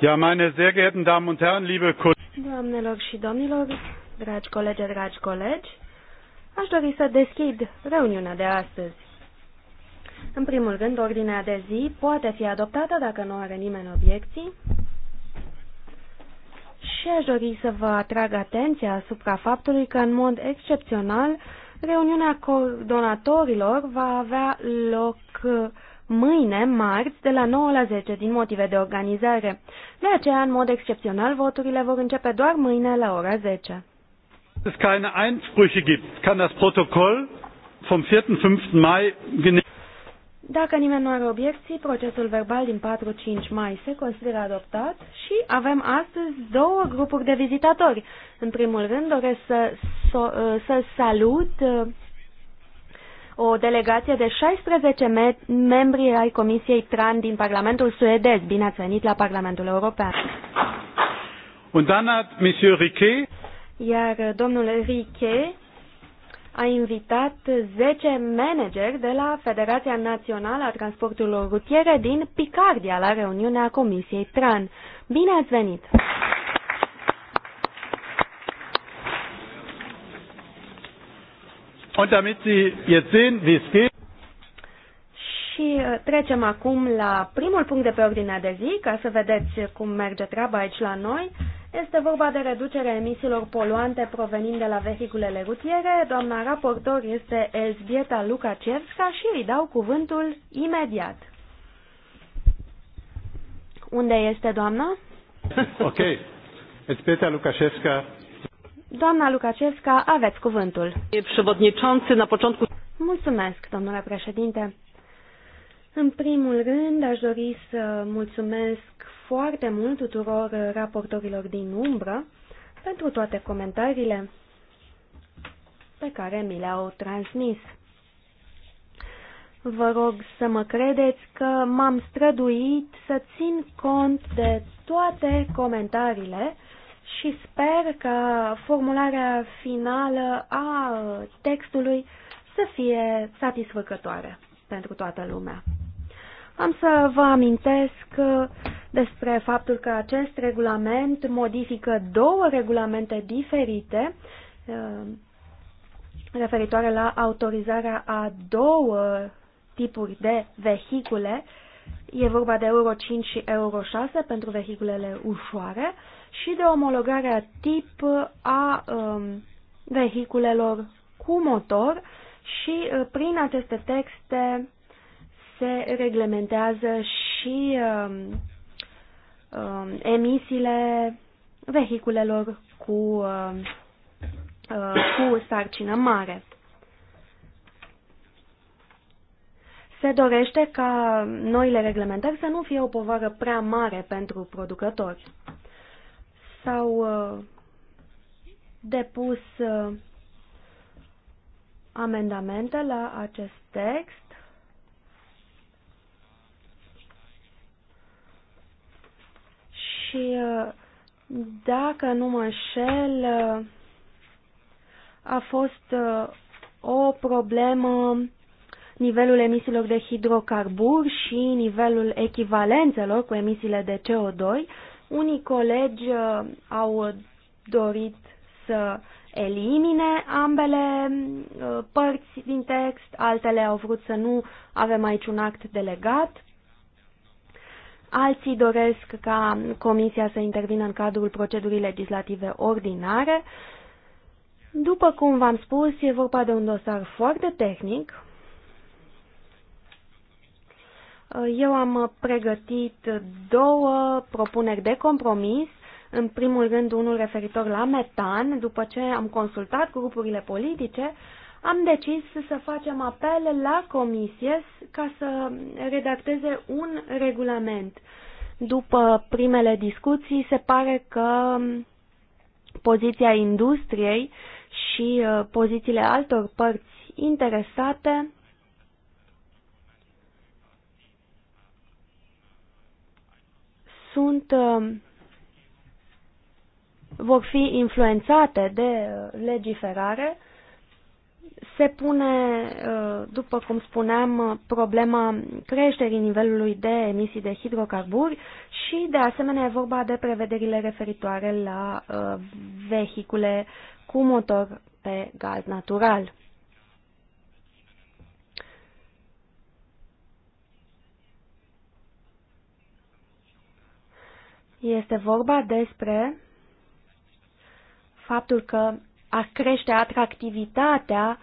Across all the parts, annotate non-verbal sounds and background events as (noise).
Ja, meine sehr geehrten Damen und Herren, liebe Doamnelor și domnilor, dragi colegi, dragi colegi, aș dori să deschid reuniunea de astăzi. În primul rând, ordinea de zi poate fi adoptată dacă nu are nimeni obiecții. Și aș dori să vă atrag atenția asupra faptului că, în mod excepțional, reuniunea coordonatorilor va avea loc mâine, marți, de la 9 la 10, din motive de organizare. De aceea, în mod excepțional, voturile vor începe doar mâine la ora 10. dacă nimeni nu are obiecții, procesul verbal din 4-5 mai se consideră adoptat și avem astăzi două grupuri de vizitatori. În primul rând doresc să, să, să salut o delegație de 16 me membri ai Comisiei TRAN din Parlamentul suedez. Bine ați venit la Parlamentul European. Und dann hat Monsieur Riquet iar domnul Riquet a invitat 10 manageri de la Federația Națională a Transporturilor Rutiere din Picardia la reuniunea Comisiei TRAN. Bine ați venit! Und damit Sie jetzt sehen, wie es geht. Și uh, trecem acum la primul punct de pe ordinea de zi, ca să vedeți cum merge treaba aici la noi. Este vorba de reducerea emisiilor poluante provenind de la vehiculele rutiere. Doamna raportor este Elzbieta Lukacevska și îi dau cuvântul imediat. Unde este doamna? Ok. Elzbieta Lukacevska Doamna Lukaczewska, aveți cuvântul. Mulțumesc, domnule președinte. În primul rând, aș dori să mulțumesc foarte mult tuturor raportorilor din umbră pentru toate comentariile pe care mi le-au transmis. Vă rog să mă credeți că m-am străduit să țin cont de toate comentariile și sper că formularea finală a textului să fie satisfăcătoare pentru toată lumea. Am să vă amintesc despre faptul că acest regulament modifică două regulamente diferite uh, referitoare la autorizarea a două tipuri de vehicule. E vorba de Euro 5 și Euro 6 pentru vehiculele ușoare și de omologarea tip a um, vehiculelor cu motor și uh, prin aceste texte se reglementează și um, um, emisiile vehiculelor cu, uh, uh, cu sarcină mare. Se dorește ca noile reglementări să nu fie o povară prea mare pentru producători. S-au uh, depus uh, amendamente la acest text. Și uh, dacă nu mă înșel, a fost o problemă nivelul emisiilor de hidrocarburi și nivelul echivalențelor cu emisiile de CO2 unii colegi uh, au dorit să elimine ambele uh, părți din text, altele au vrut să nu avem aici un act delegat. Alții doresc ca Comisia să intervină în cadrul procedurii legislative ordinare. După cum v-am spus, e vorba de un dosar foarte tehnic, eu am pregătit două propuneri de compromis, în primul rând unul referitor la metan. După ce am consultat grupurile politice, am decis să facem apel la comisie ca să redacteze un regulament. După primele discuții, se pare că poziția industriei și uh, pozițiile altor părți interesate sunt uh, vor fi influențate de uh, legiferare, se pune, uh, după cum spuneam, problema creșterii nivelului de emisii de hidrocarburi și, de asemenea, e vorba de prevederile referitoare la vehicule cu motor pe gaz natural. Este vorba despre faptul că a crește atractivitatea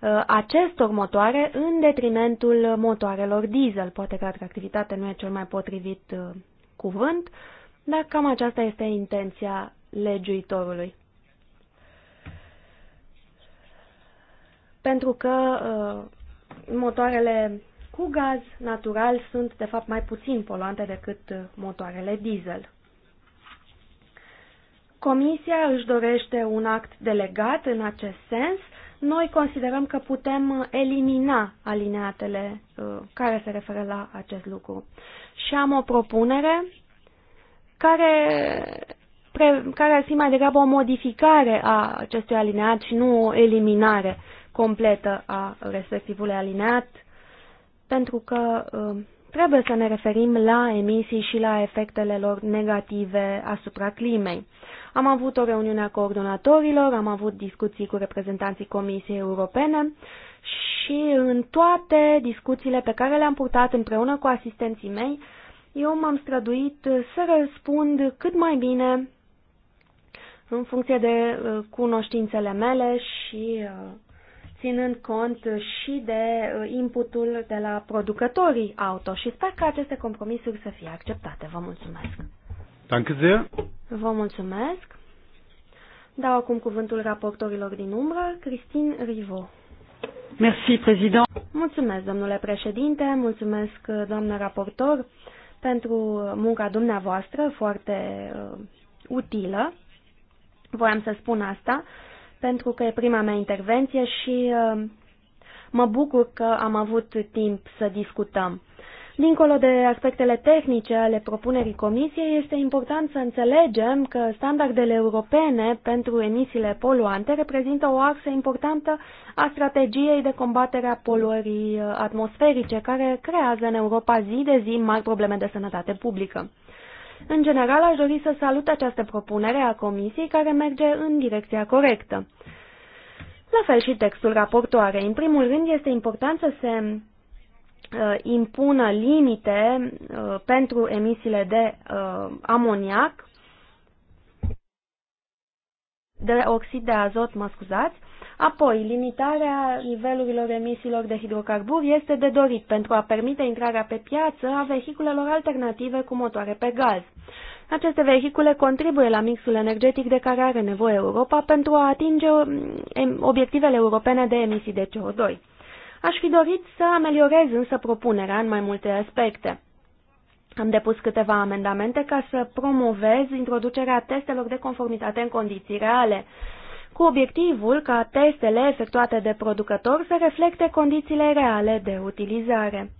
uh, acestor motoare în detrimentul motoarelor diesel. Poate că atractivitate nu e cel mai potrivit uh, cuvânt, dar cam aceasta este intenția legiuitorului. Pentru că uh, motoarele cu gaz natural sunt de fapt mai puțin poluante decât motoarele diesel. Comisia își dorește un act delegat în acest sens. Noi considerăm că putem uh, elimina alineatele uh, care se referă la acest lucru. Și am o propunere care, pre, care ar fi mai degrabă o modificare a acestui alineat și nu o eliminare completă a respectivului alineat, pentru că uh, trebuie să ne referim la emisii și la efectele lor negative asupra climei. Am avut o reuniune a coordonatorilor, am avut discuții cu reprezentanții Comisiei Europene și în toate discuțiile pe care le-am purtat împreună cu asistenții mei, eu m-am străduit să răspund cât mai bine în funcție de uh, cunoștințele mele și uh, ținând cont și de uh, inputul de la producătorii auto și sper că aceste compromisuri să fie acceptate. Vă mulțumesc! Danke sehr. Vă mulțumesc. Dau acum cuvântul raportorilor din umbră, Cristin Rivo. Merci, président. Mulțumesc, domnule președinte, mulțumesc, doamnă raportor, pentru munca dumneavoastră foarte uh, utilă. Voiam să spun asta pentru că e prima mea intervenție și uh, mă bucur că am avut timp să discutăm. Dincolo de aspectele tehnice ale propunerii Comisiei, este important să înțelegem că standardele europene pentru emisiile poluante reprezintă o axă importantă a strategiei de combatere a poluării uh, atmosferice, care creează în Europa zi de zi mari probleme de sănătate publică. În general, aș dori să salut această propunere a Comisiei care merge în direcția corectă. La fel și textul raportoare. În primul rând, este important să se Uh, impună limite uh, pentru emisiile de uh, amoniac, de oxid de azot, mă scuzați, Apoi, limitarea nivelurilor emisiilor de hidrocarburi este de dorit pentru a permite intrarea pe piață a vehiculelor alternative cu motoare pe gaz. Aceste vehicule contribuie la mixul energetic de care are nevoie Europa pentru a atinge um, obiectivele europene de emisii de CO2. Aș fi dorit să ameliorez însă propunerea în mai multe aspecte. Am depus câteva amendamente ca să promovez introducerea testelor de conformitate în condiții reale, cu obiectivul ca testele efectuate de producător să reflecte condițiile reale de utilizare,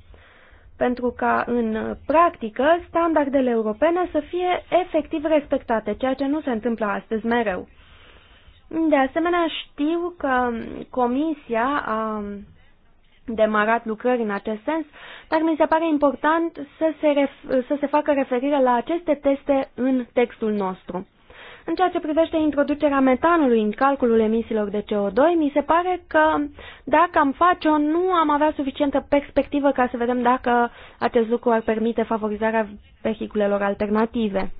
pentru ca în practică standardele europene să fie efectiv respectate, ceea ce nu se întâmplă astăzi mereu. De asemenea, știu că Comisia a demarat lucrări în acest sens, dar mi se pare important să se, ref, să se facă referire la aceste teste în textul nostru. În ceea ce privește introducerea metanului în calculul emisiilor de CO2, mi se pare că dacă am face-o, nu am avea suficientă perspectivă ca să vedem dacă acest lucru ar permite favorizarea vehiculelor alternative.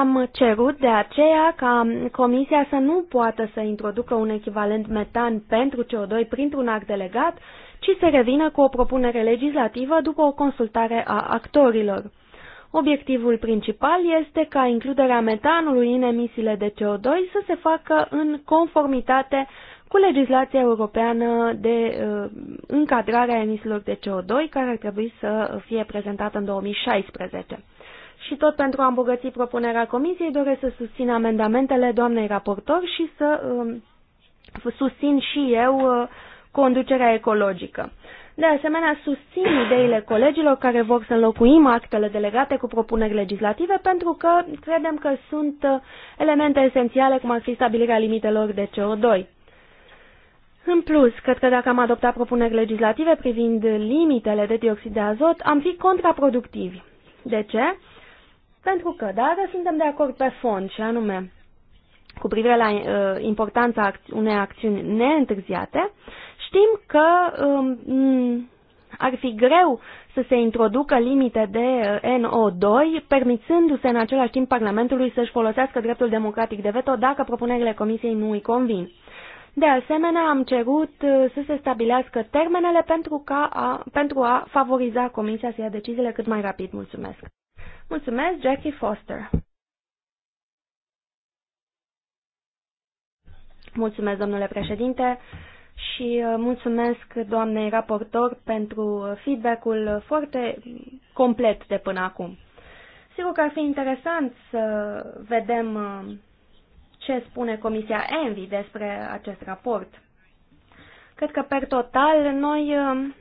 Am cerut de aceea ca Comisia să nu poată să introducă un echivalent metan pentru CO2 printr-un act delegat, ci să revină cu o propunere legislativă după o consultare a actorilor. Obiectivul principal este ca includerea metanului în emisiile de CO2 să se facă în conformitate cu legislația europeană de uh, încadrare a emisiilor de CO2, care ar trebui să fie prezentată în 2016. Și tot pentru a îmbogăți propunerea comisiei, doresc să susțin amendamentele doamnei raportor și să uh, susțin și eu uh, conducerea ecologică. De asemenea, susțin ideile colegilor care vor să înlocuim actele delegate cu propuneri legislative pentru că credem că sunt uh, elemente esențiale, cum ar fi stabilirea limitelor de CO2. În plus, cred că dacă am adoptat propuneri legislative privind limitele de dioxid de azot, am fi contraproductivi. De ce? Pentru că dacă suntem de acord pe fond și anume cu privire la uh, importanța unei acțiuni neîntârziate, știm că um, ar fi greu să se introducă limite de uh, NO2, permițându-se în același timp Parlamentului să-și folosească dreptul democratic de veto dacă propunerile Comisiei nu îi convin. De asemenea, am cerut uh, să se stabilească termenele pentru, ca a, pentru a favoriza Comisia să ia deciziile cât mai rapid. Mulțumesc! Mulțumesc, Jackie Foster. Mulțumesc, domnule președinte, și uh, mulțumesc doamnei raportor pentru feedback-ul foarte complet de până acum. Sigur că ar fi interesant să vedem uh, ce spune Comisia Envi despre acest raport. Cred că, per total, noi uh,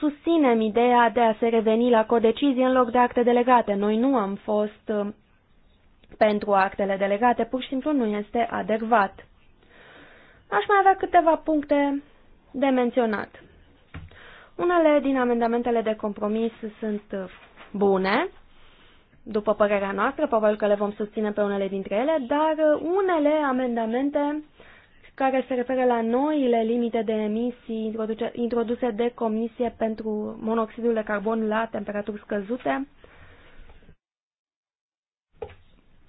susținem ideea de a se reveni la codecizie în loc de acte delegate. Noi nu am fost uh, pentru actele delegate, pur și simplu nu este adecvat. Aș mai avea câteva puncte de menționat. Unele din amendamentele de compromis sunt uh, bune, după părerea noastră, probabil că le vom susține pe unele dintre ele, dar uh, unele amendamente uh, care se referă la noile limite de emisii introduse de Comisie pentru monoxidul de carbon la temperaturi scăzute,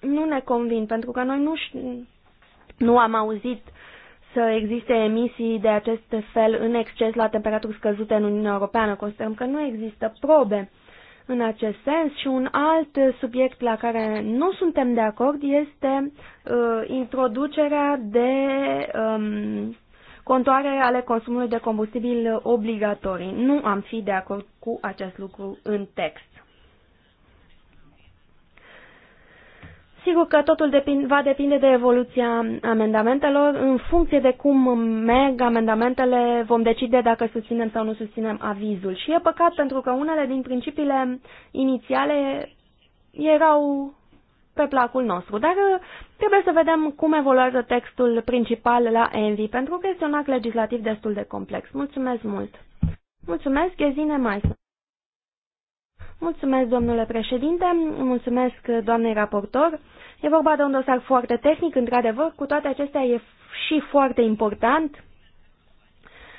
nu ne convin, pentru că noi nu, nu am auzit să existe emisii de acest fel în exces la temperaturi scăzute în Uniunea Europeană. Considerăm că nu există probe în acest sens și un alt subiect la care nu suntem de acord este uh, introducerea de um, contoare ale consumului de combustibil obligatorii. Nu am fi de acord cu acest lucru în text. Sigur că totul depind, va depinde de evoluția amendamentelor. În funcție de cum merg amendamentele, vom decide dacă susținem sau nu susținem avizul. Și e păcat pentru că unele din principiile inițiale erau pe placul nostru. Dar uh, trebuie să vedem cum evoluează textul principal la Envi, pentru că este un act legislativ destul de complex. Mulțumesc mult! Mulțumesc, Ghezine Maison! Mulțumesc, domnule președinte, mulțumesc, doamnei raportor. E vorba de un dosar foarte tehnic, într-adevăr, cu toate acestea e și foarte important.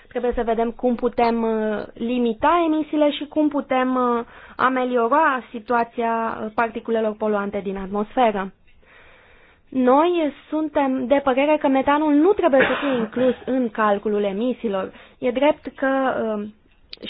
Trebuie să vedem cum putem uh, limita emisiile și cum putem uh, ameliora situația particulelor poluante din atmosferă. Noi suntem de părere că metanul nu trebuie să fie inclus în calculul emisiilor. E drept că uh,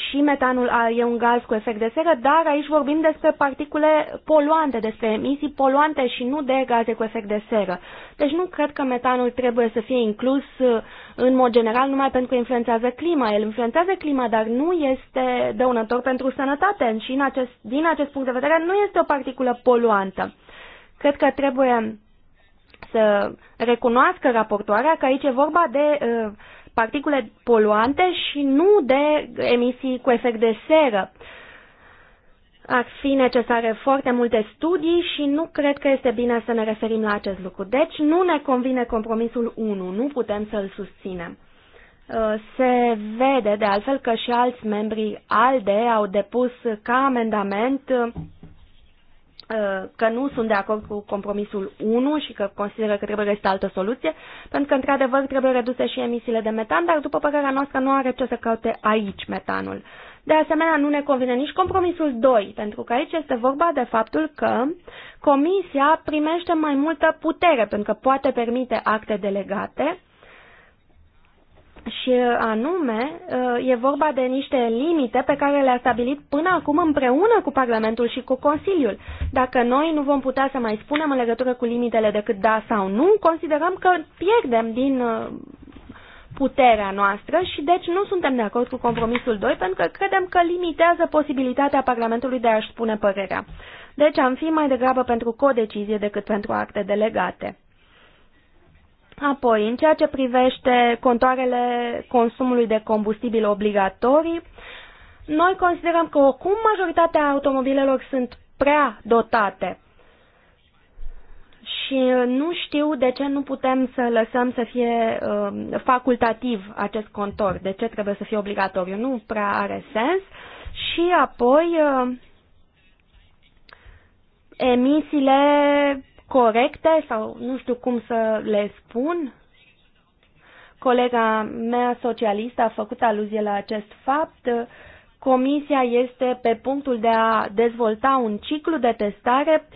și metanul e un gaz cu efect de seră, dar aici vorbim despre particule poluante, despre emisii poluante și nu de gaze cu efect de seră. Deci nu cred că metanul trebuie să fie inclus uh, în mod general numai pentru că influențează clima. El influențează clima, dar nu este dăunător pentru sănătate și în acest, din acest punct de vedere nu este o particulă poluantă. Cred că trebuie să recunoască raportoarea că aici e vorba de uh, particule poluante și nu de emisii cu efect de seră. Ar fi necesare foarte multe studii și nu cred că este bine să ne referim la acest lucru. Deci nu ne convine compromisul 1, nu putem să-l susținem. Uh, se vede de altfel că și alți membri ALDE au depus ca amendament uh, Uh, că nu sunt de acord cu compromisul 1 și că consideră că trebuie găsită altă soluție, pentru că, într-adevăr, trebuie reduse și emisiile de metan, dar, după părerea noastră, nu are ce să caute aici metanul. De asemenea, nu ne convine nici compromisul 2, pentru că aici este vorba de faptul că Comisia primește mai multă putere, pentru că poate permite acte delegate și uh, anume, uh, e vorba de niște limite pe care le-a stabilit până acum împreună cu Parlamentul și cu Consiliul. Dacă noi nu vom putea să mai spunem în legătură cu limitele decât da sau nu, considerăm că pierdem din uh, puterea noastră și deci nu suntem de acord cu compromisul 2 pentru că credem că limitează posibilitatea Parlamentului de a-și spune părerea. Deci am fi mai degrabă pentru codecizie decât pentru acte delegate. Apoi, în ceea ce privește contoarele consumului de combustibil obligatorii, noi considerăm că oricum majoritatea automobilelor sunt prea dotate și uh, nu știu de ce nu putem să lăsăm să fie uh, facultativ acest contor, de ce trebuie să fie obligatoriu, nu prea are sens. Și apoi uh, emisiile corecte sau nu știu cum să le spun. Colega mea socialistă a făcut aluzie la acest fapt. Comisia este pe punctul de a dezvolta un ciclu de testare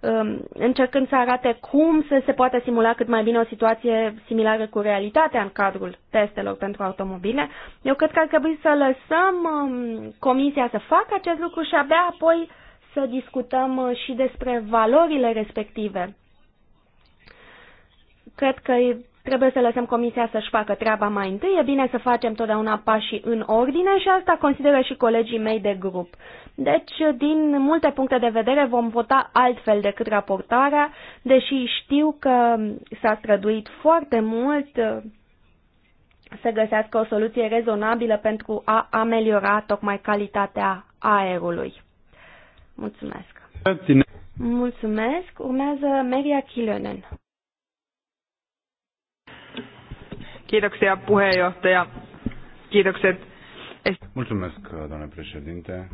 um, încercând să arate cum să se poate simula cât mai bine o situație similară cu realitatea în cadrul testelor pentru automobile. Eu cred că ar trebui să lăsăm um, comisia să facă acest lucru și abia apoi să discutăm uh, și despre valorile respective. Cred că trebuie să lăsăm comisia să-și facă treaba mai întâi. E bine să facem totdeauna pașii în ordine și asta consideră și colegii mei de grup. Deci, uh, din multe puncte de vedere, vom vota altfel decât raportarea, deși știu că s-a străduit foarte mult uh, să găsească o soluție rezonabilă pentru a ameliora tocmai calitatea aerului. Mulțumesc. Mulțumesc. Urmează Meria Kilönen. Kiitoksia puheenjohtaja. Kiitokset. Mulțumesc, doamne președinte.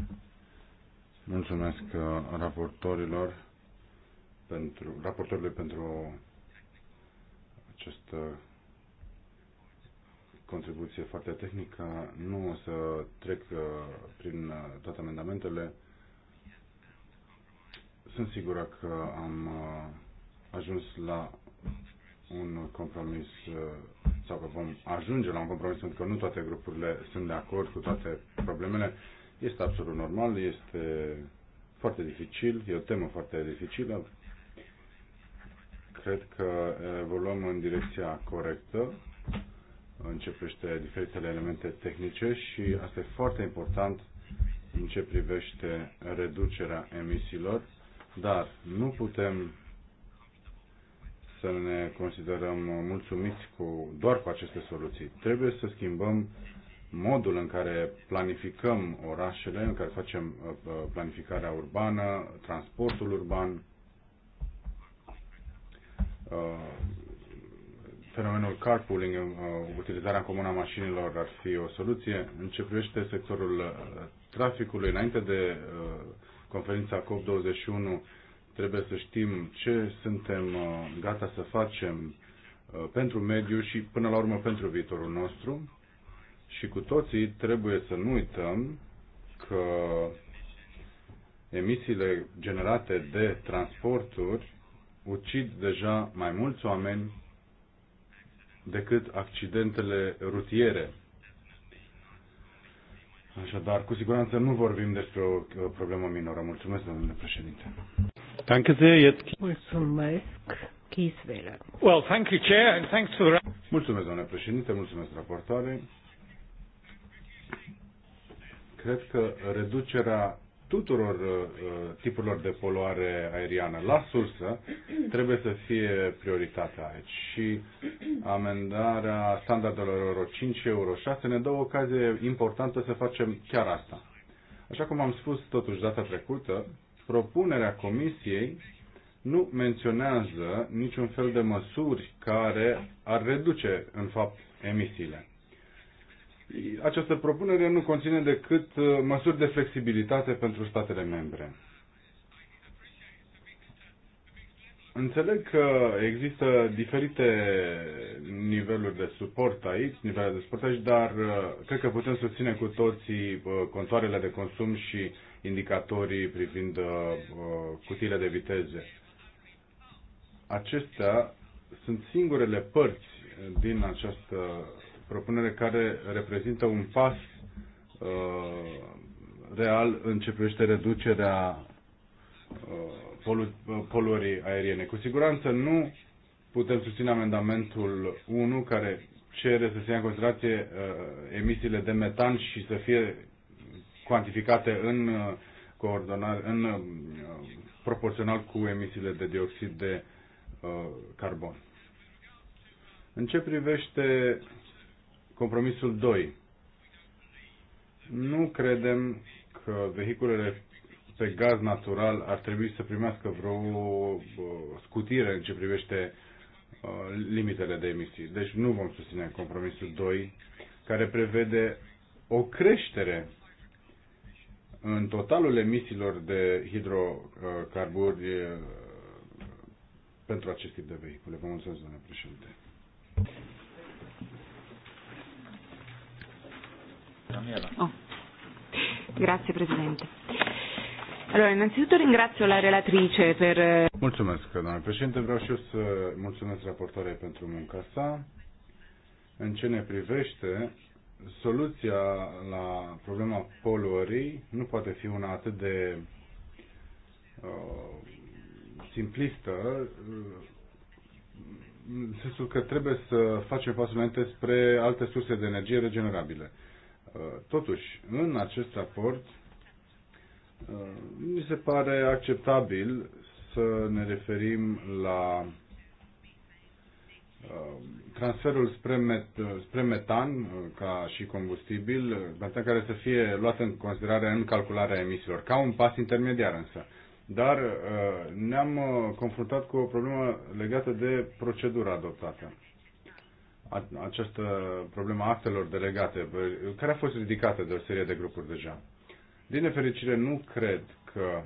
Mulțumesc raportorilor pentru, raportorilor pentru această contribuție foarte tehnică. Nu o să trec uh, prin uh, toate amendamentele. Sunt sigură că am uh, ajuns la un compromis uh, sau că vom ajunge la un compromis pentru că nu toate grupurile sunt de acord cu toate problemele. Este absolut normal, este foarte dificil, e o temă foarte dificilă. Cred că evoluăm în direcția corectă, începește diferitele elemente tehnice și asta e foarte important în ce privește reducerea emisiilor dar nu putem să ne considerăm mulțumiți cu, doar cu aceste soluții. Trebuie să schimbăm modul în care planificăm orașele, în care facem uh, uh, planificarea urbană, transportul urban, uh, fenomenul carpooling, utilizarea comună a mașinilor ar fi o soluție. În ce privește sectorul traficului, înainte de conferința COP21 trebuie să știm ce suntem uh, gata să facem uh, pentru mediu și până la urmă pentru viitorul nostru și cu toții trebuie să nu uităm că emisiile generate de transporturi ucid deja mai mulți oameni decât accidentele rutiere Așadar, cu siguranță nu vorbim despre o problemă minoră. Mulțumesc, domnule președinte. Danke sehr, Mulțumesc, Kisvela. Well, thank you, Chair, and thanks for the... Mulțumesc, domnule președinte, mulțumesc raportoare. Cred că reducerea tuturor uh, tipurilor de poluare aeriană la sursă trebuie să fie prioritatea aici și amendarea standardelor Euro 5 Euro 6 ne dă o ocazie importantă să facem chiar asta. Așa cum am spus totuși data trecută, propunerea Comisiei nu menționează niciun fel de măsuri care ar reduce, în fapt, emisiile. Această propunere nu conține decât uh, măsuri de flexibilitate pentru statele membre. Înțeleg că există diferite niveluri de suport aici, nivele de suport aici, dar uh, cred că putem susține cu toții uh, contoarele de consum și indicatorii privind cutiile de viteze. Acestea sunt singurele părți din această propunere care reprezintă un pas uh, real în ce privește reducerea uh, uh poluării aeriene. Cu siguranță nu putem susține amendamentul 1 care cere să se ia în considerație uh, emisiile de metan și să fie cuantificate în uh, în uh, proporțional cu emisiile de dioxid de uh, carbon. În ce privește Compromisul 2. Nu credem că vehiculele pe gaz natural ar trebui să primească vreo uh, scutire în ce privește uh, limitele de emisii. Deci nu vom susține compromisul 2, care prevede o creștere în totalul emisiilor de hidrocarburi uh, pentru acest tip de vehicule. Vă mulțumesc, domnule președinte. Daniela. Oh. Grazie Presidente. Allora, innanzitutto ringrazio la relatrice per... Eh, mulțumesc, domnule președinte. Vreau și eu să mulțumesc raportoarei pentru munca sa. În ce ne privește, soluția la problema poluării nu poate fi una atât de uh, simplistă, în sensul că trebuie să facem pasul înainte spre alte surse de energie regenerabile. Uh, totuși, în acest raport, uh, mi se pare acceptabil să ne referim la uh, transferul spre, met, spre metan ca și combustibil, metan care să fie luat în considerare în calcularea emisiilor, ca un pas intermediar însă. Dar ne-am confruntat cu o problemă legată de procedura adoptată această problemă a actelor delegate, care a fost ridicată de o serie de grupuri deja. Din nefericire, nu cred că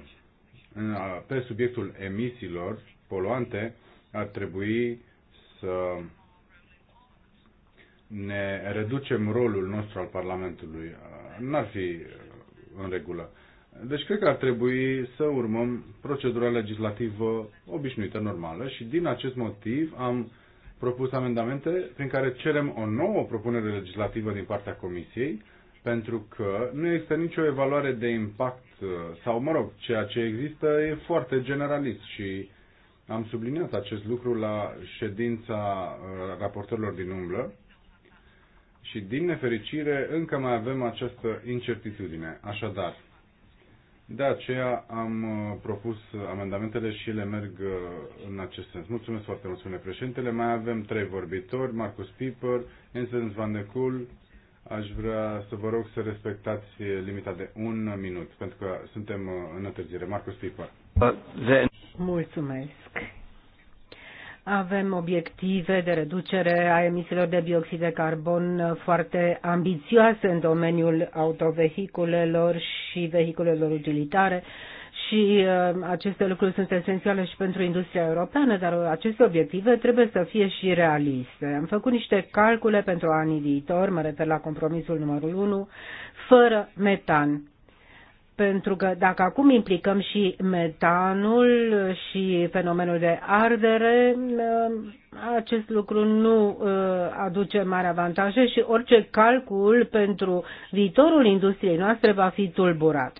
pe subiectul emisiilor poluante ar trebui să ne reducem rolul nostru al Parlamentului. N-ar fi în regulă. Deci cred că ar trebui să urmăm procedura legislativă obișnuită, normală și din acest motiv am propus amendamente prin care cerem o nouă propunere legislativă din partea Comisiei, pentru că nu există nicio evaluare de impact uh, sau, mă rog, ceea ce există e foarte generalist și am subliniat acest lucru la ședința uh, raportorilor din umblă și, din nefericire, încă mai avem această incertitudine. Așadar, de aceea am uh, propus amendamentele și ele merg uh, în acest sens. Mulțumesc foarte mult, spune președintele. Mai avem trei vorbitori, Marcus Piper, Enzens Van de Kool. Aș vrea să vă rog să respectați limita de un minut, pentru că suntem uh, în întârziere. Marcus Piper. Mulțumesc. Avem obiective de reducere a emisiilor de dioxid de carbon foarte ambițioase în domeniul autovehiculelor și vehiculelor utilitare și uh, aceste lucruri sunt esențiale și pentru industria europeană, dar aceste obiective trebuie să fie și realiste. Am făcut niște calcule pentru anii viitor, mă refer la compromisul numărul 1, fără metan pentru că dacă acum implicăm și metanul și fenomenul de ardere, uh, acest lucru nu uh, aduce mari avantaje și orice calcul pentru viitorul industriei noastre va fi tulburat.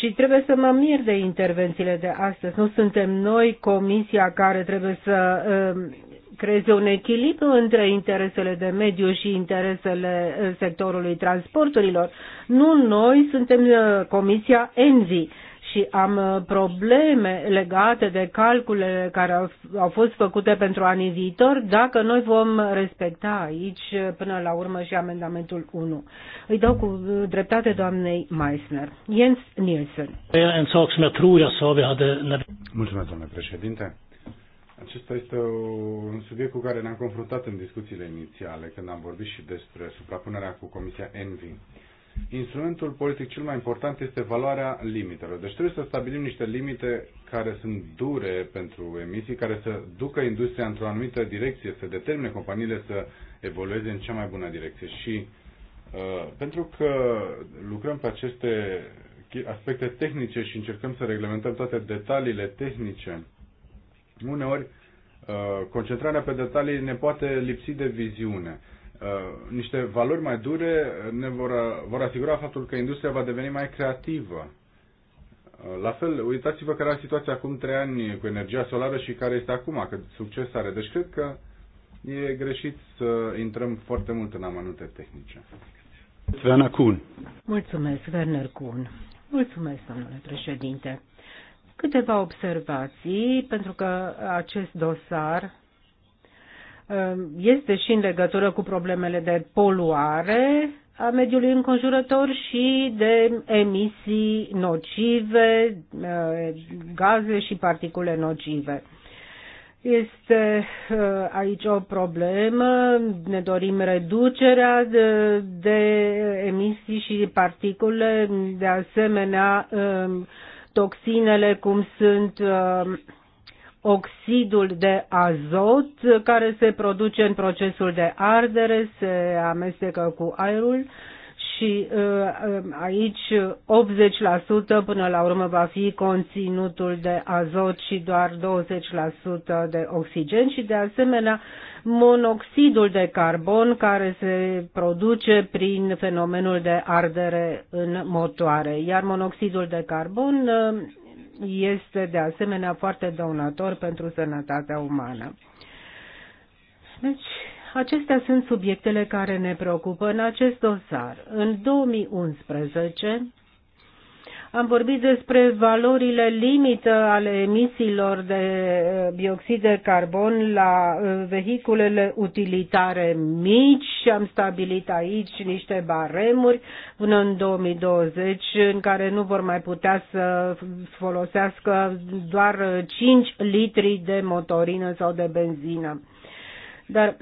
Și trebuie să mă mir de intervențiile de astăzi. Nu suntem noi comisia care trebuie să uh, creeze un echilibru între interesele de mediu și interesele eh, sectorului transporturilor. Nu noi suntem eh, Comisia ENVI și am eh, probleme legate de calculele care au, au fost făcute pentru anii viitori, dacă noi vom respecta aici până la urmă și amendamentul 1. Îi dau cu dreptate doamnei Meissner. Jens Nielsen. Mulțumesc, domnule președinte. Acesta este un subiect cu care ne-am confruntat în discuțiile inițiale, când am vorbit și despre suprapunerea cu Comisia Envi. Instrumentul politic cel mai important este valoarea limitelor. Deci trebuie să stabilim niște limite care sunt dure pentru emisii, care să ducă industria într-o anumită direcție, să determine companiile să evolueze în cea mai bună direcție. Și uh, pentru că lucrăm pe aceste aspecte tehnice și încercăm să reglementăm toate detaliile tehnice, Uneori, uh, concentrarea pe detalii ne poate lipsi de viziune. Uh, niște valori mai dure ne vor, uh, vor asigura faptul că industria va deveni mai creativă. La fel, uitați-vă care era situația acum trei ani cu energia solară și care este acum, cât succes are. Deci cred că e greșit să intrăm foarte mult în amănunte tehnice. Werner Kuhn. Mulțumesc, Werner Kuhn. Mulțumesc, domnule președinte. Câteva observații, pentru că acest dosar um, este și în legătură cu problemele de poluare a mediului înconjurător și de emisii nocive, uh, gaze și particule nocive. Este uh, aici o problemă, ne dorim reducerea de, de emisii și particule, de asemenea um, toxinele cum sunt uh, oxidul de azot care se produce în procesul de ardere, se amestecă cu aerul și uh, uh, aici 80% până la urmă va fi conținutul de azot și doar 20% de oxigen și de asemenea monoxidul de carbon care se produce prin fenomenul de ardere în motoare. Iar monoxidul de carbon uh, este de asemenea foarte dăunător pentru sănătatea umană. Deci, acestea sunt subiectele care ne preocupă în acest dosar. În 2011, am vorbit despre valorile limită ale emisiilor de eh, bioxid de carbon la eh, vehiculele utilitare mici și am stabilit aici niște baremuri până în 2020 în care nu vor mai putea să folosească doar 5 eh, litri de motorină sau de benzină. Dar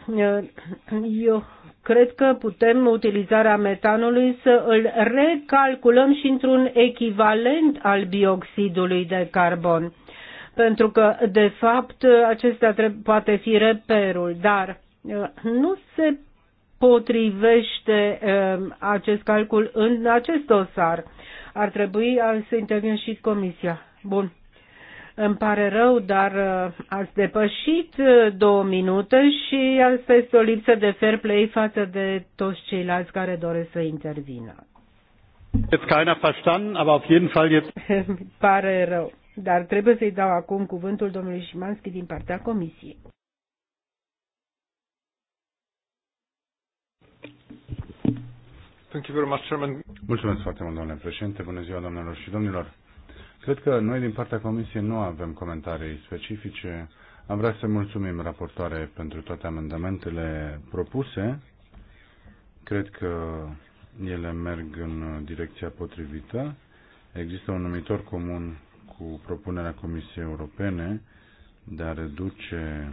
eu cred că putem utilizarea metanului să îl recalculăm și într-un echivalent al bioxidului de carbon. Pentru că, de fapt, acesta poate fi reperul, dar uh, nu se potrivește uh, acest calcul în acest dosar. Ar trebui uh, să intervin și comisia. Bun. Îmi pare rău, dar uh, ați depășit uh, două minute și asta este o lipsă de fair play față de toți ceilalți care doresc să intervină. Jetzt keiner verstanden, aber auf jeden Fall jetzt. (laughs) pare rău, dar trebuie să-i dau acum cuvântul domnului Șimanski din partea comisiei. Mulțumesc foarte mult, domnule președinte. Bună ziua, domnilor și domnilor. Cred că noi din partea Comisiei nu avem comentarii specifice. Am vrea să mulțumim raportoare pentru toate amendamentele propuse. Cred că ele merg în direcția potrivită. Există un numitor comun cu propunerea Comisiei Europene de a reduce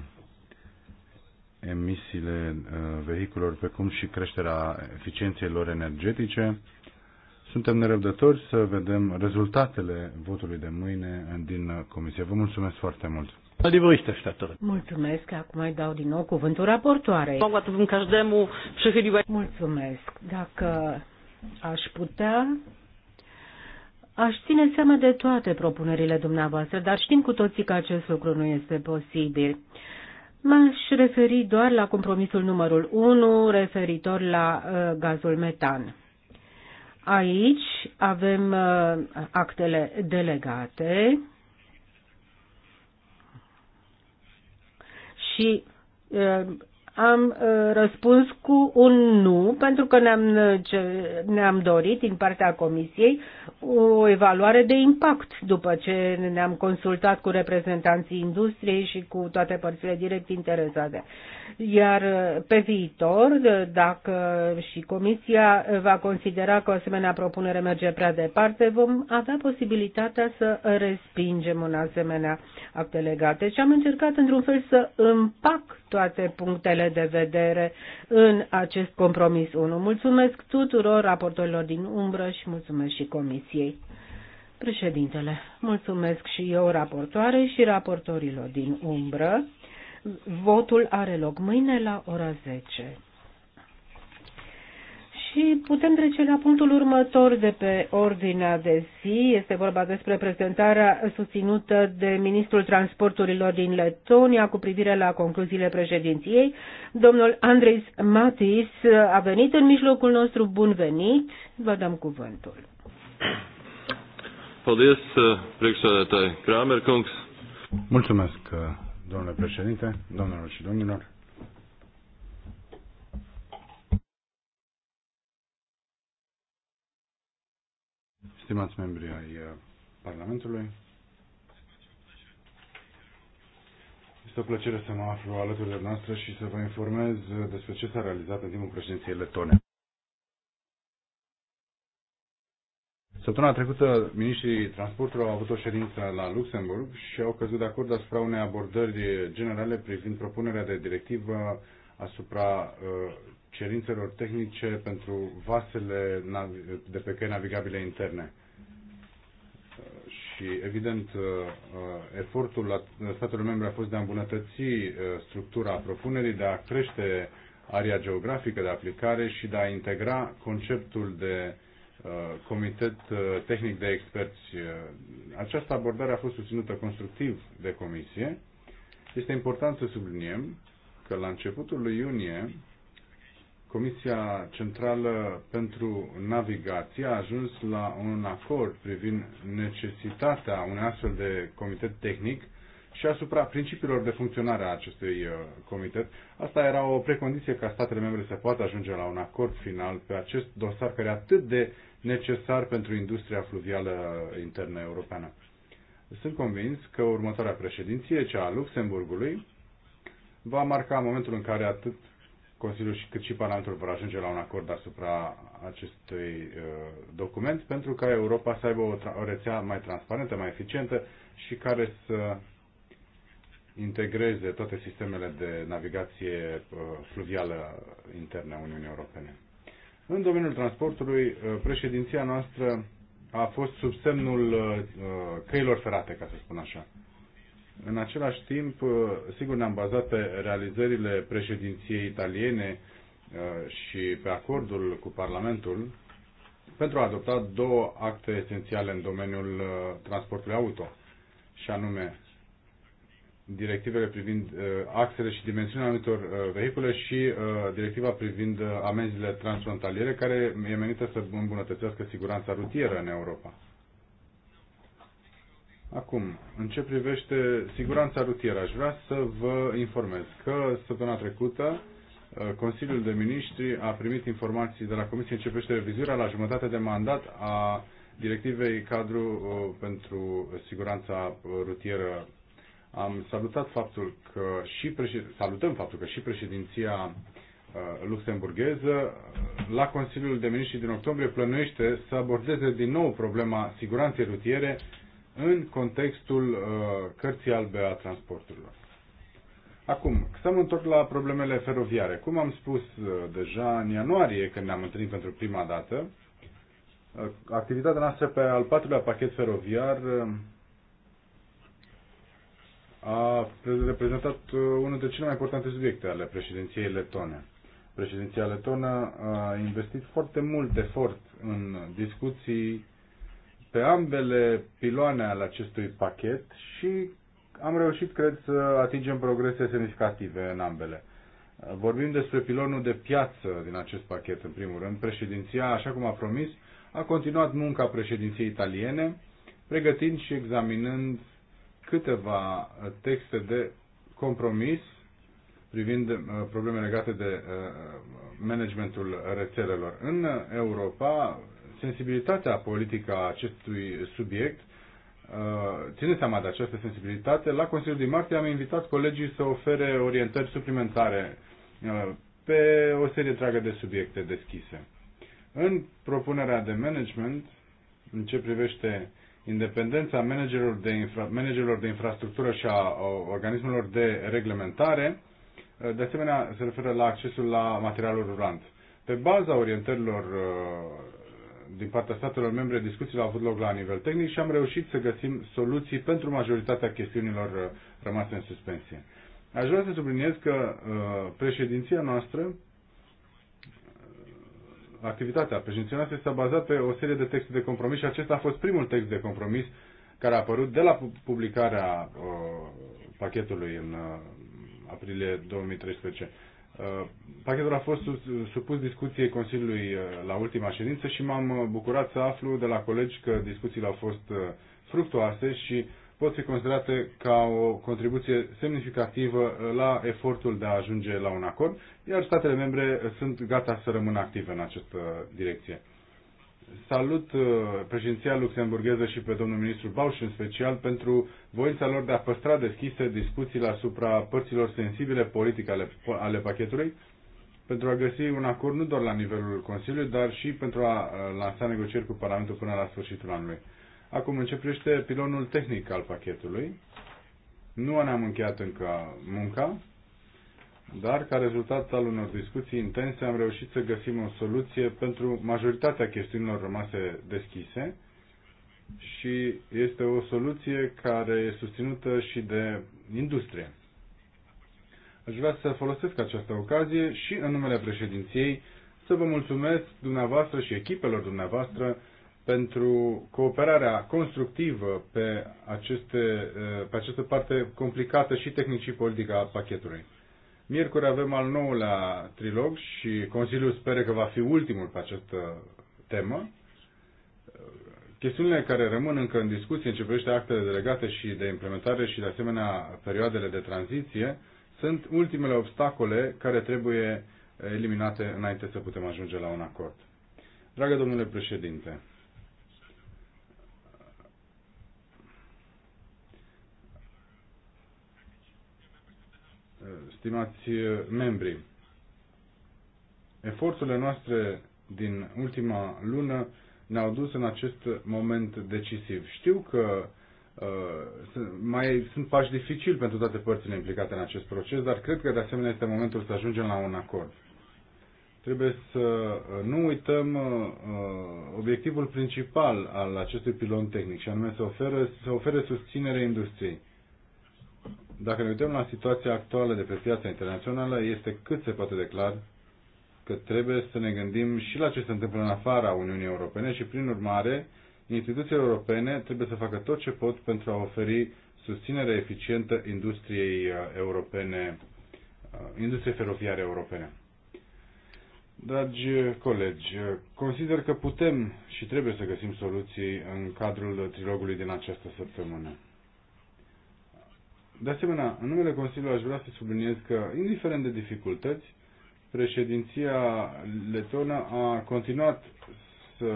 emisiile uh, vehiculelor, precum și creșterea eficienței lor energetice. Suntem nerăbdători să vedem rezultatele votului de mâine din comisie. Vă mulțumesc foarte mult! Mulțumesc, acum îi dau din nou cuvântul raportoarei. Mulțumesc. Dacă aș putea, aș ține seama de toate propunerile dumneavoastră, dar știm cu toții că acest lucru nu este posibil. M-aș referi doar la compromisul numărul 1 referitor la uh, gazul metan. Aici avem uh, actele delegate și uh, am uh, răspuns cu un nu, pentru că ne-am, uh, ne-am dorit din partea Comisiei o evaluare de impact după ce ne-am consultat cu reprezentanții industriei și cu toate părțile direct interesate. Iar uh, pe viitor, dacă și Comisia va considera că o asemenea propunere merge prea departe, vom avea posibilitatea să respingem un asemenea acte legate. Și am încercat într-un fel să împac toate punctele de vedere în acest compromis 1. Mulțumesc tuturor raportorilor din umbră și mulțumesc și comisiei. Președintele, mulțumesc și eu raportoare și raportorilor din umbră. Votul are loc mâine la ora 10. Și putem trece la punctul următor de pe ordinea de zi. Este vorba despre prezentarea susținută de Ministrul Transporturilor din Letonia cu privire la concluziile președinției. Domnul Andres Matis a venit în mijlocul nostru. Bun venit! Vă dăm cuvântul. Mulțumesc, domnule președinte, domnilor și domnilor. stimați membri ai uh, Parlamentului, este o plăcere să mă aflu alături de noastră și să vă informez uh, despre ce s-a realizat în timpul președinției letone. Săptămâna trecută, ministrii transportului au avut o ședință la Luxemburg și au căzut de acord asupra unei abordări generale privind propunerea de directivă asupra uh, cerințelor tehnice pentru vasele de pe căi navigabile interne și evident uh, uh, efortul uh, statelor membre a fost de a îmbunătăți structura propunerii, de a crește area geografică de aplicare și de a integra conceptul de comitet tehnic de experți. Această abordare a fost susținută constructiv de comisie. Este important să subliniem că la începutul lui iunie Comisia Centrală pentru Navigație a ajuns la un acord privind necesitatea unui astfel de comitet tehnic și asupra principiilor de funcționare a acestui uh, comitet. Asta era o precondiție ca statele membre să poată ajunge la un acord final pe acest dosar care e atât de necesar pentru industria fluvială internă europeană. Sunt convins că următoarea președinție, cea a Luxemburgului, va marca momentul în care atât Consiliul și cât și Parlamentul vor ajunge la un acord asupra acestui uh, document pentru ca Europa să aibă o, o rețea mai transparentă, mai eficientă și care să integreze toate sistemele de navigație uh, fluvială interne a Uniunii Europene. În domeniul transportului, uh, președinția noastră a fost sub semnul căilor ferate, ca să spun așa. În același timp, uh, sigur ne-am bazat pe realizările președinției italiene uh, și pe acordul cu Parlamentul pentru a adopta două acte esențiale în domeniul uh, transportului auto, și anume directivele privind axele și dimensiunea anumitor vehicule și directiva privind amenziile transfrontaliere, care e menită să îmbunătățească siguranța rutieră în Europa. Acum, în ce privește siguranța rutieră, aș vrea să vă informez că săptămâna trecută uh, Consiliul de Ministri a primit informații de la Comisie în ce privește revizuirea la jumătate de mandat a directivei cadru uh, pentru siguranța uh, rutieră. Am salutat faptul că și salutăm faptul că și președinția luxemburgheză la Consiliul de Ministri din octombrie plănuiește să abordeze din nou problema siguranței rutiere în contextul uh, cărții albe a transporturilor. Acum, să mă întorc la problemele feroviare. Cum am spus uh, deja în ianuarie, când ne-am întâlnit pentru prima dată, uh, activitatea noastră pe al patrulea pachet feroviar uh, a reprezentat uh, unul dintre cele mai importante subiecte ale președinției letone. Președinția letonă uh, a investit foarte mult efort în discuții pe ambele piloane ale acestui pachet și am reușit, cred, să atingem progrese semnificative în ambele. Vorbim despre pilonul de piață din acest pachet, în primul rând. Președinția, așa cum a promis, a continuat munca președinției italiene, pregătind și examinând câteva texte de compromis privind uh, probleme legate de uh, uh, managementul rețelelor. În Europa, sensibilitatea politică a acestui subiect. Uh, ține seama de această sensibilitate. La Consiliul din martie am invitat colegii să ofere orientări suplimentare uh, pe o serie întreagă de subiecte deschise. În propunerea de management, în ce privește independența managerilor de, infra, managerilor de infrastructură și a organismelor de reglementare, uh, de asemenea se referă la accesul la materialul rulant. Pe baza orientărilor din partea statelor membre, discuțiile au avut loc la nivel tehnic și am reușit să găsim soluții pentru majoritatea chestiunilor uh, rămase în suspensie. Aș vrea să subliniez că uh, președinția noastră, uh, activitatea președinției noastre s-a bazat pe o serie de texte de compromis și acesta a fost primul text de compromis care a apărut de la publicarea pachetului în aprilie 2013. Uh, pachetul a fost uh, supus discuției Consiliului uh, la ultima ședință și m-am bucurat să aflu de la colegi că discuțiile au fost fructoase și pot fi considerate ca o contribuție semnificativă la efortul de a ajunge la un acord, iar statele membre sunt gata să rămână active în această direcție. Salut uh, președinția luxemburgheză și pe domnul ministru Bauș în special pentru voința lor de a păstra deschise discuțiile asupra părților sensibile politice ale, ale pachetului pentru a găsi un acord nu doar la nivelul Consiliului, dar și pentru a uh, lansa negocieri cu Parlamentul până la sfârșitul anului. Acum începește pilonul tehnic al pachetului. Nu ne-am încheiat încă munca, dar ca rezultat al unor discuții intense am reușit să găsim o soluție pentru majoritatea chestiunilor rămase deschise și este o soluție care e susținută și de industrie. Aș vrea să folosesc această ocazie și în numele președinției să vă mulțumesc dumneavoastră și echipelor dumneavoastră pentru cooperarea constructivă pe, aceste, pe această parte complicată și tehnicii politică a pachetului. Miercuri avem al nouălea trilog și Consiliul speră că va fi ultimul pe această temă. Chestiunile care rămân încă în discuție în ce privește actele delegate și de implementare și de asemenea perioadele de tranziție sunt ultimele obstacole care trebuie eliminate înainte să putem ajunge la un acord. Dragă domnule președinte, stimați eh, membri. Eforturile noastre din ultima lună ne-au dus în acest moment decisiv. Știu că uh, mai sunt pași dificili pentru toate părțile implicate în acest proces, dar cred că de asemenea este momentul să ajungem la un acord. Trebuie să eh, nu uităm uh, obiectivul principal al acestui pilon tehnic, și anume să ofere, să ofere susținere industriei. Dacă ne uităm la situația actuală de pe piața internațională, este cât se poate declar că trebuie să ne gândim și la ce se întâmplă în afara Uniunii Europene și, prin urmare, instituțiile europene trebuie să facă tot ce pot pentru a oferi susținere eficientă industriei uh, europene, uh, industriei feroviare europene. Dragi uh, colegi, consider că putem și trebuie să găsim soluții în cadrul trilogului din această săptămână. De asemenea, în numele Consiliului aș vrea să subliniez că, indiferent de dificultăți, președinția letonă a continuat să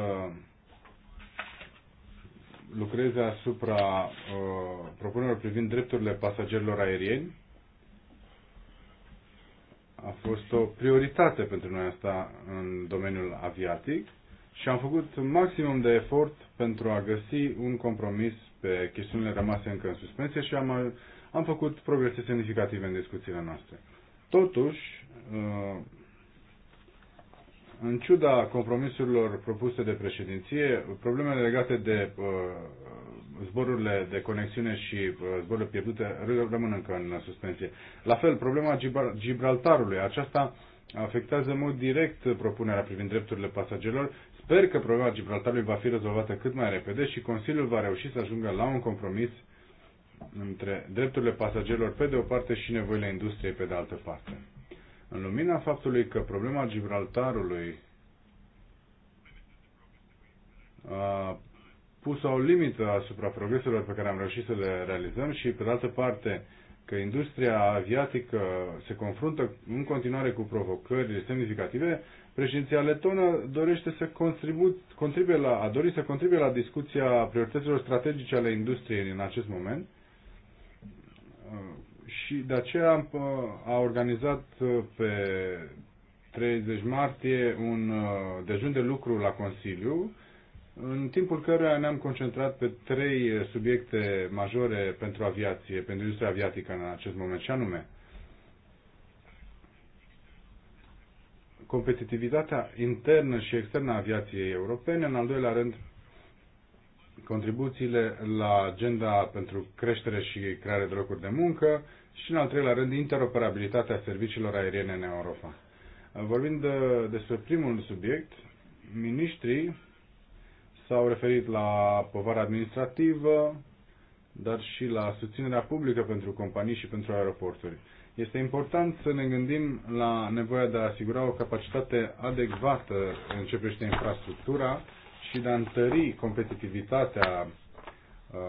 lucreze asupra uh, propunerilor privind drepturile pasagerilor aerieni. A fost o prioritate pentru noi asta în domeniul aviatic și am făcut maximum de efort pentru a găsi un compromis pe chestiunile rămase încă în suspensie și am am făcut progrese semnificative în discuțiile noastre. Totuși, uh, în ciuda compromisurilor propuse de președinție, problemele legate de uh, zborurile de conexiune și uh, zborurile pierdute rămân încă în suspensie. La fel, problema Gibraltarului, aceasta afectează în mod direct propunerea privind drepturile pasagerilor. Sper că problema Gibraltarului va fi rezolvată cât mai repede și Consiliul va reuși să ajungă la un compromis uh, între drepturile pasagerilor pe de o parte și nevoile industriei pe de altă parte. În lumina faptului că problema Gibraltarului a pus o limită asupra progreselor pe care am reușit să le realizăm și, pe de altă parte, că industria aviatică se confruntă în continuare cu provocări semnificative, președinția letonă dorește să contribuie la, a dori să contribuie la discuția priorităților strategice ale industriei în acest moment Uh, și de aceea uh, a organizat uh, pe 30 martie un dejun de lucru la Consiliu, în timpul căruia ne-am concentrat pe trei subiecte majore pentru aviație, pentru industria aviatică în acest moment, și anume competitivitatea internă și externă a aviației europene, în al doilea rând contribuțiile la agenda pentru creștere și creare de locuri de muncă și, în al treilea rând, interoperabilitatea serviciilor aeriene în Europa. Vorbind de, despre primul subiect, ministrii s-au referit la povara administrativă, dar și la susținerea publică pentru companii și pentru aeroporturi. Este important să ne gândim la nevoia de a asigura o capacitate adecvată în ce privește infrastructura, și de a întări competitivitatea uh,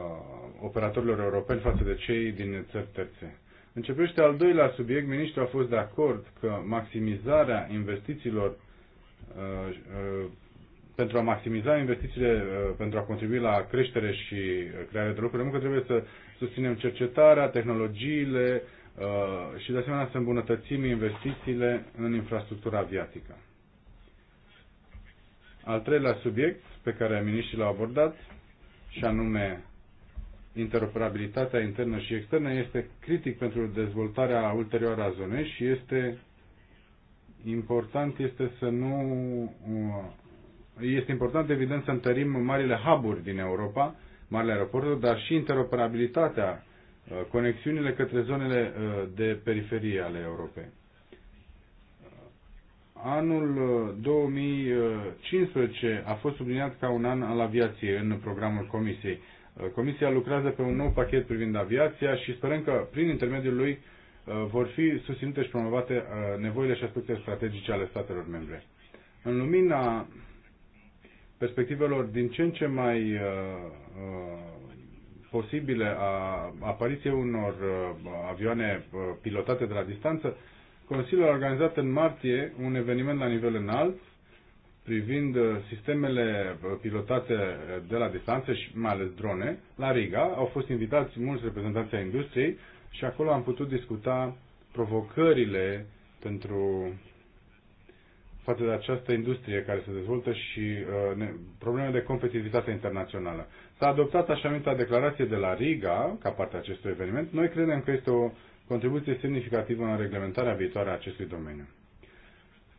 operatorilor europeni față de cei din țări terțe. Începește al doilea subiect, Ministrul a fost de acord că maximizarea investițiilor uh, uh, pentru a maximiza investițiile, pentru a contribui la creștere și crearea de locuri de muncă, trebuie să susținem cercetarea, tehnologiile și, de asemenea, să îmbunătățim investițiile în infrastructura aviatică. Al treilea subiect pe care miniștrii l-au abordat, și anume interoperabilitatea internă și externă, este critic pentru dezvoltarea ulterioară a zonei și este important este să nu este important evident să întărim marile hub-uri din Europa, marile aeroporturi, dar și interoperabilitatea, uh, conexiunile către zonele uh, de periferie ale Europei. Anul 2015 uh, a fost subliniat ca un an al aviației în programul Comisiei. Uh, comisia lucrează pe un nou pachet privind aviația și sperăm că prin intermediul lui uh, vor fi susținute și promovate nevoile și aspectele strategice ale statelor membre. În lumina perspectivelor din ce în ce mai posibile a apariției unor avioane pilotate de la distanță, Consiliul a organizat în martie un eveniment la nivel înalt privind uh, sistemele uh, pilotate uh, de la distanță și mai ales drone. La Riga au fost invitați mulți reprezentanți ai industriei și acolo am putut discuta provocările pentru față de această industrie care se dezvoltă și uh, ne, probleme de competitivitate internațională. S-a adoptat așa numită declarație de la Riga, ca parte a acestui eveniment. Noi credem că este o contribuție semnificativă în reglementarea viitoare a acestui domeniu.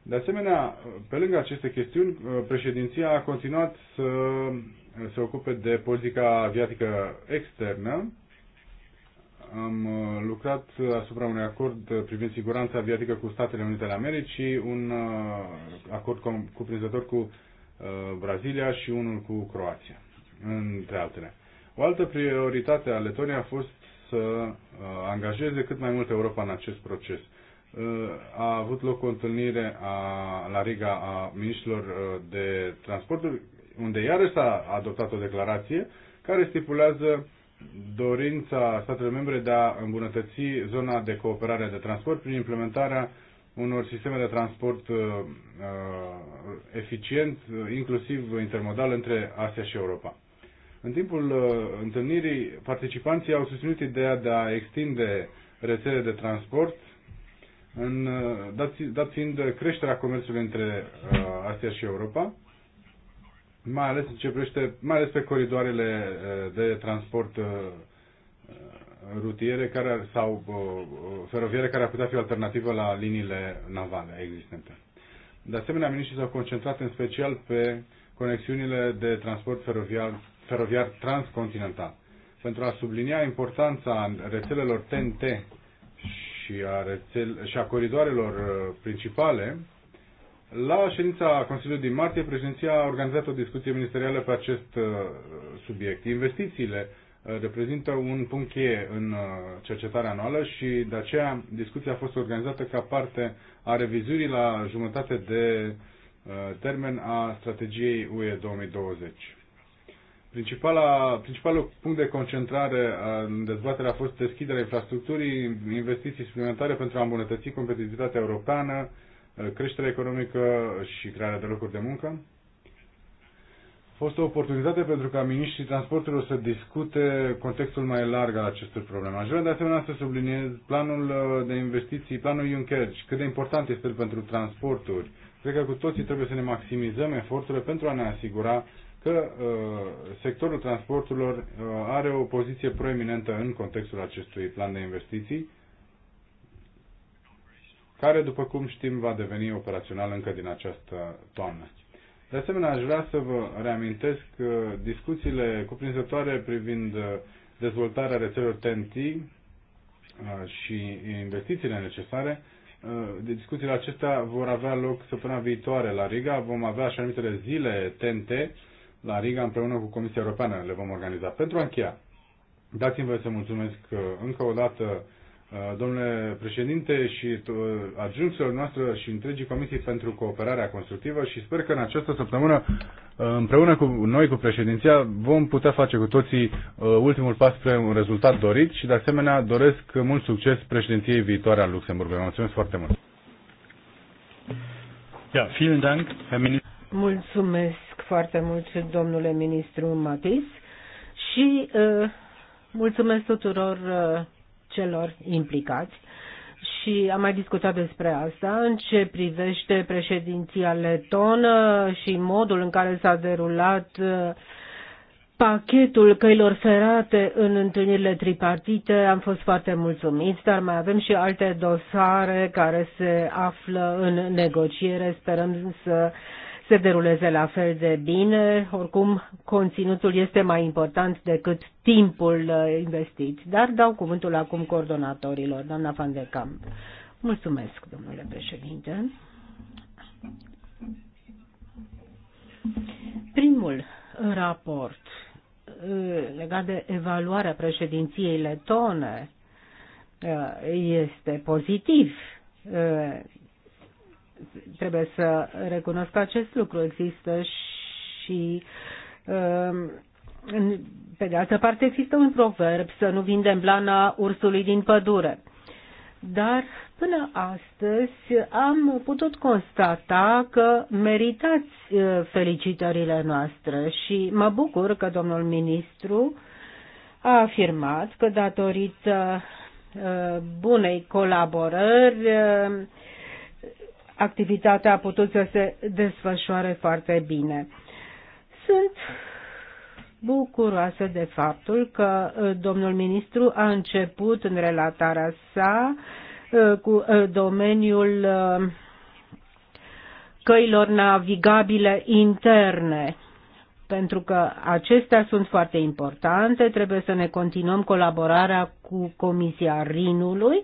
De asemenea, pe lângă aceste chestiuni, președinția a continuat să se ocupe de politica aviatică externă. Am uh, lucrat asupra unui acord privind siguranța aviatică cu Statele Unite ale Americii, un uh, acord cuprinzător cu uh, Brazilia și unul cu Croația, între altele. O altă prioritate a Letoniei a fost să uh, angajeze cât mai mult Europa în acest proces. Uh, a avut loc o întâlnire a, la Riga a ministrilor uh, de transporturi, unde iarăși s-a adoptat o declarație care stipulează dorința statelor membre de a îmbunătăți zona de cooperare de transport prin implementarea unor sisteme de transport uh, eficient, inclusiv intermodal între Asia și Europa. În timpul uh, întâlnirii, participanții au susținut ideea de a extinde rețele de transport, în, uh, dat, dat fiind creșterea comerțului între uh, Asia și Europa, mai ales, ce privește, mai ales pe coridoarele de transport rutiere care, sau feroviere care ar putea fi o alternativă la liniile navale existente. De asemenea, ministrii s-au concentrat în special pe conexiunile de transport feroviar feroviar transcontinental. Pentru a sublinia importanța rețelelor TNT și a, rețel, și a coridoarelor uh, principale, la ședința Consiliului din martie, președinția a organizat o discuție ministerială pe acest uh, subiect. Investițiile uh, reprezintă un punct cheie în cercetarea anuală și de aceea discuția a fost organizată ca parte a revizuirii la jumătate de termen a strategiei UE 2020. Principala, principalul punct de concentrare în dezbatere a fost deschiderea infrastructurii, investiții suplimentare pentru a îmbunătăți competitivitatea europeană, creșterea economică și crearea de locuri de muncă. A fost o oportunitate pentru ca miniștrii transporturilor să discute contextul mai larg al acestor probleme. Aș vrea de asemenea să subliniez planul uh, de investiții, planul Juncker și cât de important este pentru transporturi. Cred că cu toții trebuie să ne maximizăm eforturile pentru a ne asigura că uh, sectorul transporturilor uh, are o poziție proeminentă în contextul acestui plan de investiții, care, după cum știm, va deveni operațional încă din această toamnă. De asemenea, aș vrea să vă reamintesc uh, discuțiile cuprinzătoare privind dezvoltarea rețelelor TNT și investițiile necesare. Discuțiile acestea vor avea loc săptămâna viitoare la Riga. Vom avea așa numitele zile TNT la Riga împreună cu Comisia Europeană le vom organiza. Pentru a încheia, dați-mi voi să mulțumesc uh, încă o dată uh, domnule președinte și uh, adjunților noastre și întregii comisii pentru cooperarea constructivă și sper că în această săptămână împreună cu noi, cu președinția, vom putea face cu toții ultimul pas spre un rezultat dorit și de asemenea doresc mult succes președinției viitoare a Luxemburgului. Mulțumesc foarte mult! Mulțumesc, mulțumesc foarte mult, domnule ministru Matis, și uh, mulțumesc tuturor uh, celor implicați. Și am mai discutat despre asta în ce privește președinția letonă și modul în care s-a derulat uh, pachetul căilor ferate în întâlnirile tripartite. Am fost foarte mulțumiți, dar mai avem și alte dosare care se află în negociere. Sperăm să uh, se deruleze la fel de bine. Oricum, conținutul este mai important decât timpul uh, investit. Dar dau cuvântul acum coordonatorilor, doamna Van de Camp. Mulțumesc, domnule președinte. Primul raport uh, legat de evaluarea președinției letone uh, este pozitiv trebuie să recunosc că acest lucru. Există și um, pe de altă parte există un proverb să nu vindem blana ursului din pădure. Dar până astăzi am putut constata că meritați uh, felicitările noastre și mă bucur că domnul ministru a afirmat că datorită uh, bunei colaborări uh, activitatea a putut să se desfășoare foarte bine. Sunt bucuroasă de faptul că uh, domnul ministru a început în relatarea sa uh, cu uh, domeniul căilor navigabile interne, pentru că acestea sunt foarte importante, trebuie să ne continuăm colaborarea cu Comisia Rinului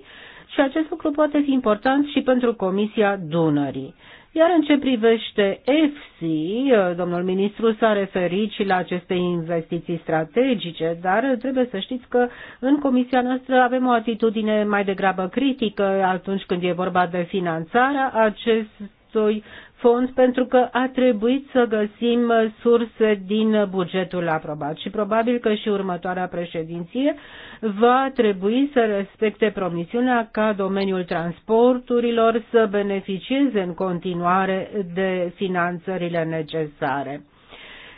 și acest lucru poate fi important și pentru Comisia Dunării. Iar în ce privește EFSI, domnul ministru s-a referit și la aceste investiții strategice, dar trebuie să știți că în comisia noastră avem o atitudine mai degrabă critică atunci când e vorba de finanțarea acestui fond pentru că a trebuit să găsim uh, surse din uh, bugetul aprobat și probabil că și următoarea președinție va trebui să respecte promisiunea ca domeniul transporturilor să beneficieze în continuare de finanțările necesare.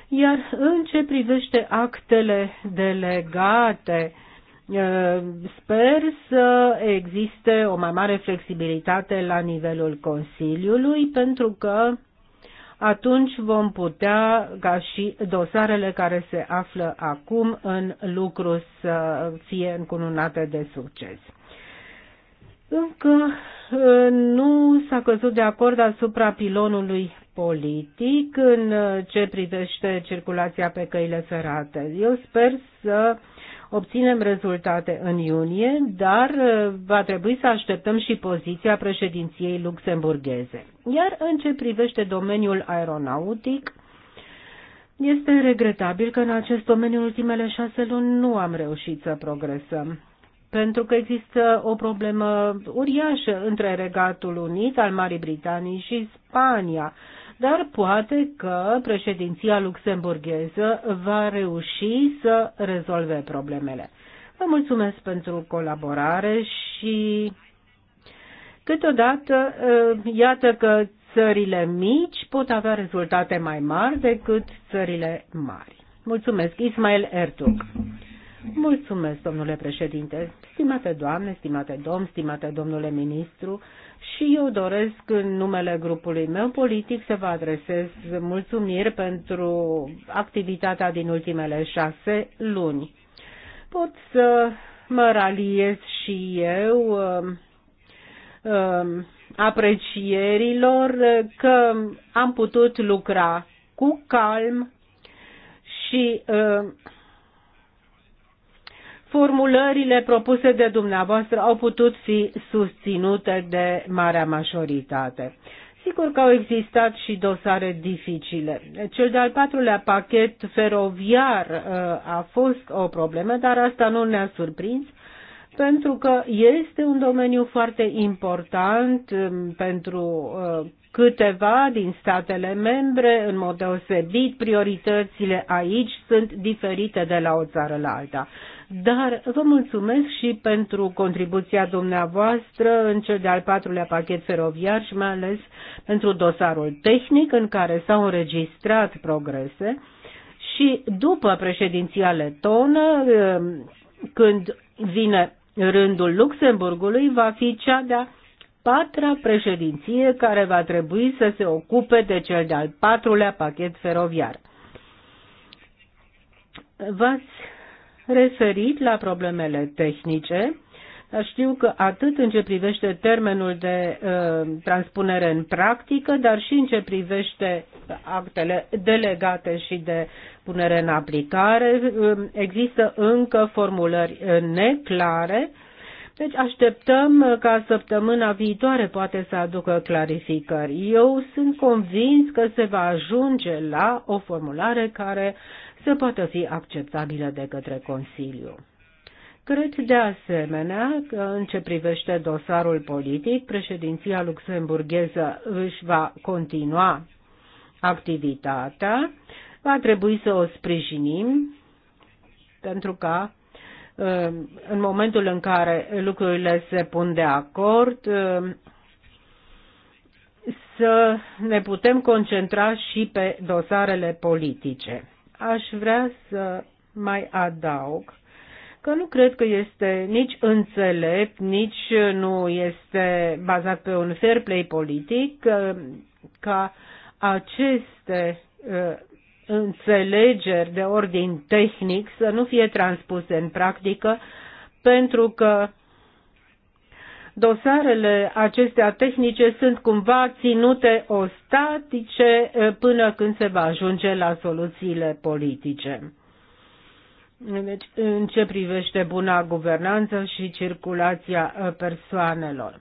Iar în ce privește actele delegate, Eh, sper să existe o mai mare flexibilitate la nivelul Consiliului, pentru că atunci vom putea, ca și dosarele care se află acum în lucru, să fie încununate de succes. Încă eh, nu s-a căzut de acord asupra pilonului politic în eh, ce privește circulația pe căile ferate. Eu sper să obținem rezultate în iunie, dar uh, va trebui să așteptăm și poziția președinției luxemburgheze. Iar în ce privește domeniul aeronautic, este regretabil că în acest domeniu în ultimele șase luni nu am reușit să progresăm pentru că există o problemă uriașă între Regatul Unit al Marii Britanii și Spania dar poate că președinția luxemburgheză va reuși să rezolve problemele. Vă mulțumesc pentru colaborare și câteodată, eh, iată că țările mici pot avea rezultate mai mari decât țările mari. Mulțumesc, Ismail Ertug. Mulțumesc, domnule președinte, stimate doamne, stimate domn, stimate domnule ministru, și eu doresc în numele grupului meu politic să vă adresez mulțumiri pentru activitatea din ultimele șase luni. Pot să mă raliez și eu um, um, aprecierilor că am putut lucra cu calm și uh, formulările propuse de dumneavoastră au putut fi susținute de marea majoritate. Sigur că au existat și dosare dificile. Cel de-al patrulea pachet feroviar uh, a fost o problemă, dar asta nu ne-a surprins, pentru că este un domeniu foarte important um, pentru uh, câteva din statele membre, în mod deosebit prioritățile aici sunt diferite de la o țară la alta. Dar vă mulțumesc și pentru contribuția dumneavoastră în cel de-al patrulea pachet feroviar și mai ales pentru dosarul tehnic în care s-au înregistrat progrese. Și după președinția letonă, când vine rândul Luxemburgului, va fi cea de-a patra președinție care va trebui să se ocupe de cel de-al patrulea pachet feroviar. V-ați referit la problemele tehnice. Dar știu că atât în ce privește termenul de uh, transpunere în practică, dar și în ce privește actele delegate și de punere în aplicare, uh, există încă formulări uh, neclare. Deci așteptăm ca săptămâna viitoare poate să aducă clarificări. Eu sunt convins că se va ajunge la o formulare care să poată fi acceptabilă de către Consiliu. Cred de asemenea că în ce privește dosarul politic, președinția luxemburgheză își va continua activitatea, va trebui să o sprijinim pentru ca um, în momentul în care lucrurile se pun de acord, um, să ne putem concentra și pe dosarele politice aș vrea să mai adaug că nu cred că este nici înțelept, nici nu este bazat pe un fair play politic ca aceste ă, înțelegeri de ordin tehnic să nu fie transpuse în practică, pentru că dosarele acestea tehnice sunt cumva ținute ostatice eh, până când se va ajunge la soluțiile politice. Deci, în ce privește buna guvernanță și circulația eh, persoanelor.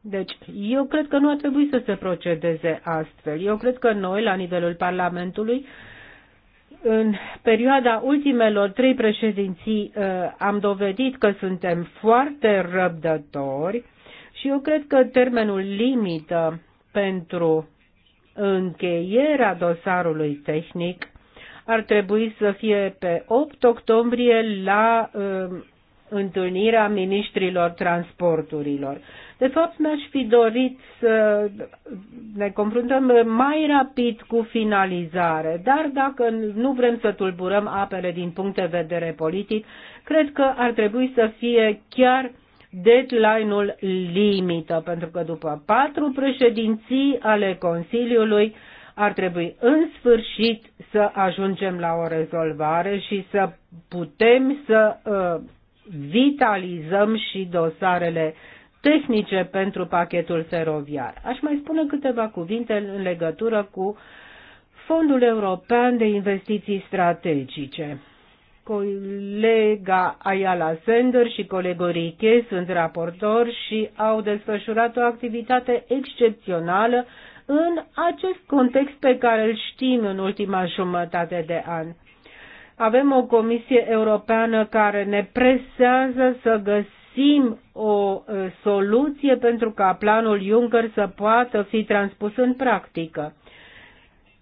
Deci, eu cred că nu ar trebui să se procedeze astfel. Eu cred că noi, la nivelul Parlamentului, în perioada ultimelor trei președinții uh, am dovedit că suntem foarte răbdători și eu cred că termenul limită pentru încheierea dosarului tehnic ar trebui să fie pe 8 octombrie la uh, întâlnirea ministrilor transporturilor. De fapt, mi-aș fi dorit să ne confruntăm mai rapid cu finalizare, dar dacă nu vrem să tulburăm apele din punct de vedere politic, cred că ar trebui să fie chiar deadline-ul limită, pentru că după patru președinții ale Consiliului ar trebui în sfârșit să ajungem la o rezolvare și să putem să uh, vitalizăm și dosarele uh, tehnice pentru pachetul feroviar. Aș mai spune câteva cuvinte în legătură cu Fondul European de Investiții Strategice. Colega Ayala Sender și colegul Riche sunt raportori și au desfășurat o activitate excepțională în acest context pe care îl știm în ultima jumătate de an. Avem o Comisie Europeană care ne presează să găsim găsim o soluție pentru ca planul Juncker să poată fi transpus în practică.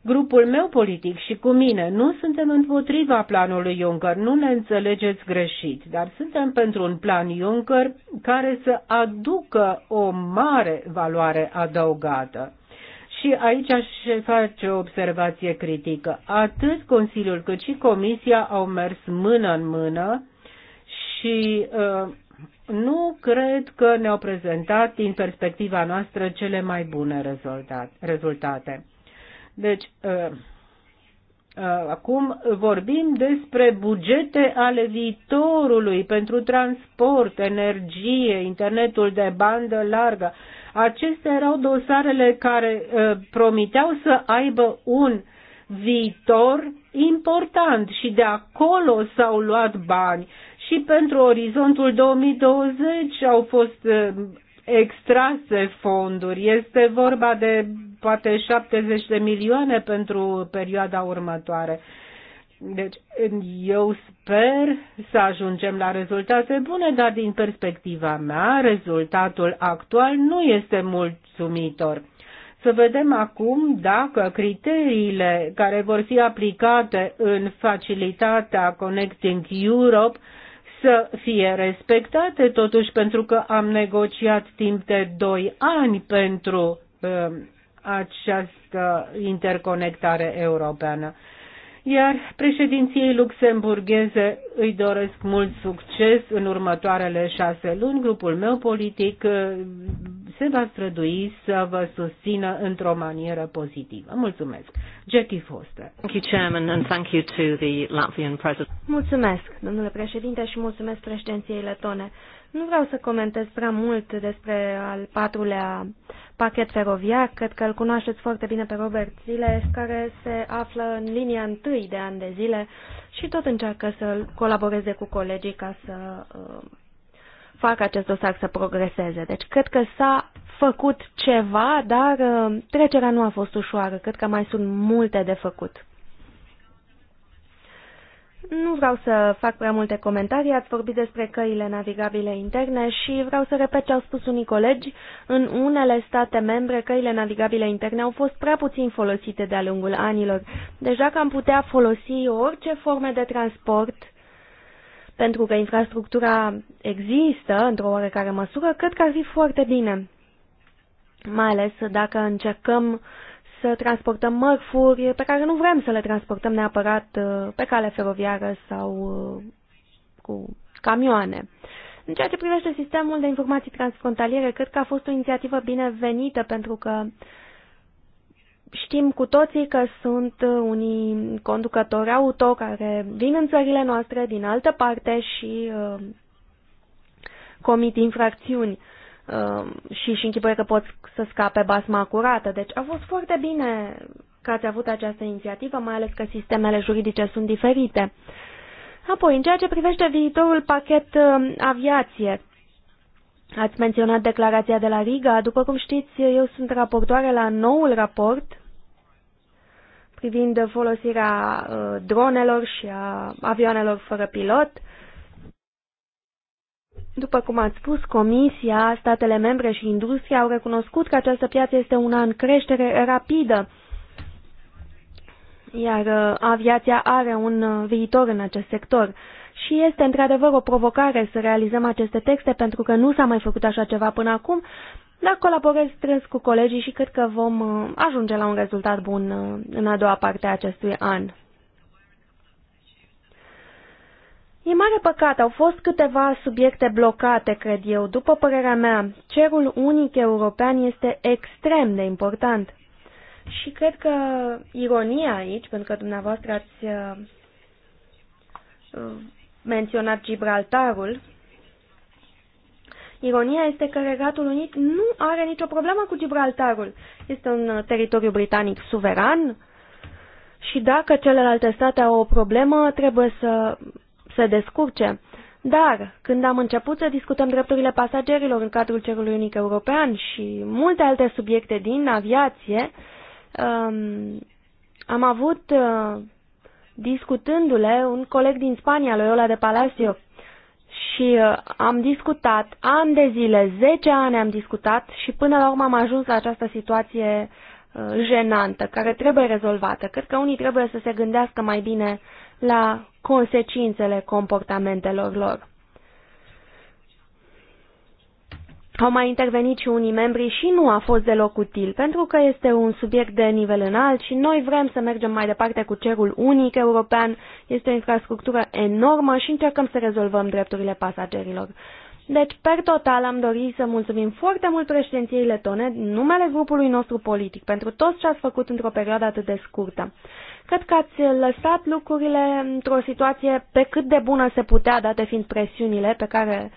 Grupul meu politic și cu mine nu suntem împotriva planului Juncker, nu ne înțelegeți greșit, dar suntem pentru un plan Juncker care să aducă o mare valoare adăugată. Și aici aș face o observație critică. Atât Consiliul cât și Comisia au mers mână în mână și uh, nu cred că ne-au prezentat din perspectiva noastră cele mai bune rezultate. Deci, ă, ă, acum vorbim despre bugete ale viitorului pentru transport, energie, internetul de bandă largă. Acestea erau dosarele care ă, promiteau să aibă un viitor important și de acolo s-au luat bani și pentru orizontul 2020 au fost uh, extrase fonduri. Este vorba de poate 70 de milioane pentru perioada următoare. Deci eu sper să ajungem la rezultate bune, dar din perspectiva mea, rezultatul actual nu este mulțumitor. Să vedem acum dacă criteriile care vor fi aplicate în facilitatea Connecting Europe să fie respectate totuși pentru că am negociat timp de 2 ani pentru um, această interconectare europeană iar președinției luxemburgheze îi doresc mult succes în următoarele șase luni. Grupul meu politic uh, se va strădui să vă susțină într-o manieră pozitivă. Mulțumesc. Jackie Foster. Thank you, Chairman, and thank you to the Latvian President. Mulțumesc, domnule președinte, și mulțumesc președinției letone. Nu vreau să comentez prea mult despre al patrulea uh, pachet feroviar, cred că îl cunoașteți foarte bine pe Robert Ziles, care se află în linia întâi de ani de zile și tot încearcă să colaboreze cu colegii ca să uh, facă acest dosar să progreseze. Deci cred că s-a făcut ceva, dar uh, trecerea nu a fost ușoară. Cred că mai sunt multe de făcut. Nu vreau să fac prea multe comentarii, ați vorbit despre căile navigabile interne și vreau să repet ce au spus unii colegi. În unele state membre, căile navigabile interne au fost prea puțin folosite de-a lungul anilor. Deja că am putea folosi orice forme de transport, pentru că infrastructura există într-o oarecare măsură, cred că ar fi foarte bine. Mai ales dacă încercăm uh, să transportăm mărfuri pe care nu vrem să le transportăm neapărat uh, pe cale feroviară sau uh, cu camioane. În ceea ce privește sistemul de informații transfrontaliere, cred că a fost o inițiativă binevenită pentru că știm cu toții că sunt uh, unii conducători auto care vin în țările noastre din altă parte și uh, comit infracțiuni. Uh, Um, și și închipuie că pot să scape basma curată. Deci a fost foarte bine că ați avut această inițiativă, mai ales că sistemele juridice sunt diferite. Apoi, în ceea ce privește viitorul pachet um, aviație, ați menționat declarația de la Riga. După cum știți, eu sunt raportoare la noul raport privind folosirea uh, dronelor și a avioanelor fără pilot. Uh, după cum ați spus, Comisia, statele membre și industria au recunoscut că această piață este una în creștere rapidă, iar uh, aviația are un uh, viitor în acest sector. Și este într-adevăr o provocare să realizăm aceste texte pentru că nu s-a mai făcut așa ceva până acum, dar colaborez strâns cu colegii și cred că vom uh, ajunge la un rezultat bun în a doua parte a acestui an. E mare păcat, au fost câteva subiecte blocate, cred eu. După părerea mea, cerul unic european este extrem de important. Și cred că ironia aici, pentru că dumneavoastră ați uh, uh, menționat Gibraltarul, ironia este că Regatul Unit nu are nicio problemă cu Gibraltarul. Este un uh, teritoriu britanic suveran și dacă celelalte state au o problemă, trebuie să se descurce. Dar, când am început să discutăm drepturile pasagerilor în cadrul cerului unic european și multe alte subiecte din aviație, um, am avut, uh, discutându-le, un coleg din Spania, Loyola de Palacio, și uh, am discutat ani de zile, 10 ani am discutat și până la urmă am ajuns la această situație uh, jenantă, care trebuie rezolvată. Cred că unii trebuie să se gândească mai bine la consecințele comportamentelor lor. Au mai intervenit și unii membri și nu a fost deloc util, pentru că este un subiect de nivel înalt și noi vrem să mergem mai departe cu cerul unic european. Este o infrastructură enormă și încercăm să rezolvăm drepturile pasagerilor. Deci, per total, am dorit să mulțumim foarte mult președinției letone, numele grupului nostru politic, pentru tot ce ați făcut într-o perioadă atât de scurtă. Cred că ați lăsat lucrurile într-o situație pe cât de bună se putea, date fiind presiunile pe care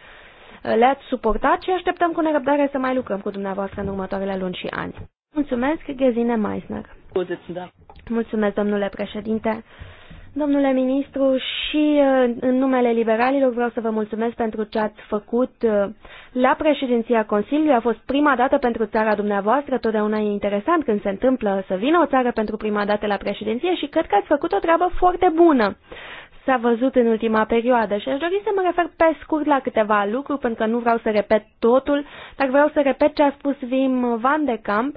le-ați suportat și așteptăm cu nerăbdare să mai lucrăm cu dumneavoastră în următoarele luni și ani. Mulțumesc, Gezine Meisner. Deci, da. Mulțumesc, domnule președinte. Domnule ministru, și uh, în numele liberalilor vreau să vă mulțumesc pentru ce ați făcut uh, la președinția Consiliului. A fost prima dată pentru țara dumneavoastră, totdeauna e interesant când se întâmplă să vină o țară pentru prima dată la președinție și cred că ați făcut o treabă foarte bună. S-a văzut în ultima perioadă și aș dori să mă refer pe scurt la câteva lucruri, pentru că nu vreau să repet totul, dar vreau să repet ce a spus Vim Van de Camp,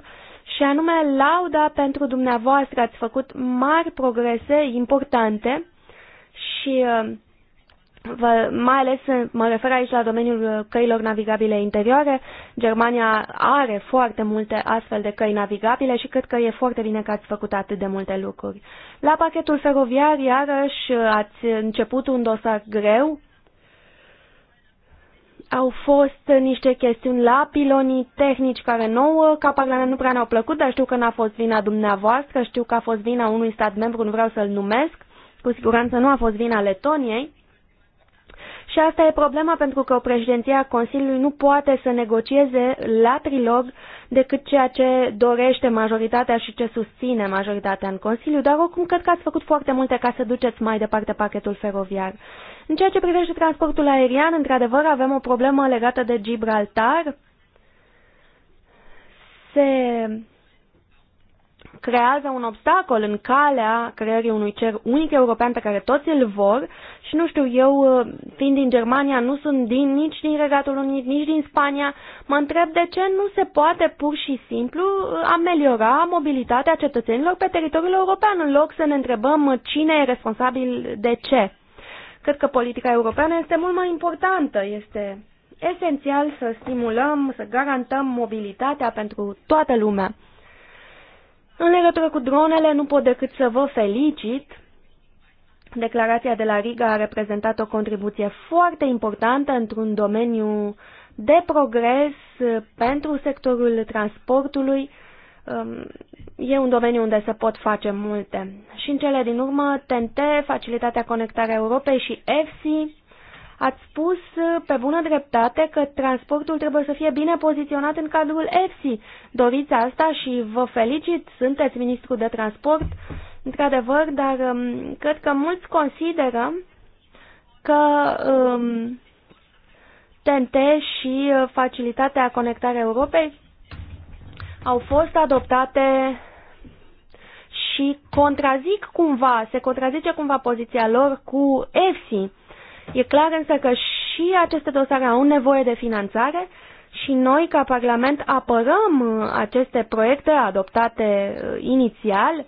și anume lauda pentru dumneavoastră. Ați făcut mari progrese importante și uh, vă, mai ales uh, mă refer aici la domeniul uh, căilor navigabile interioare. Germania are foarte multe astfel de căi navigabile și cred că e foarte bine că ați făcut atât de multe lucruri. La pachetul feroviar, iarăși, ați început un dosar greu, au fost niște chestiuni la pilonii tehnici care nouă, ca Parlament nu prea ne-au plăcut, dar știu că n-a fost vina dumneavoastră, știu că a fost vina unui stat membru, nu vreau să-l numesc, cu siguranță nu a fost vina Letoniei. Și asta e problema pentru că o președinție a Consiliului nu poate să negocieze la trilog decât ceea ce dorește majoritatea și ce susține majoritatea în Consiliu, dar oricum cred că ați făcut foarte multe ca să duceți mai departe pachetul feroviar. În ceea ce privește transportul aerian, într-adevăr avem o problemă legată de Gibraltar. Se creează un obstacol în calea creării unui cer unic european pe care toți îl vor și nu știu, eu fiind din Germania, nu sunt din, nici din Regatul Unit, nici din Spania, mă întreb de ce nu se poate pur și simplu uh, ameliora mobilitatea cetățenilor pe teritoriul european în loc să ne întrebăm cine e responsabil de ce. Cred că politica europeană este mult mai importantă, este esențial să stimulăm, să garantăm mobilitatea pentru toată lumea. În legătură cu dronele, nu pot decât să vă felicit. Declarația de la Riga a reprezentat o contribuție foarte importantă într-un domeniu de progres pentru sectorul transportului, Um, e un domeniu unde se pot face multe. Și în cele din urmă, TNT, Facilitatea Conectarea Europei și EFSI, ați spus pe bună dreptate că transportul trebuie să fie bine poziționat în cadrul EFSI. Doriți asta și vă felicit, sunteți ministru de transport, într-adevăr, dar um, cred că mulți consideră că um, TNT și uh, Facilitatea Conectarea Europei au fost adoptate și contrazic cumva, se contrazice cumva poziția lor cu EFSI. E clar însă că și aceste dosare au nevoie de finanțare și noi ca Parlament apărăm aceste proiecte adoptate uh, inițial,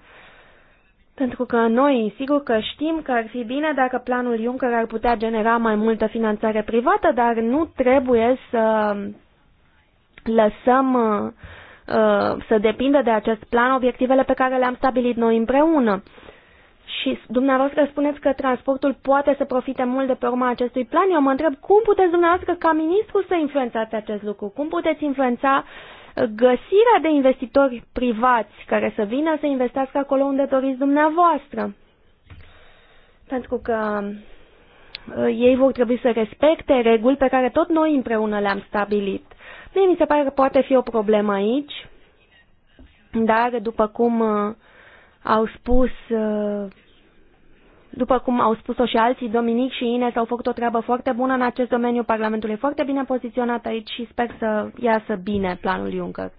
pentru că noi sigur că știm că ar fi bine dacă planul Juncker ar putea genera mai multă finanțare privată, dar nu trebuie să lăsăm uh, Uh, să depindă de acest plan obiectivele pe care le-am stabilit noi împreună. Și dumneavoastră spuneți că transportul poate să profite mult de pe urma acestui plan. Eu mă întreb cum puteți dumneavoastră ca ministru să influențați acest lucru? Cum puteți influența uh, găsirea de investitori privați care să vină să investească acolo unde doriți dumneavoastră? Pentru că uh, ei vor trebui să respecte reguli pe care tot noi împreună le-am stabilit. Mie mi se pare că poate fi o problemă aici, dar după cum uh, au spus uh, după cum au spus-o și alții, Dominic și Ines au făcut o treabă foarte bună în acest domeniu. Parlamentul e foarte bine poziționat aici și sper să iasă bine planul Juncker.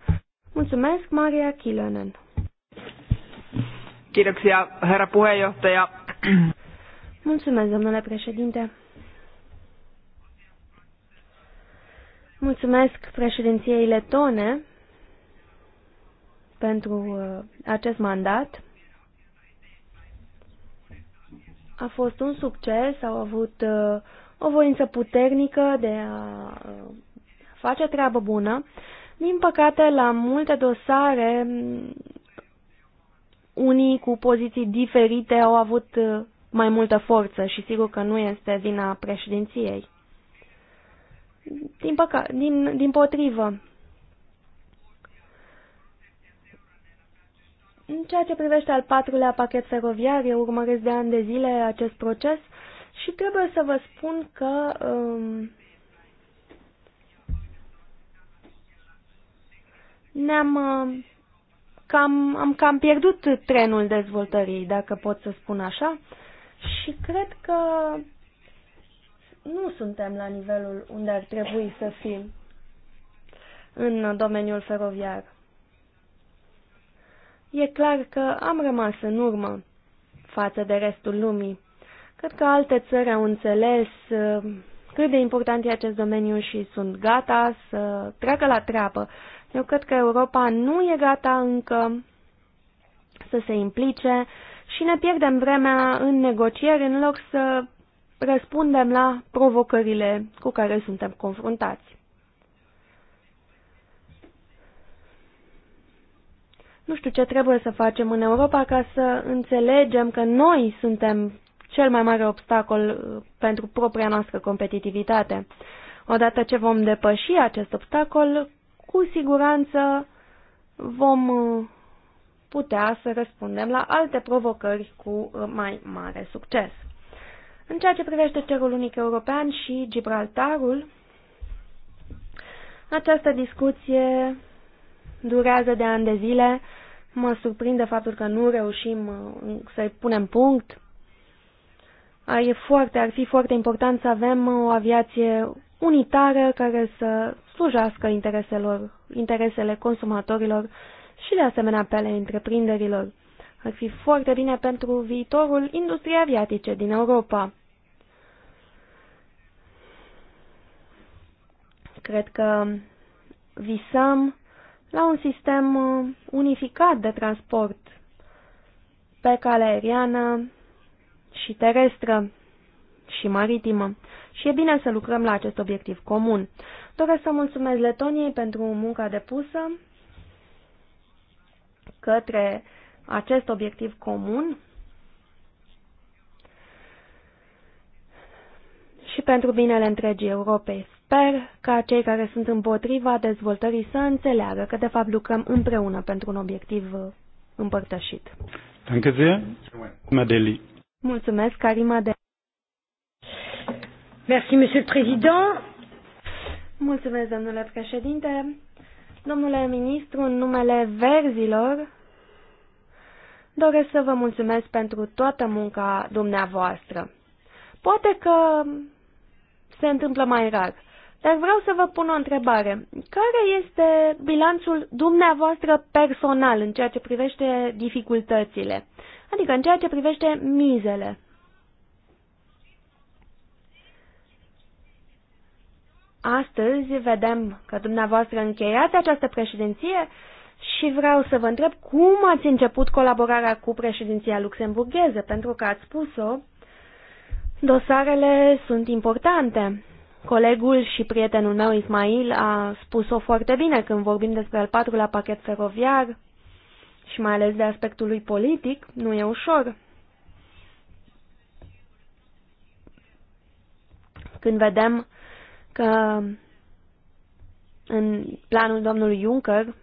Mulțumesc, Maria Kilönen. herra Mulțumesc, domnule președinte. Mulțumesc președinției letone pentru uh, acest mandat. A fost un succes, au avut uh, o voință puternică de a uh, face treabă bună. Din păcate, la multe dosare, unii cu poziții diferite au avut mai multă forță și sigur că nu este vina președinției. Din, păca, din, din potrivă. În ceea ce privește al patrulea pachet feroviar, eu urmăresc de ani de zile acest proces și trebuie să vă spun că um, ne-am um, cam, am cam pierdut trenul dezvoltării, dacă pot să spun așa, și cred că nu suntem la nivelul unde ar trebui să fim în domeniul feroviar. E clar că am rămas în urmă față de restul lumii. Cred că alte țări au înțeles uh, cât de important e acest domeniu și sunt gata să treacă la treabă. Eu cred că Europa nu e gata încă să se implice și ne pierdem vremea în negocieri în loc să răspundem la provocările cu care suntem confruntați. Nu știu ce trebuie să facem în Europa ca să înțelegem că noi suntem cel mai mare obstacol uh, pentru propria noastră competitivitate. Odată ce vom depăși acest obstacol, cu siguranță vom uh, putea să răspundem la alte provocări cu uh, mai mare succes. În ceea ce privește cerul unic european și Gibraltarul, această discuție durează de ani de zile. Mă surprinde faptul că nu reușim uh, să-i punem punct. E foarte, ar fi foarte important să avem uh, o aviație unitară care să slujească intereselor, interesele consumatorilor și de asemenea pe ale întreprinderilor. Ar fi foarte bine pentru viitorul industriei aviatice din Europa. Cred că visăm la un sistem uh, unificat de transport pe cale aeriană și terestră și maritimă. Și e bine să lucrăm la acest obiectiv comun. Doresc să mulțumesc Letoniei pentru munca depusă către acest obiectiv comun și pentru binele întregii Europei. Sper ca cei care sunt împotriva dezvoltării să înțeleagă că de fapt lucrăm împreună pentru un obiectiv uh, împărtășit. Madeli. Mulțumesc, Karima de. Merci, Monsieur le Président. Mulțumesc, domnule președinte. Domnule ministru, în numele verzilor, doresc să vă mulțumesc pentru toată munca dumneavoastră. Poate că se întâmplă mai rar. Dar vreau să vă pun o întrebare. Care este bilanțul dumneavoastră personal în ceea ce privește dificultățile? Adică în ceea ce privește mizele. Astăzi vedem că dumneavoastră încheiați această președinție și vreau să vă întreb cum ați început colaborarea cu președinția luxemburgheză, pentru că ați spus-o, dosarele sunt importante. Colegul și prietenul meu, Ismail, a spus-o foarte bine când vorbim despre al patrulea pachet feroviar și mai ales de aspectul lui politic, nu e ușor. Când vedem că în planul domnului Juncker,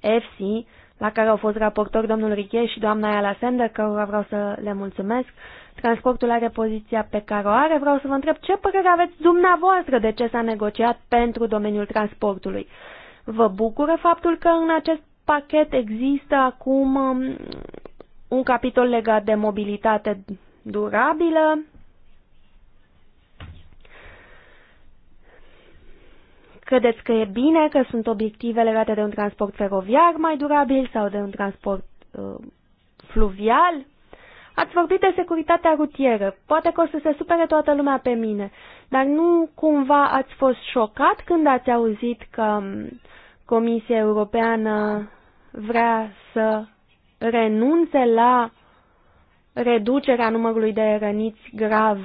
EFSI la care au fost raportori domnul Riche și doamna Ayala Sender, cărora vreau să le mulțumesc. Transportul are poziția pe care o are. Vreau să vă întreb ce părere aveți dumneavoastră de ce s-a negociat pentru domeniul transportului. Vă bucură faptul că în acest pachet există acum um, un capitol legat de mobilitate durabilă, Credeți că e bine că sunt obiective legate de un transport feroviar mai durabil sau de un transport uh, fluvial? Ați vorbit de securitatea rutieră. Poate că o să se supere toată lumea pe mine, dar nu cumva ați fost șocat când ați auzit că um, Comisia Europeană vrea să renunțe la reducerea numărului de răniți grav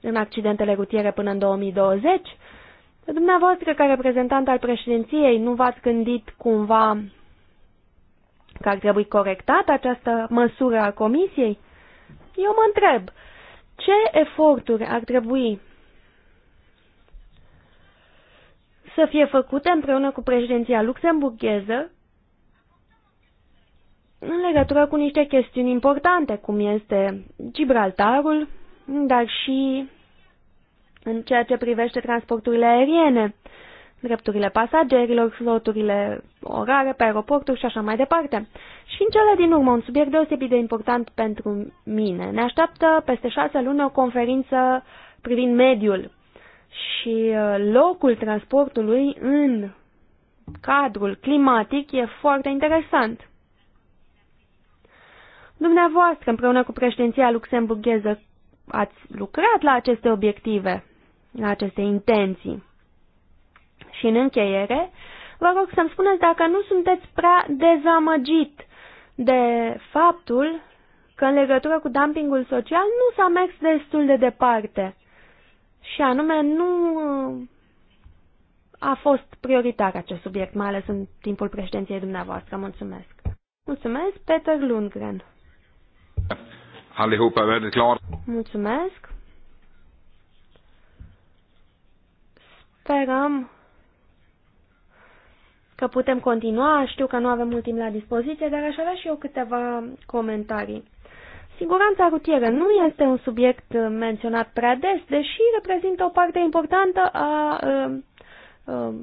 în accidentele rutiere până în 2020? Dumneavoastră, ca reprezentant al președinției, nu v-ați gândit cumva că ar trebui corectată această măsură a Comisiei? Eu mă întreb, ce eforturi ar trebui să fie făcute împreună cu președinția luxemburgheză în legătură cu niște chestiuni importante, cum este Gibraltarul, dar și în ceea ce privește transporturile aeriene, drepturile pasagerilor, floturile orare pe aeroporturi și așa mai departe. Și în cele din urmă, un subiect deosebit de important pentru mine. Ne așteaptă peste șase luni o conferință privind mediul și uh, locul transportului în cadrul climatic e foarte interesant. Dumneavoastră, împreună cu președinția luxemburgheză, ați lucrat la aceste obiective, la aceste intenții. Și în încheiere, vă rog să-mi spuneți dacă nu sunteți prea dezamăgit de faptul că în legătură cu dumpingul social nu s-a mers destul de departe. Și anume, nu a fost prioritar acest subiect, mai ales în timpul președinției dumneavoastră. Mulțumesc. Mulțumesc, Peter Lundgren. är väldigt Mulțumesc. Sperăm că putem continua. Știu că nu avem mult timp la dispoziție, dar aș avea și eu câteva comentarii. Siguranța rutieră nu este un subiect uh, menționat prea des, deși reprezintă o parte importantă a, a, uh, a uh,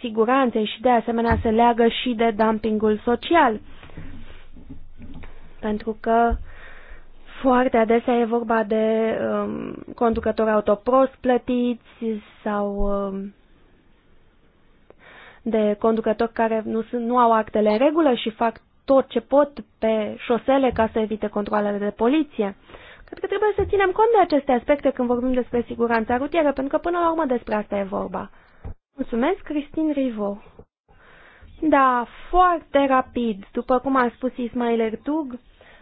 siguranței și de asemenea se leagă și de dumpingul social. Pentru că foarte adesea e vorba de um, conducători autoprost plătiți sau um, de conducători care nu, sunt, nu au actele în regulă și fac tot ce pot pe șosele ca să evite controlele de poliție. Cred că trebuie să ținem cont de aceste aspecte când vorbim despre siguranța rutieră, pentru că până la urmă despre asta e vorba. Mulțumesc, Cristin Rivo. Da, foarte rapid, după cum a spus Ismail Ertug,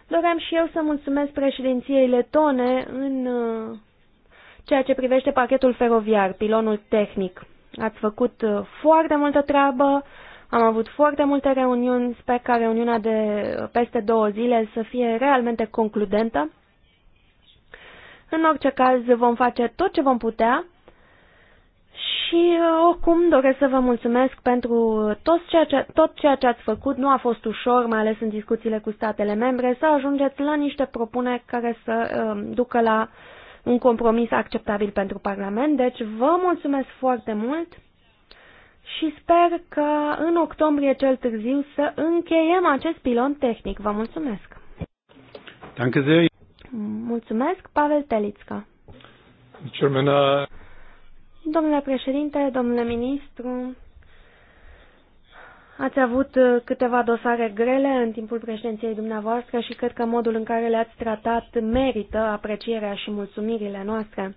Doream și eu să mulțumesc președinției letone în uh, ceea ce privește pachetul feroviar, pilonul tehnic. Ați făcut uh, foarte multă treabă, am avut foarte multe reuniuni, sper ca reuniunea de uh, peste două zile să fie realmente concludentă. În orice caz, vom face tot ce vom putea și uh, oricum doresc să vă mulțumesc pentru tot ceea, ce, tot ceea ce ați făcut. Nu a fost ușor, mai ales în discuțiile cu statele membre, să ajungeți la niște propuneri care să uh, ducă la un compromis acceptabil pentru Parlament. Deci vă mulțumesc foarte mult și sper că în octombrie cel târziu să încheiem acest pilon tehnic. Vă mulțumesc! Danke sehr. Mulțumesc, Pavel Telițca. Germana... Domnule președinte, domnule ministru, ați avut uh, câteva dosare grele în timpul președinției dumneavoastră și cred că modul în care le-ați tratat merită aprecierea și mulțumirile noastre.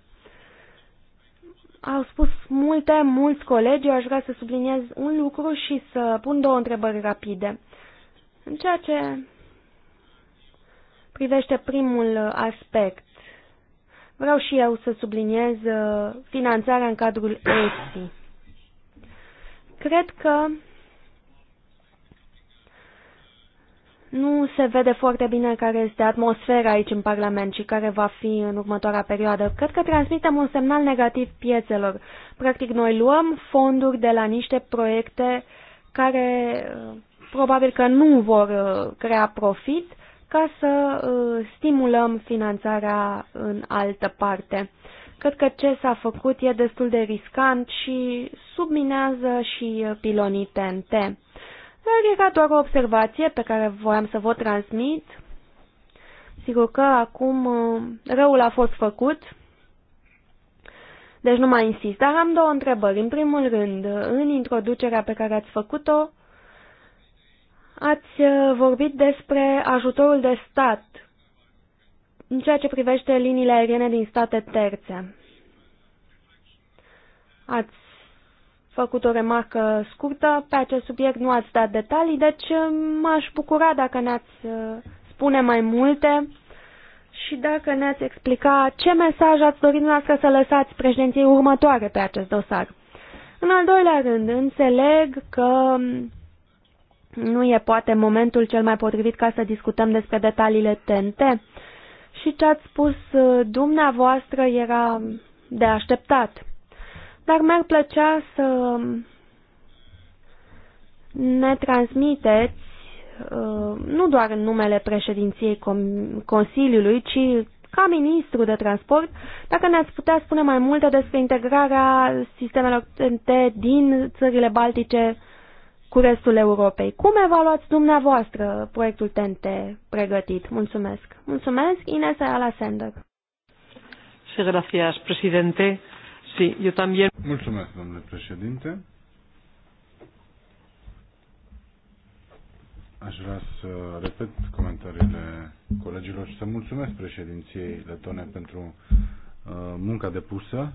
Au spus multe, mulți colegi, eu aș vrea să subliniez un lucru și să pun două întrebări rapide. În ceea ce privește primul aspect, Vreau și eu să subliniez uh, finanțarea în cadrul ESI. Cred că nu se vede foarte bine care este atmosfera aici în Parlament și care va fi în următoarea perioadă. Cred că transmitem un semnal negativ piețelor. Practic, noi luăm fonduri de la niște proiecte care uh, probabil că nu vor uh, crea profit ca să uh, stimulăm finanțarea în altă parte. Cred că ce s-a făcut e destul de riscant și subminează și uh, pilonii TNT. Dar era doar o observație pe care voiam să vă transmit. Sigur că acum uh, răul a fost făcut, deci nu mai insist, dar am două întrebări. În primul rând, în introducerea pe care ați făcut-o, Ați uh, vorbit despre ajutorul de stat în ceea ce privește liniile aeriene din state terțe. Ați făcut o remarcă scurtă pe acest subiect, nu ați dat detalii, deci uh, m-aș bucura dacă ne-ați uh, spune mai multe și dacă ne-ați explica ce mesaj ați dorit dumneavoastră să lăsați președinției următoare pe acest dosar. În al doilea rând, înțeleg că nu e poate momentul cel mai potrivit ca să discutăm despre detaliile TNT și ce ați spus uh, dumneavoastră era de așteptat. Dar mi-ar plăcea să ne transmiteți, uh, nu doar în numele președinției Consiliului, ci ca ministru de transport, dacă ne-ați putea spune mai multe despre integrarea sistemelor TNT din țările baltice cu restul Europei. Cum evaluați dumneavoastră proiectul TNT pregătit? Mulțumesc. Mulțumesc, Ines Ayala Sender. Sí, gracias, presidente. Sí, yo también. Mulțumesc, domnule președinte. Aș vrea să repet comentariile colegilor și să mulțumesc președinției letone pentru uh, munca depusă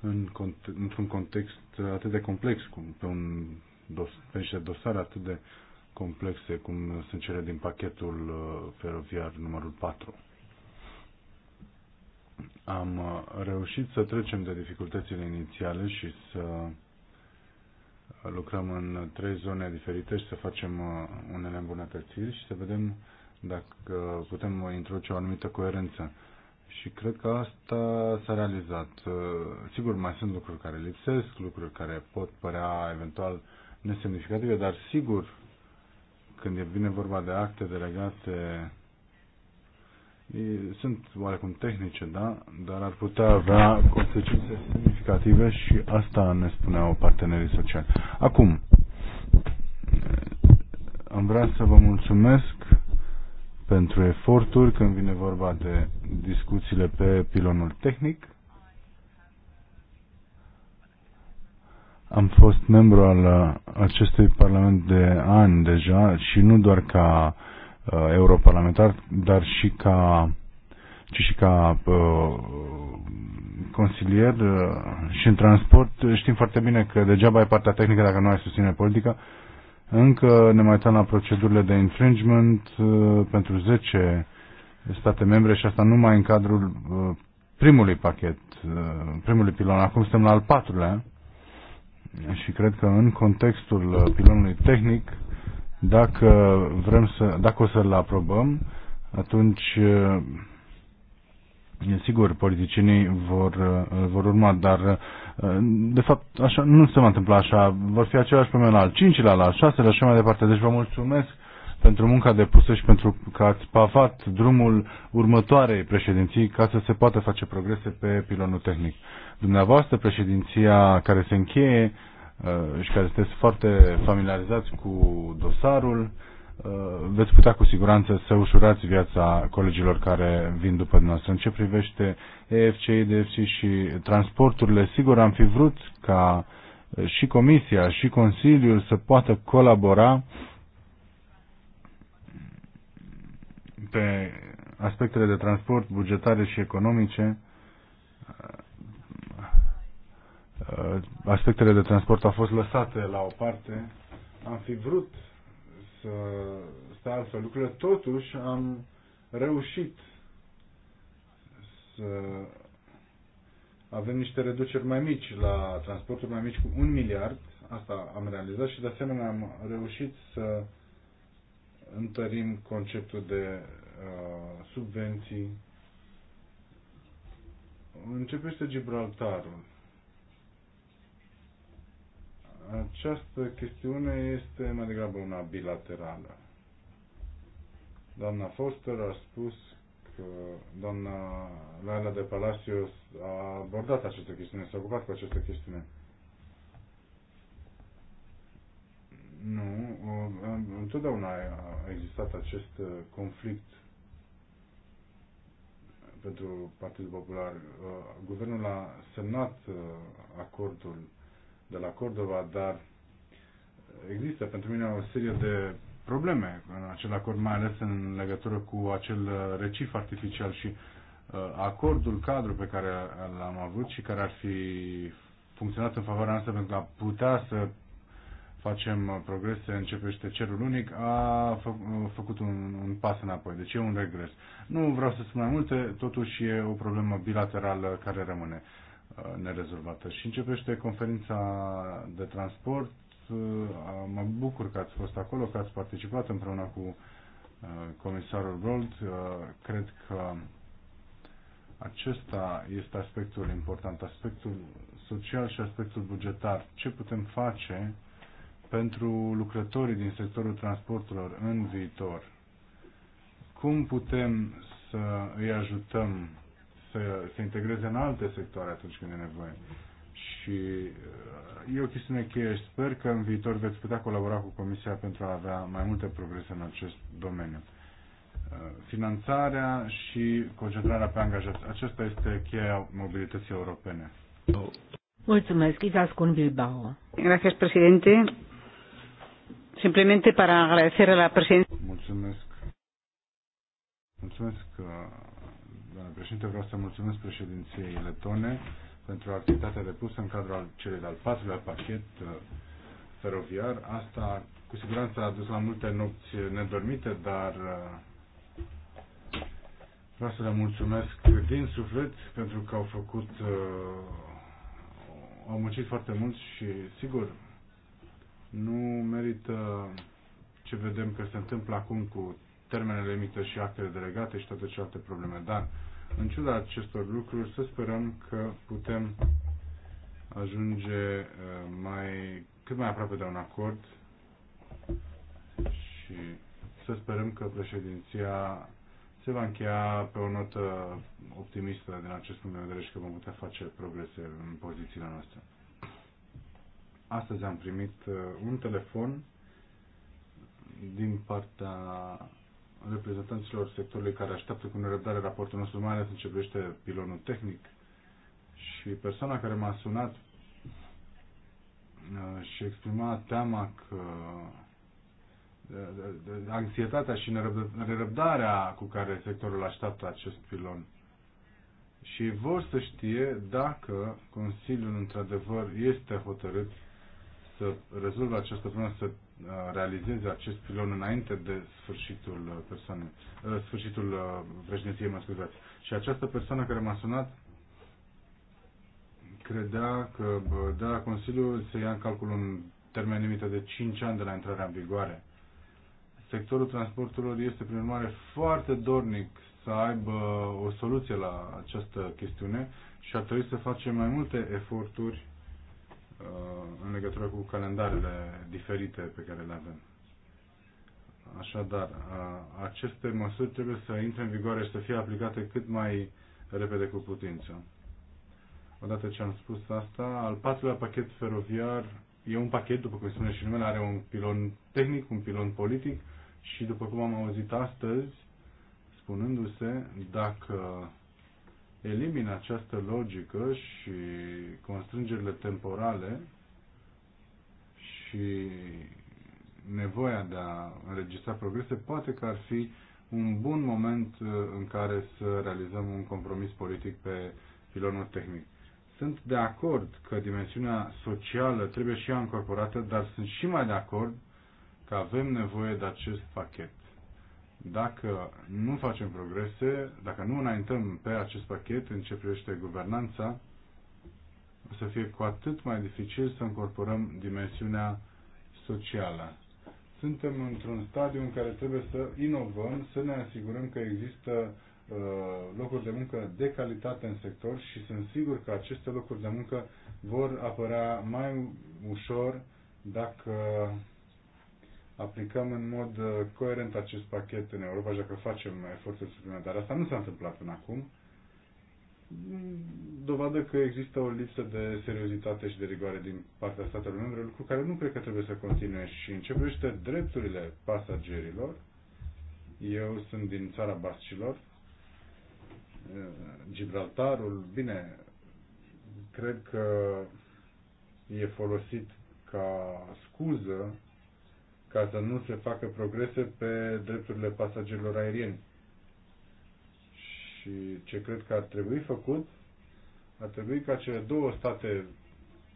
în cont- într-un context atât de complex cum pe un dos, niște dosare atât de complexe cum sunt cele din pachetul uh, feroviar numărul 4. Am uh, reușit să trecem de dificultățile inițiale și să lucrăm în trei zone diferite și să facem uh, unele îmbunătățiri și să vedem dacă putem introduce o anumită coerență. Și cred că asta s-a realizat. Sigur, mai sunt lucruri care lipsesc, lucruri care pot părea eventual uh, nesemnificative, dar sigur, când e bine vorba de acte delegate, sunt oarecum tehnice, da? Dar ar putea avea consecințe semnificative și asta ne spuneau partenerii sociali. Acum, am vrea să vă mulțumesc pentru eforturi când vine vorba de discuțiile pe pilonul tehnic Am fost membru al uh, acestui Parlament de ani deja și nu doar ca uh, europarlamentar, dar și ca ci și ca uh, consilier uh, și în transport știm foarte bine că degeaba e partea tehnică dacă nu ai susține politica. Încă ne mai uităm la procedurile de infringement uh, pentru 10 state membre și asta numai în cadrul uh, primului pachet, uh, primului pilon. Acum suntem la al patrulea și cred că în contextul uh, pilonului tehnic, dacă, vrem să, dacă o să-l aprobăm, atunci uh, sigur, politicienii vor, uh, vor urma, dar de fapt așa, nu se va întâmpla așa. Vor fi același pe al cincilea, la șase șaselea și mai departe. Deci vă mulțumesc pentru munca depusă și pentru că ați pavat drumul următoarei președinții ca să se poată face progrese pe pilonul tehnic. Dumneavoastră, președinția care se încheie uh, și care sunteți foarte familiarizați cu dosarul, uh, veți putea cu siguranță să ușurați viața colegilor care vin după dumneavoastră. În ce privește EFC, EDFC și transporturile, sigur am fi vrut ca uh, și Comisia și Consiliul să poată colabora pe aspectele de transport bugetare și economice Uh, aspectele de transport au fost lăsate la o parte. Am fi vrut să stai altfel lucrurile, totuși am reușit să avem niște reduceri mai mici la transporturi mai mici cu un miliard, asta am realizat și de asemenea am reușit să întărim conceptul de uh, subvenții. Începește Gibraltarul. Această chestiune este mai degrabă una bilaterală. Doamna Foster a spus că doamna Laila de Palacios a abordat această chestiune, s-a ocupat cu această chestiune. Nu, întotdeauna a existat acest conflict pentru Partidul Popular. Guvernul a semnat uh, acordul de la Cordova, dar există pentru mine o serie de probleme în acel acord, mai ales în legătură cu acel recif artificial și uh, acordul cadru pe care l-am avut și care ar fi funcționat în favoarea noastră pentru a putea să facem progrese, începește cerul unic, a făcut un, un pas înapoi. Deci e un regres. Nu vreau să spun mai multe, totuși e o problemă bilaterală care rămâne nerezolvată. Și începește conferința de transport. Uh, mă bucur că ați fost acolo, că ați participat împreună cu uh, comisarul Gold. Uh, cred că acesta este aspectul important, aspectul social și aspectul bugetar. Ce putem face pentru lucrătorii din sectorul transporturilor în viitor? Cum putem să îi ajutăm să se integreze în alte sectoare atunci când e nevoie. Și uh, e o chestiune cheie sper că în viitor veți putea colabora cu Comisia pentru a avea mai multe progrese în acest domeniu. Uh, finanțarea și concentrarea pe angajați. Aceasta este cheia mobilității europene. Mulțumesc, Izaskun Bilbao. Gracias, presidente. Simplemente para agradecer a la presidencia. Mulțumesc. Mulțumesc uh, președinte. Vreau să mulțumesc președinției letone pentru activitatea depusă în cadrul celui de-al patrulea pachet uh, feroviar. Asta cu siguranță a dus la multe nopți nedormite, dar uh, vreau să le mulțumesc din suflet pentru că au făcut, uh, au muncit foarte mult și sigur nu merită ce vedem că se întâmplă acum cu termenele limită și actele delegate și toate celelalte probleme. Dar, în ciuda acestor lucruri, să sperăm că putem ajunge uh, mai, cât mai aproape de un acord și să sperăm că președinția se va încheia pe o notă optimistă din acest punct de vedere și că vom putea face progrese în pozițiile noastre. Astăzi am primit uh, un telefon din partea reprezentanților sectorului care așteaptă cu nerăbdare raportul nostru, mai ales în ce privește pilonul tehnic. Și persoana care m-a sunat uh, și exprima teama că uh, anxietatea și nerăbdarea cu care sectorul așteaptă acest pilon. Și vor să știe dacă Consiliul într-adevăr este hotărât să rezolve această problemă, să Uh, realizeze acest pilon înainte de sfârșitul uh, persoanei, uh, sfârșitul președinției, mă scuzați. Și această persoană care m-a sunat credea că de la Consiliu se ia în calcul un termen limită de 5 ani de la intrarea în vigoare. Sectorul transporturilor este, prin urmare, foarte dornic să aibă o soluție la această chestiune și ar trebui să facem mai multe eforturi Uh, în legătură cu calendarele diferite pe care le avem. Așadar, uh, aceste măsuri trebuie să intre în vigoare și să fie aplicate cât mai repede cu putință. Odată ce am spus asta, al patrulea pachet feroviar e un pachet, după cum spune și numele, are un pilon tehnic, un pilon politic și, după cum am auzit astăzi, spunându-se, dacă elimină această logică și constrângerile temporale și nevoia de a înregistra progrese, poate că ar fi un bun moment uh, în care să realizăm un compromis politic pe pilonul tehnic. Sunt de acord că dimensiunea socială trebuie și ea încorporată, dar sunt și mai de acord că avem nevoie de acest pachet. Dacă nu facem progrese, dacă nu înaintăm pe acest pachet în ce privește guvernanța, o să fie cu atât mai dificil să încorporăm dimensiunea socială. Suntem într-un stadiu în care trebuie să inovăm, să ne asigurăm că există uh, locuri de muncă de calitate în sector și sunt sigur că aceste locuri de muncă vor apărea mai ușor dacă aplicăm în mod uh, coerent acest pachet în Europa și dacă facem eforturi suplimentare. Asta nu s-a întâmplat până acum. Mm, dovadă că există o lipsă de seriozitate și de rigoare din partea statelor membre, lucru care nu cred că trebuie să continue și în ce privește drepturile pasagerilor. Eu sunt din țara Bascilor, uh, Gibraltarul, bine, cred că e folosit ca scuză ca să nu se facă progrese pe drepturile pasagerilor aerieni. Și ce cred că ar trebui făcut, ar trebui ca cele două state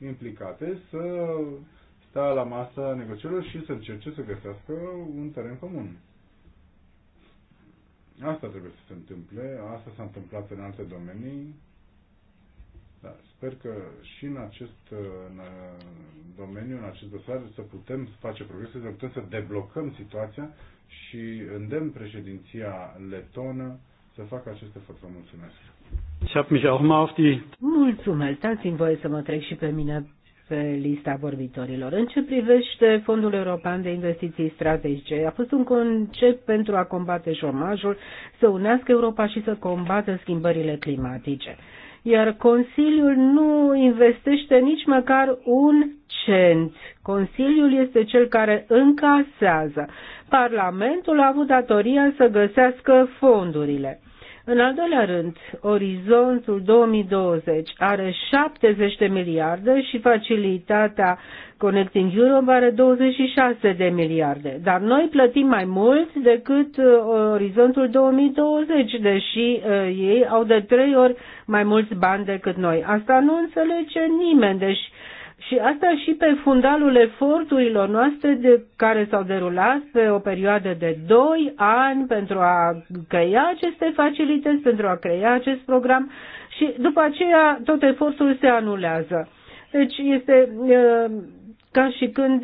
implicate să sta la masa negocierilor și să încerce să găsească un teren comun. Asta trebuie să se întâmple, asta s-a întâmplat în alte domenii, da, sper că și în acest uh, în uh, domeniu, în acest dosar, să putem face progrese, să putem să deblocăm situația și îndemn președinția letonă să facă acest efort. Vă mulțumesc. Mulțumesc. Dați-mi voie să mă trec și pe mine pe lista vorbitorilor. În ce privește Fondul European de Investiții Strategice, a fost un concept pentru a combate șomajul, să unească Europa și să combată schimbările climatice iar Consiliul nu investește nici măcar un cent. Consiliul este cel care încasează. Parlamentul a avut datoria să găsească fondurile. În al doilea rând, orizontul 2020 are 70 de miliarde și facilitatea Connecting Europe are 26 de miliarde. Dar noi plătim mai mult decât uh, orizontul 2020, deși uh, ei au de trei ori mai mulți bani decât noi. Asta nu înțelege nimeni, deci uh, și asta și pe fundalul eforturilor noastre de, care s-au derulat pe o perioadă de 2 ani pentru a crea aceste facilități, pentru a crea acest program și după aceea tot efortul se anulează. Deci este ca și când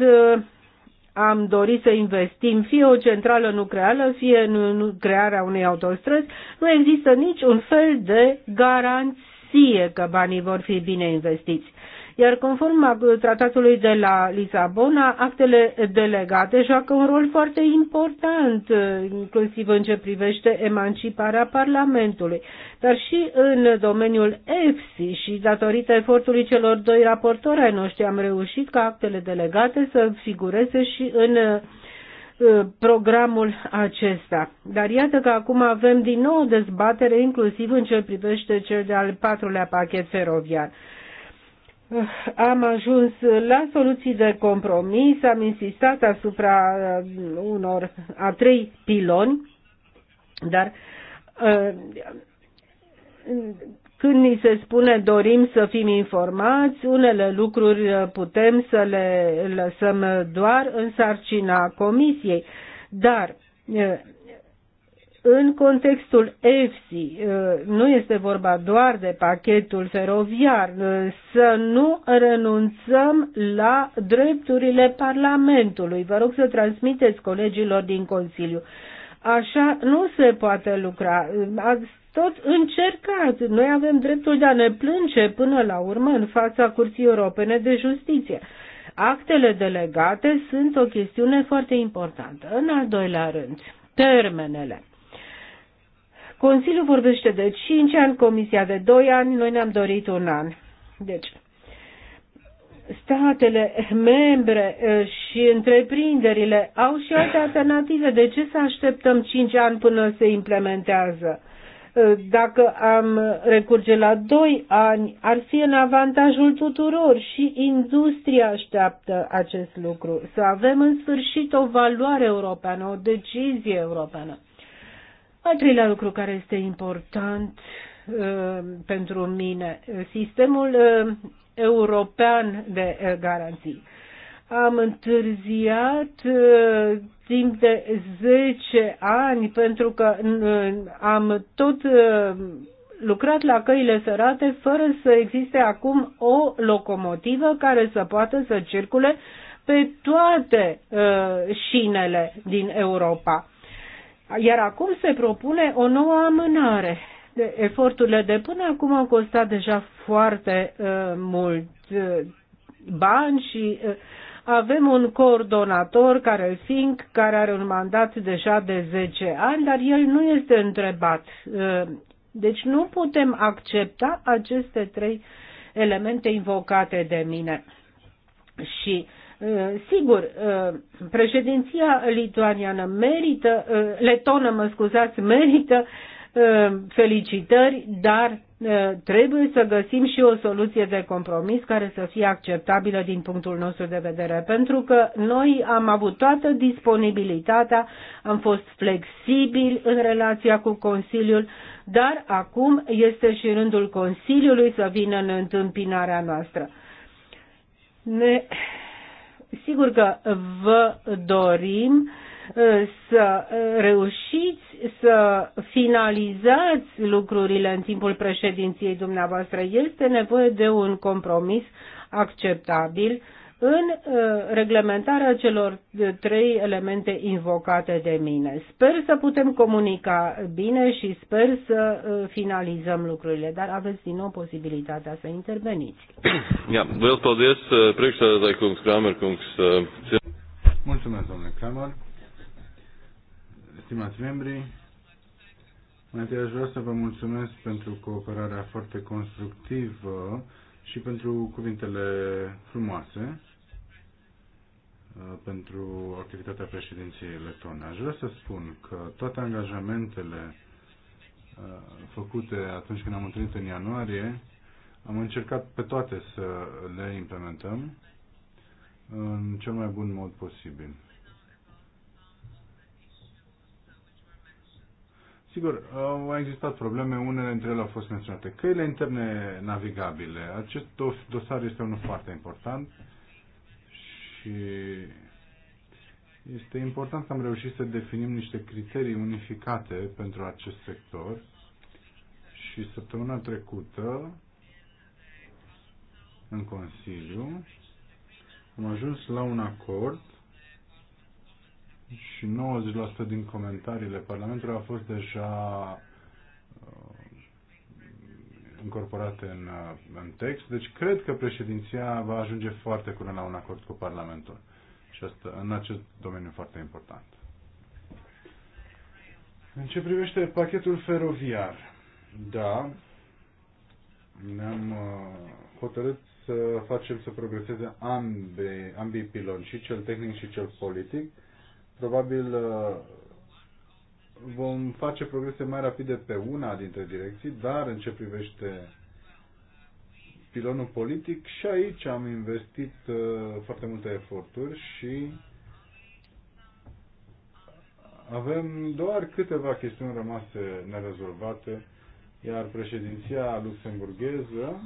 am dorit să investim fie o centrală nucleară, fie în crearea unei autostrăzi, nu există niciun fel de garanție că banii vor fi bine investiți. Iar conform tratatului de la Lisabona, actele delegate joacă un rol foarte important, uh, inclusiv în ce privește emanciparea Parlamentului, dar și în domeniul EFSI și datorită efortului celor doi raportori ai noștri am reușit ca actele delegate să figureze și în uh, programul acesta. Dar iată că acum avem din nou dezbatere inclusiv în ce privește cel de-al patrulea pachet feroviar. Ah, am ajuns la soluții de compromis, am insistat asupra uh, unor a trei piloni, dar uh, când ni se spune dorim să fim informați, unele lucruri uh, putem să le lăsăm doar în sarcina comisiei, dar în contextul EFSI, uh, nu este vorba doar de pachetul feroviar, uh, să nu renunțăm la drepturile Parlamentului. Vă rog să transmiteți colegilor din Consiliu. Așa nu se poate lucra. Uh, ați tot încercat. Noi avem dreptul de a ne plânge până la urmă în fața Curții Europene de Justiție. Actele delegate sunt o chestiune foarte importantă. În al doilea rând, termenele. Consiliul vorbește de 5 ani, Comisia de 2 ani, noi ne-am dorit un an. Deci, statele membre eh, și întreprinderile au și alte alternative. De ce să așteptăm 5 ani până se implementează? Eh, dacă am recurge la 2 ani, ar fi în avantajul tuturor și industria așteaptă acest lucru. Să avem în sfârșit o valoare europeană, o decizie europeană. Al treilea lucru care este important uh, pentru mine, sistemul uh, european de uh, garanții. Am întârziat timp de 10 ani pentru că am tot lucrat la căile sărate fără să existe acum o locomotivă care să poată să circule pe toate uh, șinele din Europa. Iar acum se propune o nouă amânare. De, eforturile de până acum au costat deja foarte uh, mult uh, bani și uh, avem un coordonator, care îl fiind, care are un mandat deja de 10 ani, dar el nu este întrebat. Uh, deci nu putem accepta aceste trei elemente invocate de mine. Și uh, Uh, sigur, uh, președinția lituaniană merită, uh, letonă, mă scuzați, (laughs) merită felicitări, dar trebuie să găsim și o soluție de compromis care să fie acceptabilă din punctul nostru de vedere, pentru că noi am avut toată disponibilitatea, am fost flexibili în relația cu Consiliul, dar acum este și rândul Consiliului să vină în întâmpinarea noastră. Ne Sigur că vă dorim uh, să reușiți să finalizați lucrurile în timpul președinției dumneavoastră. Este nevoie de un compromis acceptabil în uh, reglementarea celor uh, trei elemente invocate de mine. Sper să putem comunica bine și sper să uh, finalizăm lucrurile, dar aveți din nou posibilitatea să interveniți. (clears throat) Mulțumesc, domnule Kramer. Stimați membri, mai întâi aș vrea să vă mulțumesc pentru cooperarea foarte constructivă și pentru cuvintele frumoase uh, pentru activitatea președinției letone. Aș vrea să spun că toate angajamentele uh, făcute atunci când am întâlnit în ianuarie, am încercat pe toate să le implementăm în cel mai bun mod posibil. Sigur, au existat probleme, unele dintre ele au fost menționate. Căile interne navigabile, acest dosar este unul foarte important și este important să am reușit să definim niște criterii unificate pentru acest sector și săptămâna trecută în Consiliu am ajuns la un acord și 90% din comentariile Parlamentului au fost deja uh, incorporate în, uh, în text. Deci cred că președinția va ajunge foarte curând la un acord cu Parlamentul. Și asta, în acest domeniu foarte important. În ce privește pachetul feroviar, da, ne-am uh, hotărât să facem să progreseze ambii, ambii piloni, și cel tehnic și cel politic, Probabil uh, vom face progrese mai rapide pe una dintre direcții, dar în ce privește pilonul politic și aici am investit uh, foarte multe eforturi și avem doar câteva chestiuni rămase nerezolvate, iar președinția luxemburgheză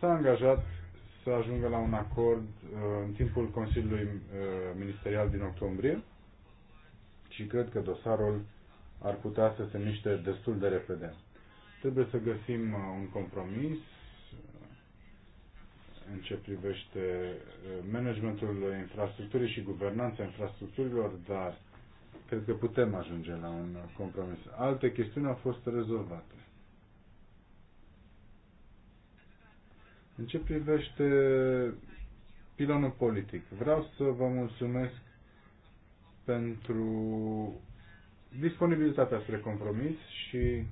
s-a angajat să ajungă la un acord uh, în timpul Consiliului uh, Ministerial din octombrie și cred că dosarul ar putea să se miște destul de repede. Trebuie să găsim uh, un compromis în ce privește managementul infrastructurii și guvernanța infrastructurilor, dar cred că putem ajunge la un compromis. Alte chestiuni au fost rezolvate. În ce privește pilonul politic, vreau să vă mulțumesc pentru disponibilitatea spre compromis și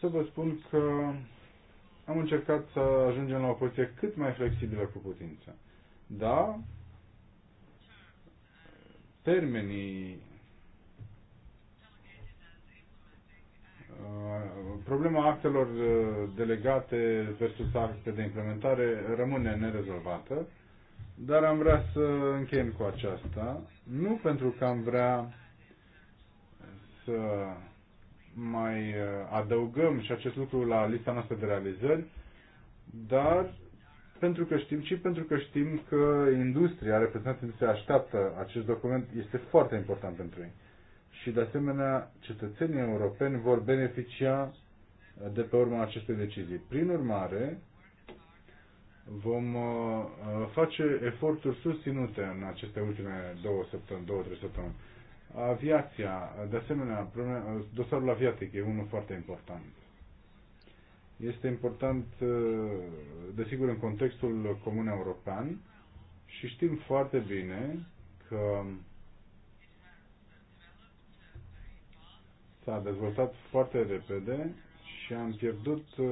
să vă spun că am încercat să ajungem la o poziție cât mai flexibilă cu putință. Da, termenii Uh, problema actelor uh, delegate versus acte de implementare rămâne nerezolvată, dar am vrea să încheiem cu aceasta, nu pentru că am vrea să mai uh, adăugăm și acest lucru la lista noastră de realizări, dar pentru că știm, ci pentru că știm că industria, reprezentanții se așteaptă acest document, este foarte important pentru ei și de asemenea cetățenii europeni vor beneficia de pe urma acestei decizii. Prin urmare, vom uh, face eforturi susținute în aceste ultime două săptămâni, două, trei săptămâni. Aviația, de asemenea, dosarul aviatic e unul foarte important. Este important, uh, desigur, în contextul comun european și știm foarte bine că s-a dezvoltat foarte repede și am pierdut uh,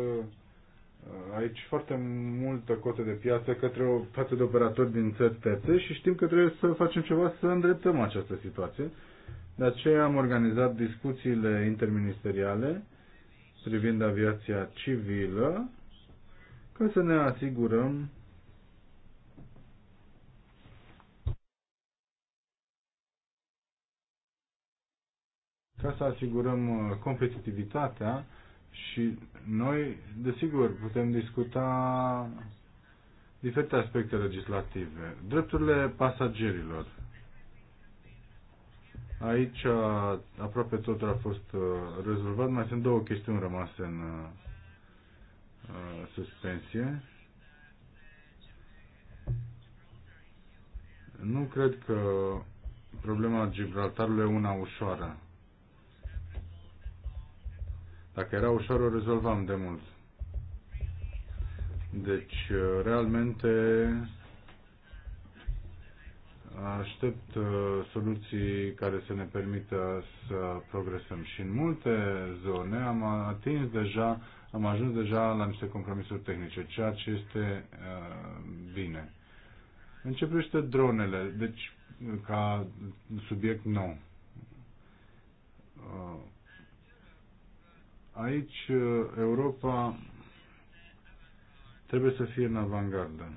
aici foarte multă cotă de piață către o, față de operatori din țări terțe și știm că trebuie să facem ceva să îndreptăm această situație. De aceea am organizat discuțiile interministeriale privind aviația civilă ca să ne asigurăm ca să asigurăm uh, competitivitatea și noi, desigur, putem discuta diferite aspecte legislative. Drepturile pasagerilor. Aici uh, aproape totul a fost uh, rezolvat. Mai sunt două chestiuni rămase în suspensie. Nu cred că problema Gibraltarului e una ușoară. Dacă era ușor, o rezolvam de mult. Deci, uh, realmente aștept uh, soluții care să ne permită să progresăm. Și în multe zone am atins deja, am ajuns deja la niște compromisuri tehnice, ceea ce este uh, bine. Începește dronele, deci ca subiect nou. Aici uh, Europa trebuie să fie în avangardă.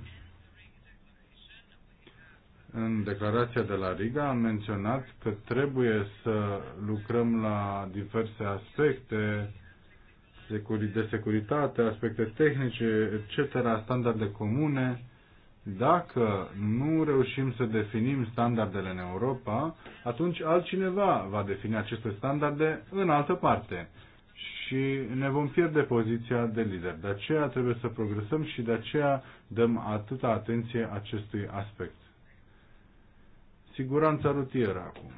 În declarația de la Riga am menționat că trebuie să lucrăm la diverse aspecte de securitate, aspecte tehnice, etc., standarde comune. Dacă nu reușim să definim standardele în Europa, atunci altcineva va defini aceste standarde în altă parte și ne vom pierde poziția de lider. De aceea trebuie să progresăm și de aceea dăm atâta atenție acestui aspect. Siguranța rutieră acum.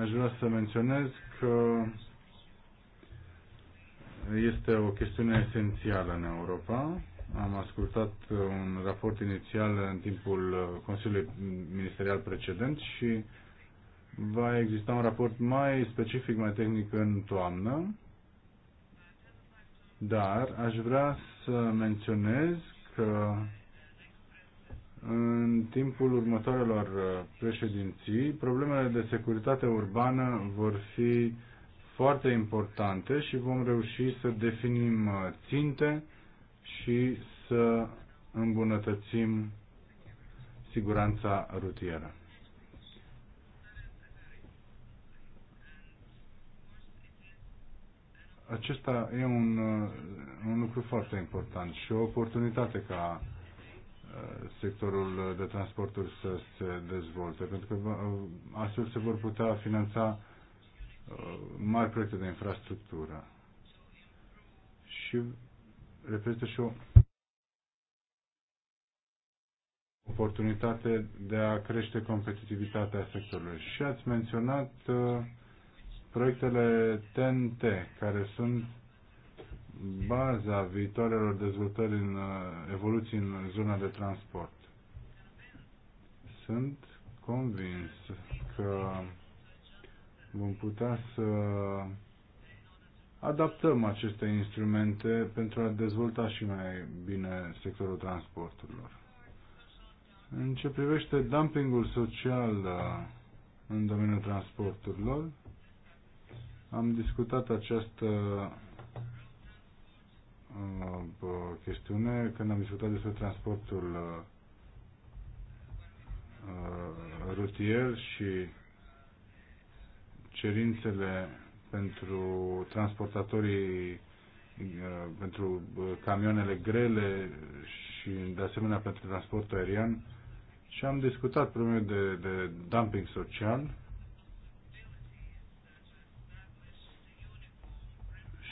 Aș vrea să menționez că este o chestiune esențială în Europa. Am ascultat un raport inițial în timpul Consiliului Ministerial precedent și va exista un raport mai specific, mai tehnic în toamnă dar aș vrea să menționez că în timpul următoarelor uh, președinții, problemele de securitate urbană vor fi foarte importante și vom reuși să definim uh, ținte și să îmbunătățim siguranța rutieră. acesta e un, uh, un lucru foarte important și o oportunitate ca uh, sectorul de transporturi să se dezvolte, pentru că uh, astfel se vor putea finanța mari proiecte de infrastructură și reprezintă și o oportunitate de a crește competitivitatea sectorului. Și ați menționat uh, proiectele TNT, care sunt baza viitoarelor dezvoltări în uh, evoluții în zona de transport. Sunt convins că vom putea să adaptăm aceste instrumente pentru a dezvolta și mai bine sectorul transporturilor. În ce privește dumpingul social uh, în domeniul transporturilor, am discutat această uh, chestiune când am discutat despre transportul uh, uh, rutier și cerințele pentru transportatorii pentru camioanele grele și de asemenea pentru transportul aerian și am discutat probleme de, de dumping social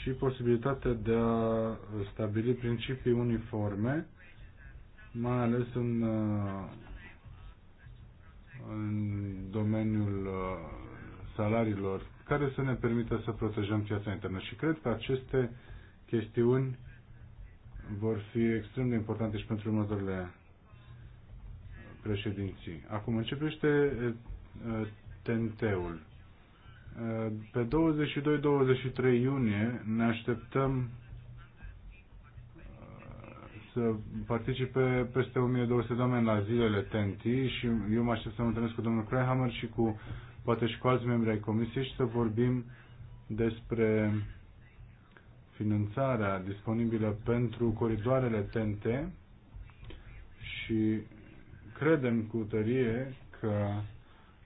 și posibilitatea de a stabili principii uniforme, mai ales în, uh, în domeniul uh, salariilor, care să ne permită să protejăm piața internă. Și cred că aceste chestiuni vor fi extrem de importante și pentru următoarele președinții. Acum începește uh, TNT-ul. Pe 22-23 iunie ne așteptăm uh, să participe peste 1200 de oameni la zilele TNT și eu mă aștept să mă întâlnesc cu domnul Krahammer și cu poate și cu alți membri ai comisiei și să vorbim despre finanțarea disponibilă pentru coridoarele TNT și credem cu tărie că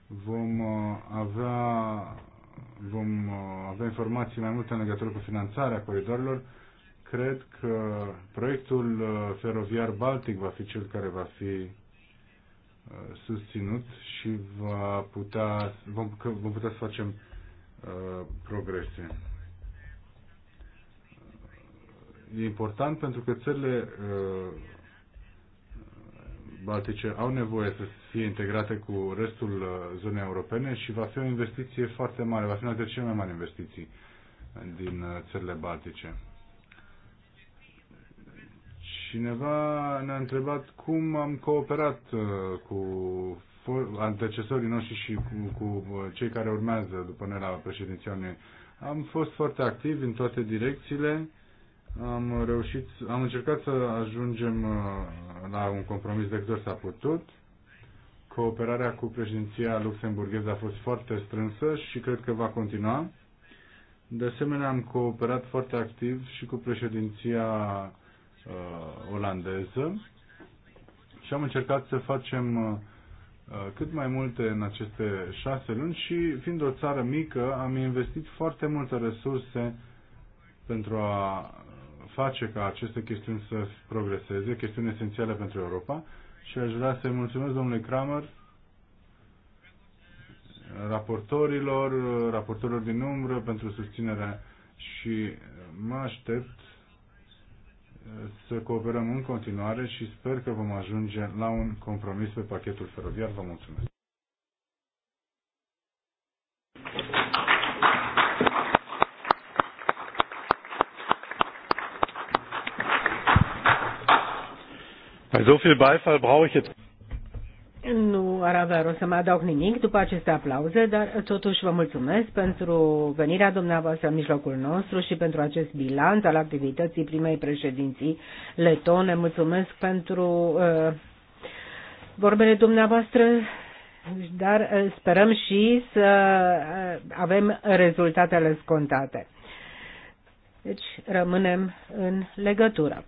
vom uh, avea vom uh, avea informații mai multe în legătură cu finanțarea coridorilor. Cred că proiectul uh, feroviar Baltic va fi cel care va fi uh, susținut și va putea, vom, vom putea să facem uh, progrese. E important pentru că țările uh, Baltice au nevoie să fie integrate cu restul uh, zonei europene și va fi o investiție foarte mare, va fi una dintre cele mai mari investiții uh, din uh, țările Baltice. Cineva ne-a întrebat cum am cooperat cu antecesorii noștri și cu, cu cei care urmează după noi la președinția Am fost foarte activ în toate direcțiile am reușit, am încercat să ajungem uh, la un compromis de cât s-a putut. Cooperarea cu președinția luxemburgheză a fost foarte strânsă și cred că va continua. De asemenea, am cooperat foarte activ și cu președinția uh, olandeză și am încercat să facem uh, uh cât mai multe în aceste șase luni și, fiind o țară mică, am investit foarte multe resurse pentru a face ca aceste chestiuni să progreseze, chestiuni esențiale pentru Europa și aș vrea să-i mulțumesc domnului Kramer, raportorilor, raportorilor din umbră pentru susținerea și mă aștept să cooperăm în continuare și sper că vom ajunge la un compromis pe pachetul feroviar. Vă mulțumesc! So viel Beifall brauche ich jetzt. Nu ar avea rost să mai adaug nimic după aceste aplauze, dar totuși vă mulțumesc pentru venirea dumneavoastră în mijlocul nostru și pentru acest bilanț al activității primei președinții letone. Mulțumesc pentru uh, vorbele dumneavoastră, dar uh, sperăm și să uh, avem rezultatele scontate. Deci rămânem în legătură.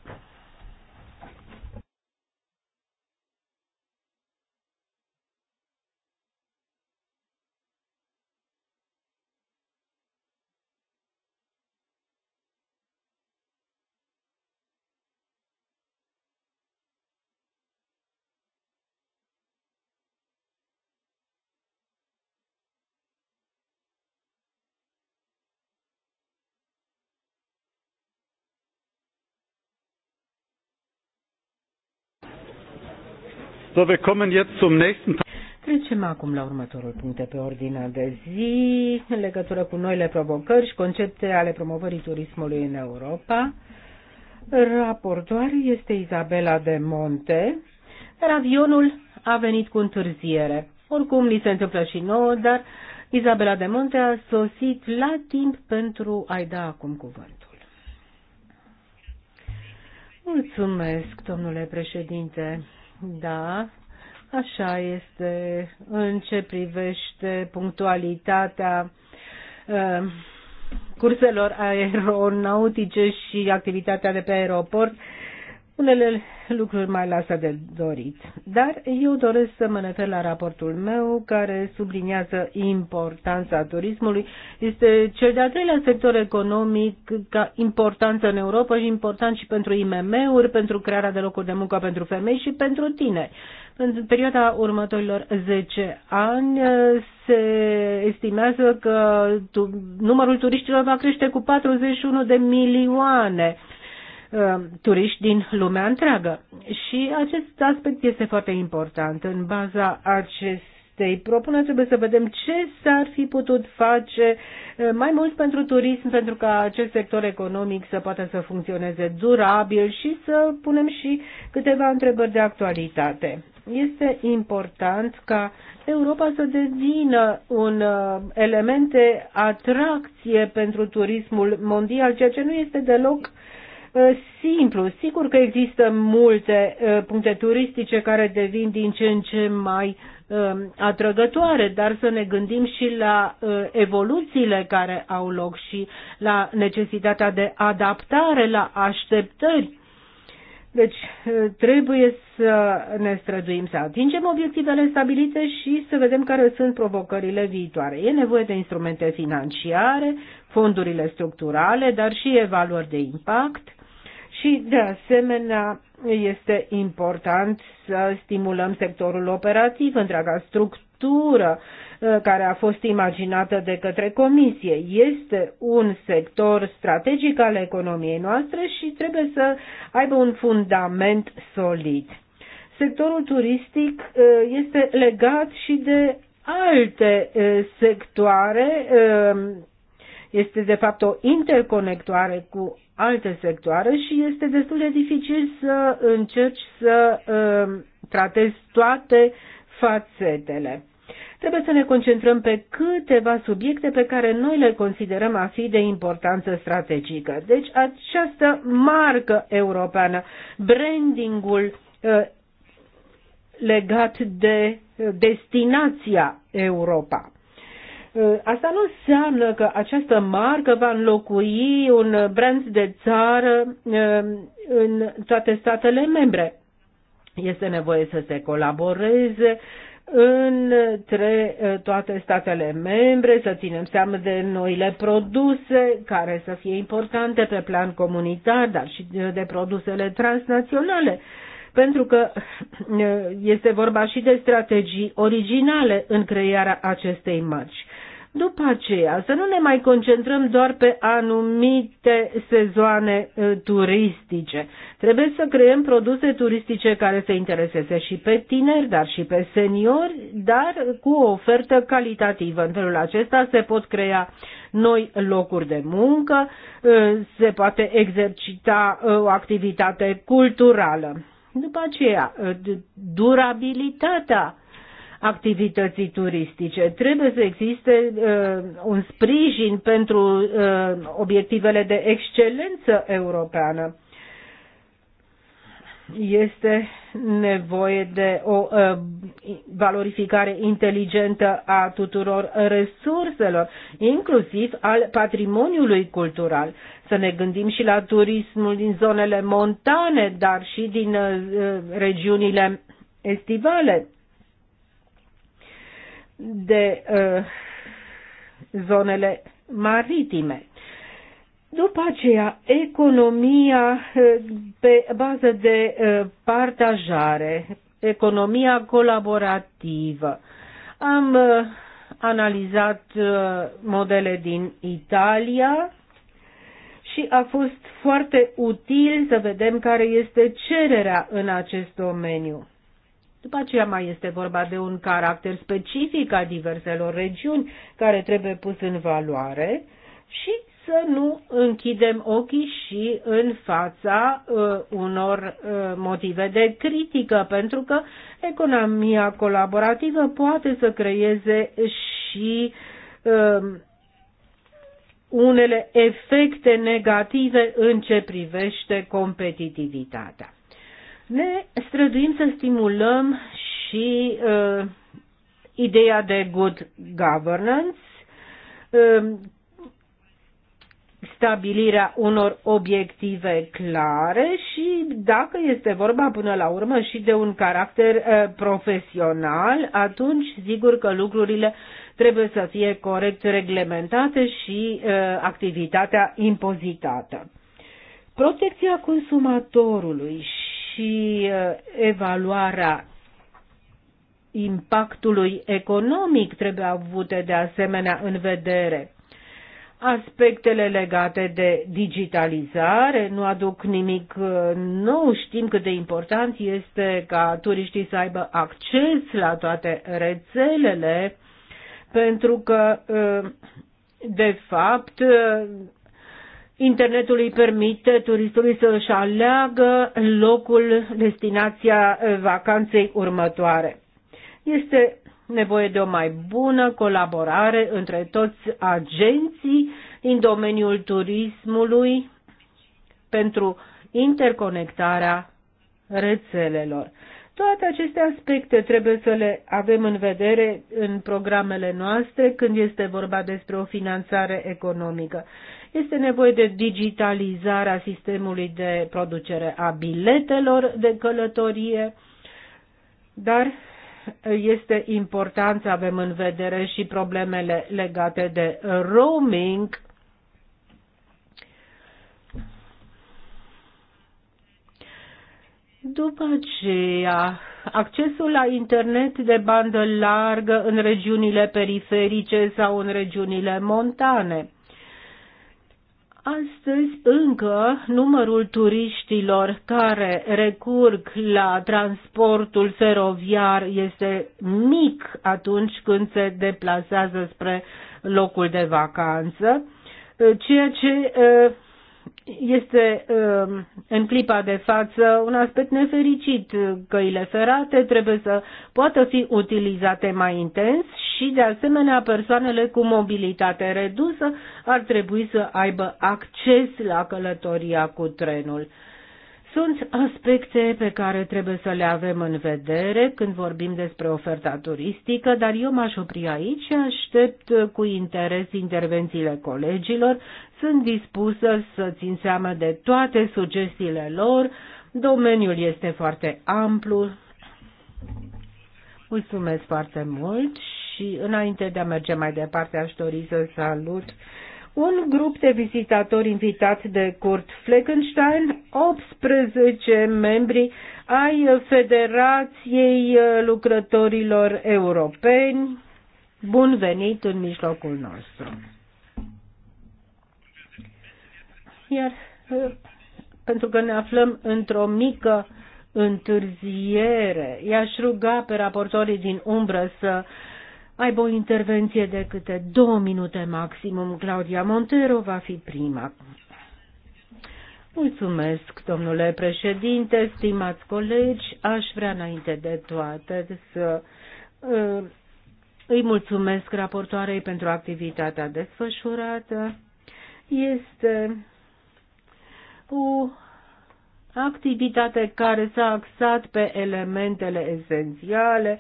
So, wir kommen jetzt zum nächsten Trecem acum la următorul punct de pe ordinea de zi, în legătură cu noile provocări și concepte ale promovării turismului în Europa. Raportoare este Izabela de Monte, dar avionul a venit cu întârziere. Oricum, li se întâmplă și nouă, dar Izabela de Monte a sosit la timp pentru a-i da acum cuvântul. Mulțumesc, domnule președinte. Da, așa este în ce privește punctualitatea um, curselor aeronautice și activitatea de pe aeroport. Unele lucruri mai lasă de dorit, dar eu doresc să mă refer la raportul meu care subliniază importanța turismului. Este cel de-al treilea sector economic ca importanță în Europa și important și pentru IMM-uri, pentru crearea de locuri de muncă pentru femei și pentru tineri. În perioada următorilor 10 ani eh, se estimează că numărul turiștilor va crește cu 41 de milioane Uh, turiști din lumea întreagă. Și acest aspect este foarte important. În baza acestei propuneri trebuie să vedem ce s-ar fi putut face uh, mai mult pentru turism, pentru ca acest sector economic să poată să funcționeze durabil și să punem și câteva întrebări de actualitate este important ca Europa să devină un uh, element de atracție pentru turismul mondial, ceea ce nu este deloc Uh, simplu. Sigur că există multe uh, puncte turistice care devin din ce în ce mai um, atrăgătoare, dar să ne gândim și la uh, evoluțiile care au loc și la necesitatea de adaptare la așteptări. Deci trebuie să ne străduim să atingem obiectivele stabilite și să vedem care sunt provocările viitoare. E nevoie de instrumente financiare, fondurile structurale, dar și evaluări de impact și, de asemenea, este important să stimulăm sectorul operativ, întreaga structură uh, care a fost imaginată de către Comisie. Este un sector strategic al economiei noastre și trebuie să aibă un fundament solid. Sectorul turistic uh, este legat și de alte uh, sectoare, este de fapt o interconectare cu alte sectoare și este destul de dificil să încerci să um, tratezi toate fațetele. Trebuie să ne concentrăm pe câteva subiecte pe care noi le considerăm a fi de importanță strategică. Deci această marcă europeană, brandingul uh, legat de uh, destinația Europa. Ă, asta nu înseamnă că această marcă va înlocui un brand de țară ă, în toate statele membre. Este nevoie să se colaboreze între ă, toate statele membre, să ținem seama de noile produse care să fie importante pe plan comunitar, dar și de produsele transnaționale pentru că este vorba și de strategii originale în crearea acestei mărci. După aceea, să nu ne mai concentrăm doar pe anumite sezoane turistice. Trebuie să creăm produse turistice care să intereseze și pe tineri, dar și pe seniori, dar cu o ofertă calitativă. În felul acesta se pot crea noi locuri de muncă, se poate exercita o activitate culturală. După aceea, durabilitatea activității turistice. Trebuie să existe uh, un sprijin pentru uh, obiectivele de excelență europeană. Este nevoie de o uh, valorificare inteligentă a tuturor resurselor, inclusiv al patrimoniului cultural. Să ne gândim și la turismul din zonele montane, dar și din uh, regiunile estivale de uh, zonele maritime. După aceea, economia uh, pe bază de uh, partajare, economia colaborativă. Am uh, analizat modele din Italia și a fost foarte util să vedem care este cererea în acest domeniu. După aceea mai este vorba de un caracter specific a diverselor regiuni care trebuie pus în valoare și să nu închidem ochii și în fața uh, unor uh, motive de critică, pentru că economia colaborativă poate să creeze și uh, unele efecte negative în ce privește competitivitatea. Ne străduim să stimulăm și uh, ideea de good governance, uh, stabilirea unor obiective clare și, dacă este vorba până la urmă și de un caracter uh, profesional, atunci sigur că lucrurile trebuie să fie corect reglementate și uh, activitatea impozitată. Protecția consumatorului și uh, evaluarea impactului economic trebuie avute de asemenea în vedere. Aspectele legate de digitalizare nu aduc nimic uh, nou. Știm cât de important este ca turiștii să aibă acces la toate rețelele, pentru că, uh, de fapt, Internetul îi permite turistului să își aleagă locul, destinația vacanței următoare. Este nevoie de o mai bună colaborare între toți agenții din domeniul turismului pentru interconectarea rețelelor. Toate aceste aspecte trebuie să le avem în vedere în programele noastre când este vorba despre o finanțare economică. Este nevoie de digitalizarea sistemului de producere a biletelor de călătorie, dar este important să avem în vedere și problemele legate de roaming. După aceea, accesul la internet de bandă largă în regiunile periferice sau în regiunile montane. Astăzi încă numărul turiștilor care recurg la transportul feroviar este mic atunci când se deplasează spre locul de vacanță, ceea ce eh, este um, în clipa de față un aspect nefericit. Căile ferate trebuie să poată fi utilizate mai intens și, de asemenea, persoanele cu mobilitate redusă ar trebui să aibă acces la călătoria cu trenul. Sunt aspecte pe care trebuie să le avem în vedere când vorbim despre oferta turistică, dar eu m-aș opri aici și aștept cu interes intervențiile colegilor. Sunt dispusă să țin seama de toate sugestiile lor. Domeniul este foarte amplu. Mulțumesc foarte mult și înainte de a merge mai departe aș dori să salut un grup de vizitatori invitat de Kurt Fleckenstein, 18 membri ai Federației Lucrătorilor Europeni. Bun venit în mijlocul nostru! Iar pentru că ne aflăm într-o mică întârziere. I-aș ruga pe raportorii din umbră să aibă o intervenție de câte două minute maximum. Claudia Montero va fi prima. Mulțumesc, domnule președinte, stimați colegi. Aș vrea înainte de toate să uh, îi mulțumesc raportoarei pentru activitatea desfășurată. Este o activitate care s-a axat pe elementele esențiale,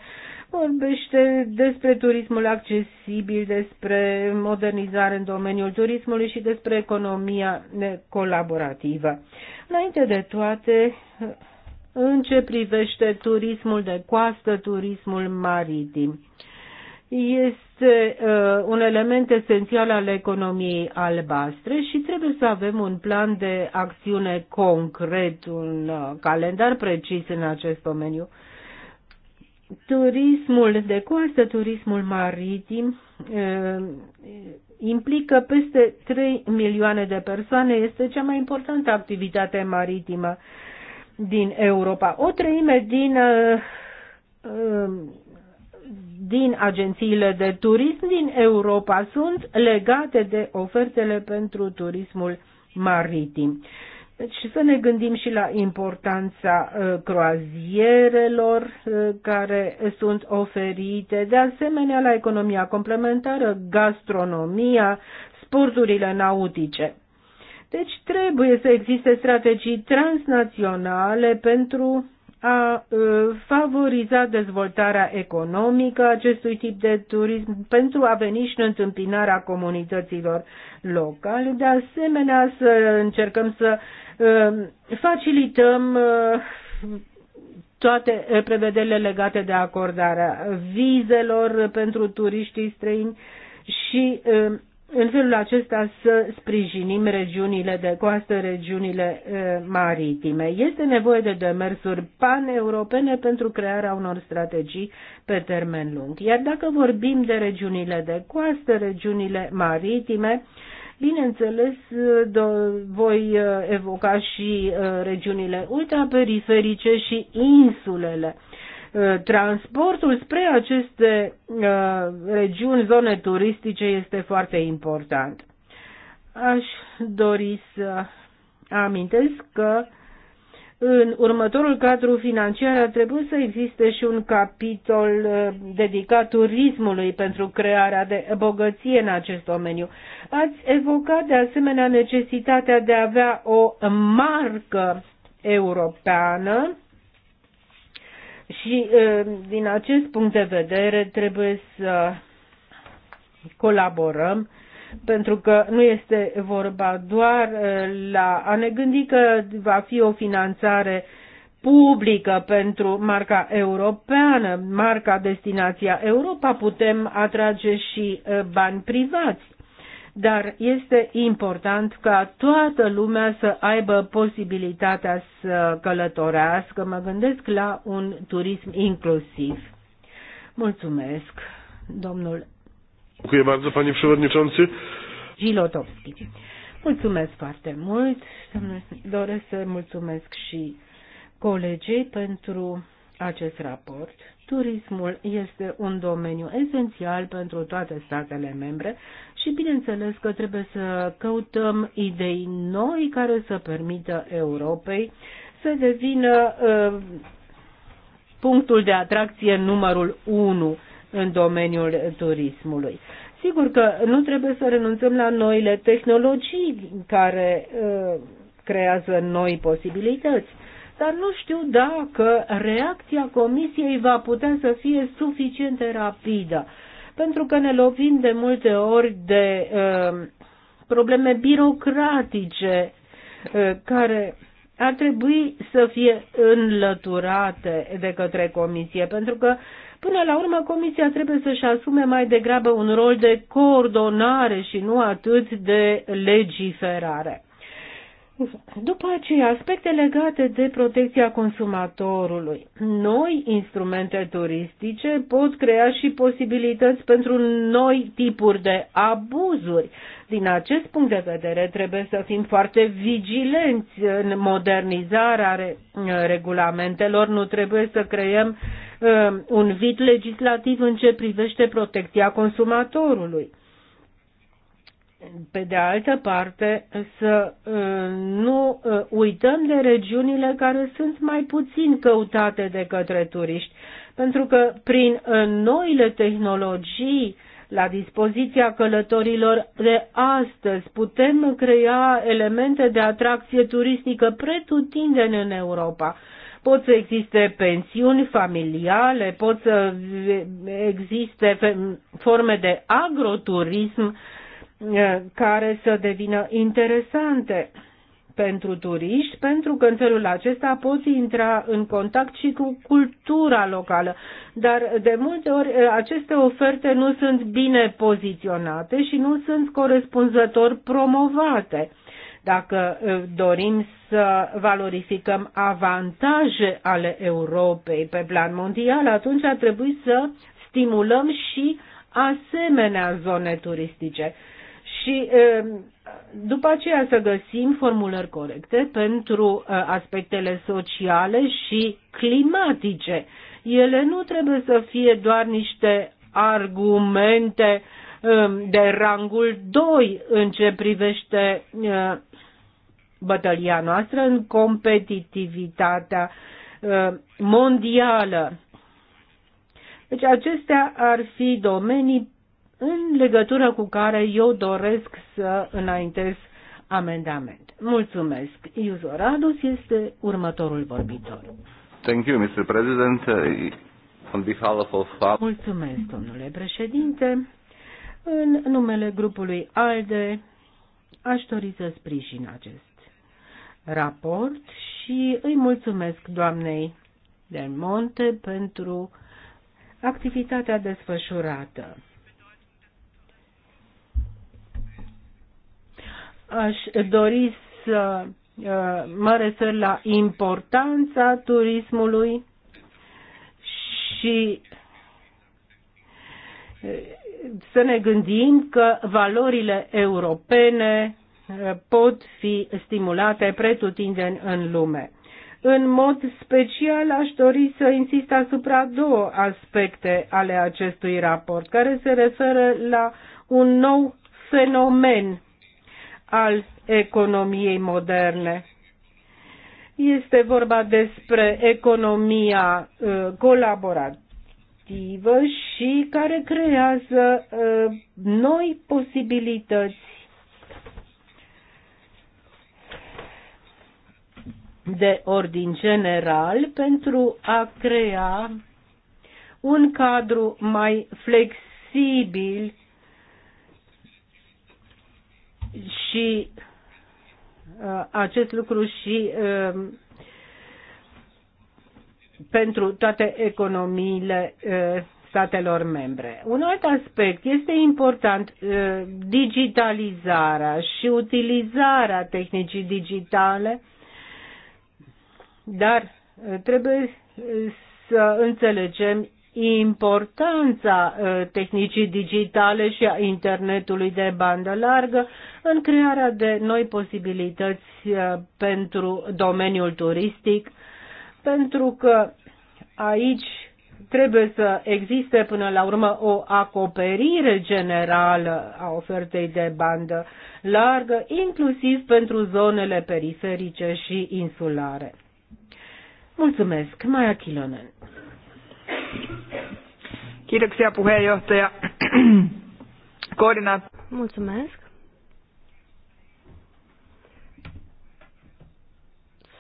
vorbește despre turismul accesibil, despre modernizare în domeniul turismului și despre economia colaborativă. Înainte de toate, în ce privește turismul de coastă, turismul maritim. Este uh, un element esențial al economiei albastre și trebuie să avem un plan de acțiune concret, un uh, calendar precis în acest domeniu. Uh, Turismul de coastă, turismul maritim, implică peste 3 milioane de persoane, este cea mai importantă activitate maritimă din Europa. O treime din, din agențiile de turism din Europa sunt legate de ofertele pentru turismul maritim. Deci să ne gândim și la importanța uh, croazierelor uh, care sunt oferite, de asemenea la economia complementară, gastronomia, sporturile nautice. Deci trebuie să existe strategii transnaționale pentru a uh, favoriza dezvoltarea economică acestui tip de turism pentru a veni și în întâmpinarea comunităților locale. De asemenea, să încercăm să Ehm, facilităm ehm, toate prevederile legate de acordarea vizelor pentru turiștii străini și ehm, în felul acesta să sprijinim regiunile de coastă, regiunile maritime. Este nevoie de demersuri paneuropene pentru crearea unor strategii pe termen lung. Iar dacă vorbim de regiunile de coastă, regiunile maritime, Bineînțeles, voi uh, evoca și uh, regiunile ultraperiferice și insulele. Uh, transportul spre aceste regiuni, zone turistice, este foarte important. Aș dori să amintesc că în următorul cadru financiar ar trebui să existe și un capitol uh, dedicat turismului pentru crearea de bogăție în acest domeniu. Ați evocat de asemenea necesitatea de a avea o marcă europeană și uh, din acest punct de vedere trebuie să colaborăm pentru că nu este vorba doar uh, la a ne gândi că va fi o finanțare publică pentru marca europeană, marca destinația Europa, putem atrage și uh, bani privați. Dar este important ca toată lumea să aibă posibilitatea să călătorească. Mă gândesc la un turism inclusiv. Mulțumesc, domnul Dziękuję bardzo, panie przewodniczący. Zilotowski. Mulțumesc foarte mult. Doresc să mulțumesc și colegii pentru acest raport. Turismul este un domeniu esențial pentru toate statele membre și bineînțeles că trebuie să căutăm idei noi care să permită Europei să devină uh, punctul de atracție numărul 1 în domeniul turismului. Sigur că nu trebuie să renunțăm la noile tehnologii care uh, creează noi posibilități, dar nu știu dacă reacția Comisiei va putea să fie suficient de rapidă, pentru că ne lovim de multe ori de uh, probleme birocratice uh, care ar trebui să fie înlăturate de către Comisie, pentru că uh, Până la urmă, Comisia trebuie să-și asume mai degrabă un rol de coordonare și nu atât de legiferare. După aceea, aspecte legate de protecția consumatorului. Noi instrumente turistice pot crea și posibilități pentru noi tipuri de abuzuri. Din acest punct de vedere, trebuie să fim foarte vigilenți în modernizarea regulamentelor. Nu trebuie să creăm Um, un vid legislativ în ce privește protecția consumatorului. Pe de altă parte, să uh, nu uh, uităm de regiunile care sunt mai puțin căutate de către turiști, pentru că prin uh, noile tehnologii la dispoziția călătorilor de astăzi putem crea elemente de atracție turistică pretutindeni în Europa pot să existe pensiuni familiale, pot să existe forme de agroturism eh, care să devină interesante pentru turiști, pentru că în felul acesta poți intra în contact și cu cultura locală. Dar de multe ori eh, aceste oferte nu sunt bine poziționate și nu sunt corespunzător promovate. Dacă uh, dorim să valorificăm avantaje ale Europei pe plan mondial, atunci ar trebui să stimulăm și asemenea zone turistice. Și uh, după aceea să găsim formulări corecte pentru uh, aspectele sociale și climatice. Ele nu trebuie să fie doar niște argumente Um, de rangul 2 în ce privește uh, bătălia noastră în competitivitatea uh, mondială. Deci acestea ar fi domenii în legătură cu care eu doresc să înaintez amendament. Mulțumesc. Iuzorados este următorul vorbitor. Thank you, Mr. President. On behalf of... Mulțumesc, domnule președinte. În numele grupului ALDE aș dori să sprijin acest raport și îi mulțumesc doamnei Del Monte pentru activitatea desfășurată. Aș dori să uh, mă refer la importanța turismului și uh, să ne gândim că valorile europene eh, pot fi stimulate pretutindeni în lume. În mod special aș dori să insist asupra două aspecte ale acestui raport, care se referă la un nou fenomen al economiei moderne. Este vorba despre economia eh, colaborativă activă și care creează uh, noi posibilități de ordin general pentru a crea un cadru mai flexibil și uh, acest lucru și uh, pentru toate economiile statelor membre. Un alt aspect este important, digitalizarea și utilizarea tehnicii digitale, dar trebuie să înțelegem importanța tehnicii digitale și a internetului de bandă largă în crearea de noi posibilități pentru domeniul turistic, pentru că aici trebuie să existe până la urmă o acoperire generală a ofertei de bandă largă, inclusiv pentru zonele periferice și insulare. Mulțumesc, Maia Kilonen. Kiitoksia puheenjohtaja. (clears throat) Koordinaat. Mulțumesc.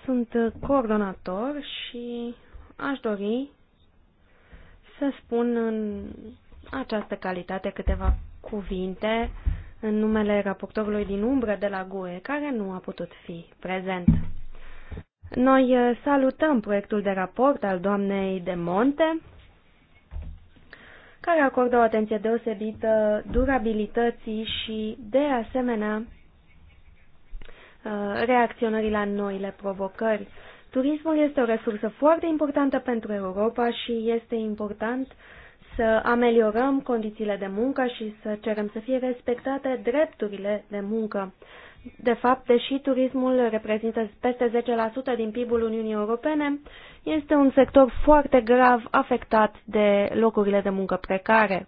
Sunt uh, coordonator și aș dori să spun în această calitate câteva cuvinte în numele raportorului din umbră de la GUE, care nu a putut fi prezent. Noi uh, salutăm proiectul de raport al doamnei de Monte, care acordă o atenție deosebită durabilității și, de asemenea, Uh, reacționării la noile provocări. Turismul este o resursă foarte importantă pentru Europa și este important să ameliorăm condițiile de muncă și să cerem să fie respectate drepturile de muncă. De fapt, deși turismul reprezintă peste 10% din PIB-ul Uniunii Europene, este un sector foarte grav afectat de locurile de muncă precare.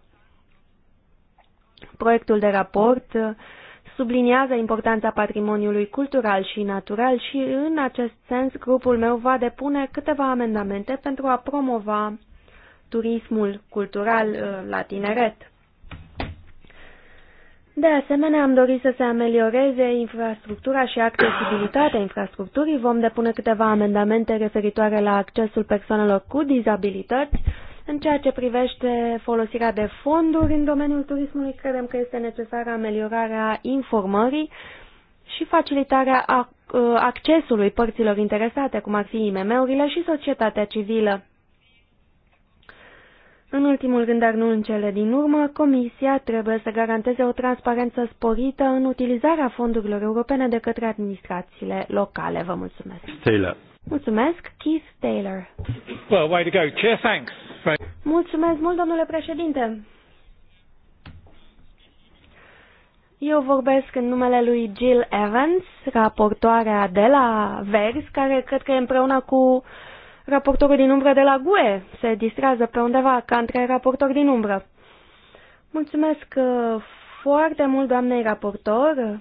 Proiectul de raport subliniază importanța patrimoniului cultural și natural și în acest sens grupul meu va depune câteva amendamente pentru a promova turismul cultural uh, la tineret. De asemenea, am dorit să se amelioreze infrastructura și accesibilitatea infrastructurii. Vom depune câteva amendamente referitoare la accesul persoanelor cu dizabilități în ceea ce privește folosirea de fonduri în domeniul turismului, credem că este necesară ameliorarea informării și facilitarea ă, accesului părților interesate, cum ar fi IMM-urile și societatea civilă. În ultimul rând, dar nu în cele din urmă, Comisia trebuie să garanteze o transparență sporită în utilizarea fondurilor europene de către administrațiile locale. Vă mulțumesc. Taylor. Mulțumesc, Keith Taylor. Well, way to go. Chair, thanks. Mulțumesc mult, domnule președinte. Eu vorbesc în numele lui Jill Evans, raportoarea de la Vers, care cred că e împreună cu raportorul din umbră de la GUE. Se distrează pe undeva ca între raportor din umbră. Mulțumesc uh, foarte mult, doamnei raportor.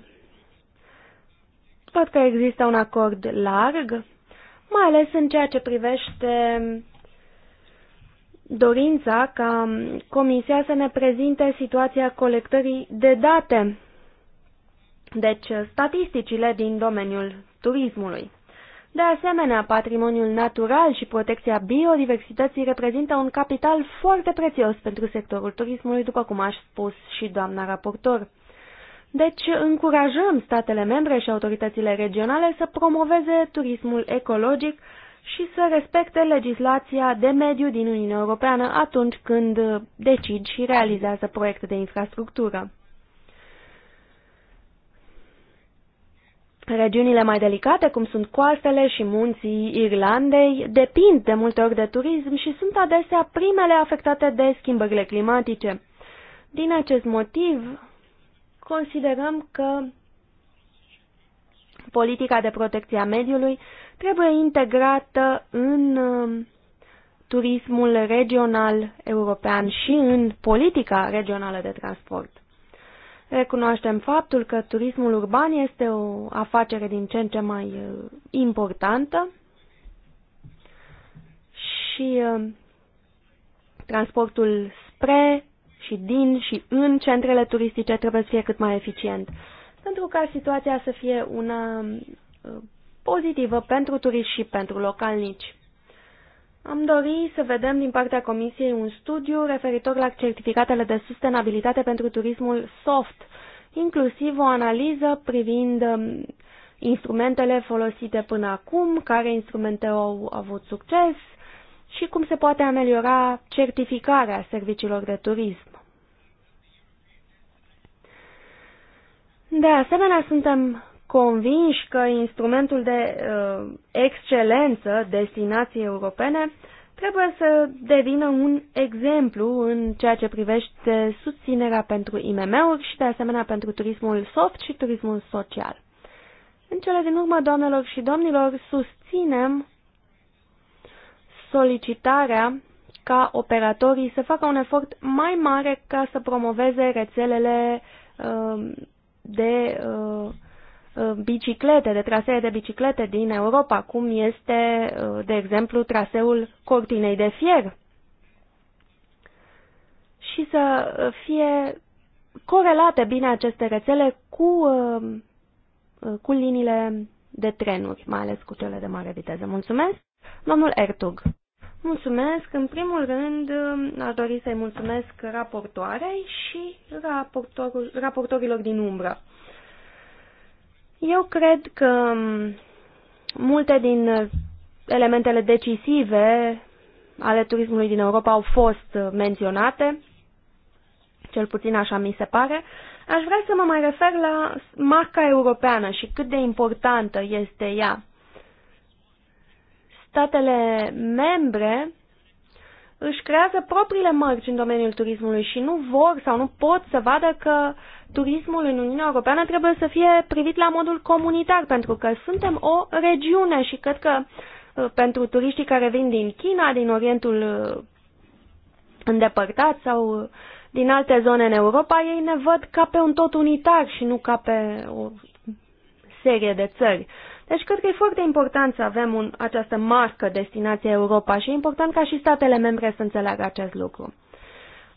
Văd că există un acord larg mai ales în ceea ce privește dorința ca Comisia să ne prezinte situația colectării de date, deci statisticile din domeniul turismului. De asemenea, patrimoniul natural și protecția biodiversității reprezintă un capital foarte prețios pentru sectorul turismului, după cum a spus și doamna raportor. Deci încurajăm statele membre și autoritățile regionale să promoveze turismul ecologic și să respecte legislația de mediu din Uniunea Europeană atunci când decid și realizează proiecte de infrastructură. Regiunile mai delicate, cum sunt coastele și munții Irlandei, depind de multe ori de turism și sunt adesea primele afectate de schimbările climatice. Din acest motiv, considerăm că politica de protecție a mediului trebuie integrată în um, turismul regional european și în politica regională de transport. Recunoaștem faptul că turismul urban este o afacere din ce în ce mai uh, importantă și um, transportul spre și din și în centrele turistice trebuie să fie cât mai eficient. Pentru ca situația să fie una uh, pozitivă pentru turiști și pentru localnici. Am dori să vedem din partea Comisiei un studiu referitor la certificatele de sustenabilitate pentru turismul soft, inclusiv o analiză privind um, instrumentele folosite până acum, care instrumente au avut succes și cum se poate ameliora certificarea serviciilor de turism. De asemenea, suntem convinși că instrumentul de uh, excelență destinației europene trebuie să devină un exemplu în ceea ce privește susținerea pentru IMM-uri și de asemenea pentru turismul soft și turismul social. În cele din urmă, doamnelor și domnilor, susținem solicitarea ca operatorii să facă un efort mai mare ca să promoveze rețelele uh, de uh, uh, biciclete, de trasee de biciclete din Europa, cum este, uh, de exemplu, traseul Cortinei de Fier. Și să fie corelate bine aceste rețele cu, cu liniile de trenuri, mai ales cu cele de mare viteză. Mulțumesc, domnul Ertug. Mulțumesc. În primul rând, um, aș dori să-i mulțumesc raportoarei și raportorilor din umbră. Eu cred că um, multe din elementele decisive ale turismului din Europa au fost menționate, cel puțin așa mi se pare. Aș vrea să mă mai refer la marca europeană și cât de importantă este ea statele membre își creează propriile mărci în domeniul turismului și nu vor sau nu pot să vadă că turismul în Uniunea Europeană trebuie să fie privit la modul comunitar, pentru că suntem o regiune și cred că uh, pentru turiștii care vin din China, din Orientul uh, îndepărtat sau uh, din alte zone în Europa, ei ne văd ca pe un tot unitar și nu ca pe o serie de țări. Deci cred că e foarte important să avem un, această marcă destinație Europa și e important ca și statele membre să înțeleagă acest lucru.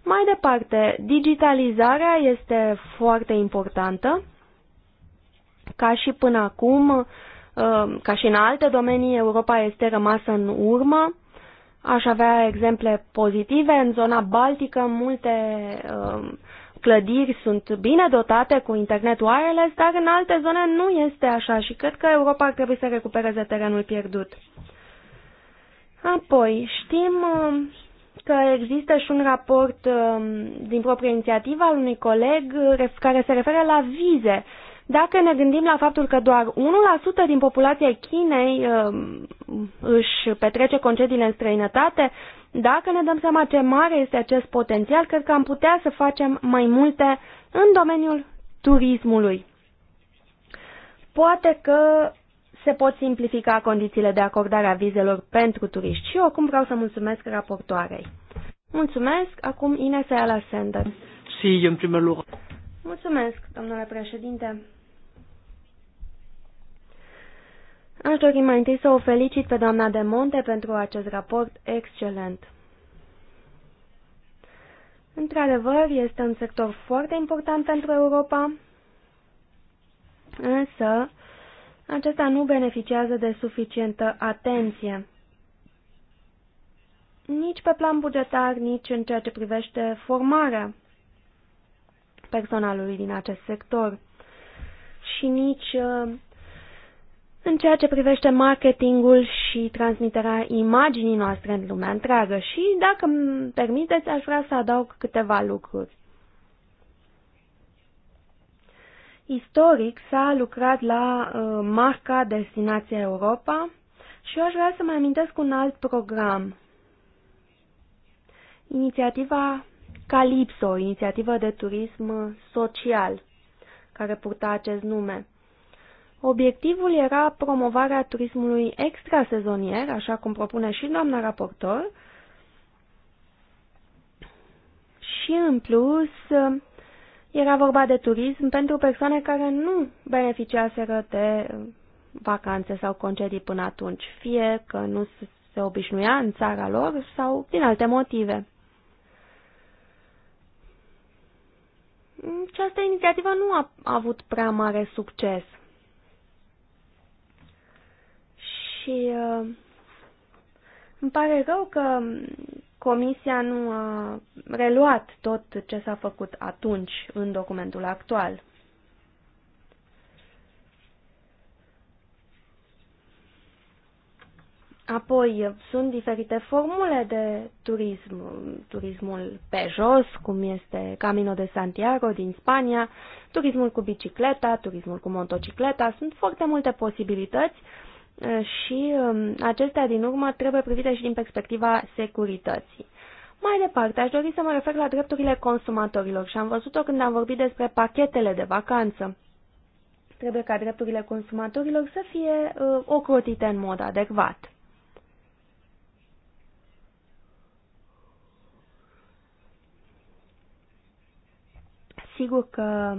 Mai departe, digitalizarea este foarte importantă, ca și până acum, uh, ca și în alte domenii, Europa este rămasă în urmă. Aș avea exemple pozitive. În zona Baltică, multe uh, clădiri sunt bine dotate cu internet wireless, dar în alte zone nu este așa și cred că Europa ar trebui să recupereze terenul pierdut. Apoi, știm um, că există și un raport um, din proprie inițiativă al unui coleg uh, care se referă la vize. Dacă ne gândim la faptul că doar 1% din populația Chinei um, își petrece concediile în străinătate, dacă ne dăm seama ce mare este acest potențial, cred că am putea să facem mai multe în domeniul turismului. Poate că se pot simplifica condițiile de acordare a vizelor pentru turiști și eu acum vreau să mulțumesc raportoarei. Mulțumesc, acum Ines Ayala Sender. Si, în primul loc. Mulțumesc, domnule președinte. Aș dori mai întâi să o felicit pe doamna de Monte pentru acest raport excelent. Într-adevăr, este un sector foarte important pentru Europa, însă acesta nu beneficiază de suficientă atenție, nici pe plan bugetar, nici în ceea ce privește formarea personalului din acest sector și nici uh, în ceea ce privește marketingul și transmiterea imaginii noastre în lumea întreagă și, dacă îmi permiteți, aș vrea să adaug câteva lucruri. Istoric s-a lucrat la uh, marca Destinația Europa și eu aș vrea să mai amintesc un alt program. Inițiativa Calipso, inițiativă de turism social, care purta acest nume. Obiectivul era promovarea turismului extrasezonier, așa cum propune și doamna raportor, și în plus era vorba de turism pentru persoane care nu beneficiaseră de vacanțe sau concedii până atunci, fie că nu se obișnuia în țara lor sau din alte motive. Această inițiativă nu a avut prea mare succes. și uh, îmi pare rău că Comisia nu a reluat tot ce s-a făcut atunci în documentul actual. Apoi, sunt diferite formule de turism. Turismul pe jos, cum este Camino de Santiago din Spania, turismul cu bicicleta, turismul cu motocicleta. Sunt foarte multe posibilități și um, acestea din urmă trebuie privite și din perspectiva securității. Mai departe, aș dori să mă refer la drepturile consumatorilor și am văzut-o când am vorbit despre pachetele de vacanță. Trebuie ca drepturile consumatorilor să fie uh, ocrotite în mod adecvat. Sigur că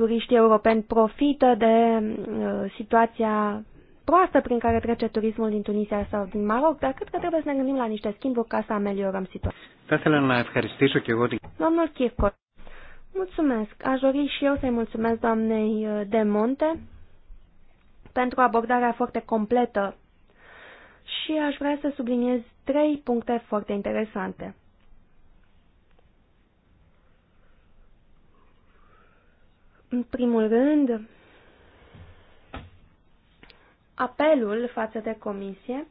turiștii europeni profită de uh, situația proastă prin care trece turismul din Tunisia sau din Maroc, dar cred că trebuie să ne gândim la niște schimburi ca să ameliorăm situația. Domnul Chircot, mulțumesc. Aș dori și eu să-i mulțumesc doamnei uh, De Monte pentru abordarea foarte completă și aș vrea să subliniez trei puncte foarte interesante. În primul rând, apelul față de comisie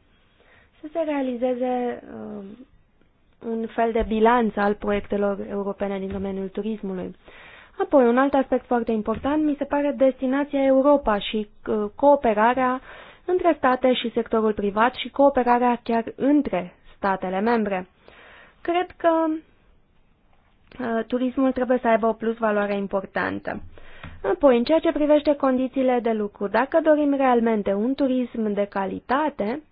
să se realizeze uh, un fel de bilanț al proiectelor europene din domeniul turismului. Apoi, un alt aspect foarte important mi se pare destinația Europa și uh, cooperarea între state și sectorul privat și cooperarea chiar între statele membre. Cred că uh, turismul trebuie să aibă o plus valoare importantă. Apoi, în ceea ce privește condițiile de lucru, dacă dorim realmente un turism de calitate,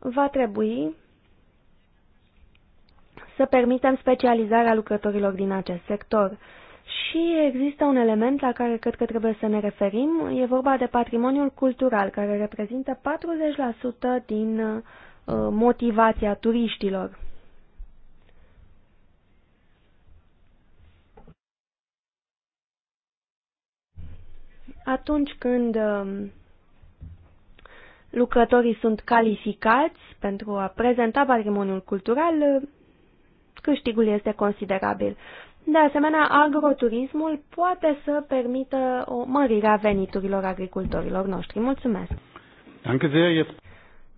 va trebui să permitem specializarea lucrătorilor din acest sector. Și există un element la care cred că trebuie să ne referim, e vorba de patrimoniul cultural, care reprezintă 40% din uh, motivația turiștilor. atunci când um, lucrătorii sunt calificați pentru a prezenta patrimoniul cultural, uh, câștigul este considerabil. De asemenea, agroturismul poate să permită o mărire a veniturilor agricultorilor noștri. Mulțumesc!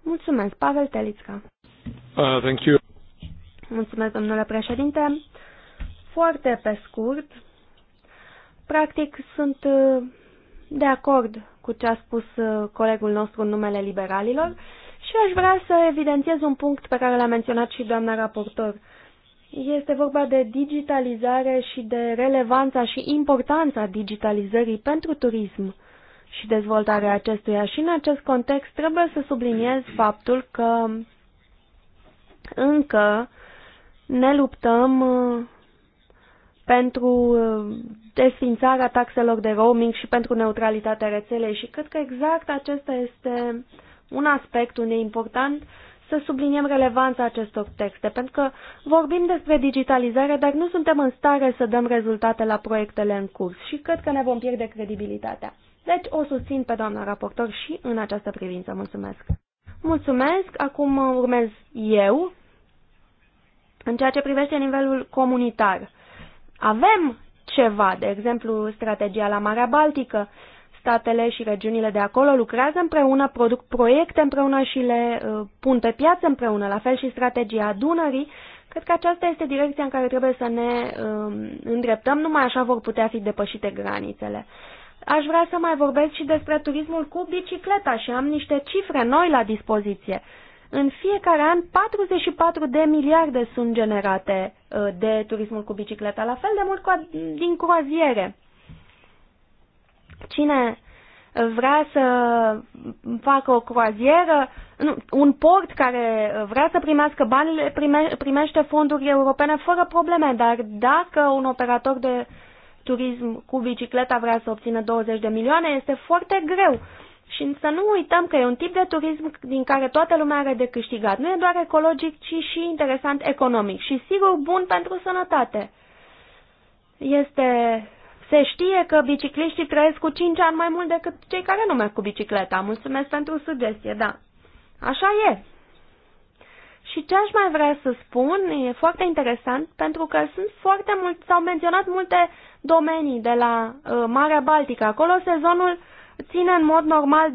Mulțumesc, Pavel Telițca! Uh, thank you. Mulțumesc, domnule președinte! Foarte pe scurt, practic sunt uh, de acord cu ce a spus uh, colegul nostru în numele liberalilor și aș vrea să evidențiez un punct pe care l-a menționat și doamna raportor. Este vorba de digitalizare și de relevanța și importanța digitalizării pentru turism și dezvoltarea acestuia. Și în acest context trebuie să subliniez faptul că încă ne luptăm uh, pentru uh, desfințarea taxelor de roaming și pentru neutralitatea rețelei și cred că exact acesta este un aspect unde e important să subliniem relevanța acestor texte, pentru că vorbim despre digitalizare, dar nu suntem în stare să dăm rezultate la proiectele în curs și cred că ne vom pierde credibilitatea. Deci o susțin pe doamna raportor și în această privință. Mulțumesc! Mulțumesc! Acum urmez eu în ceea ce privește nivelul comunitar avem ceva, de exemplu strategia la Marea Baltică, statele și regiunile de acolo lucrează împreună, produc proiecte împreună și le uh, pun pe piață împreună, la fel și strategia Dunării. Cred că aceasta este direcția în care trebuie să ne uh, îndreptăm, numai așa vor putea fi depășite granițele. Aș vrea să mai vorbesc și despre turismul cu bicicleta și am niște cifre noi la dispoziție. Uh, în fiecare an, 44 de miliarde sunt generate uh, de turismul cu bicicleta, la fel de mult cu din croaziere. Cine vrea să facă o croazieră, nu, un port care vrea să primească bani prime, primește fonduri europene fără probleme, dar dacă un operator de turism cu bicicleta vrea să obțină 20 de milioane, este foarte greu. Și să nu uităm că e un tip de turism din care toată lumea are de câștigat. Nu e doar ecologic, ci și interesant economic și sigur bun pentru sănătate. Este... Se știe că bicicliștii trăiesc cu 5 ani mai mult decât cei care nu merg cu bicicleta. Mulțumesc pentru sugestie, da. Așa e. Și ce aș mai vrea să spun e foarte interesant pentru că sunt foarte mult, s-au menționat multe domenii de la uh, Marea Baltică. Acolo sezonul uh, ține în mod normal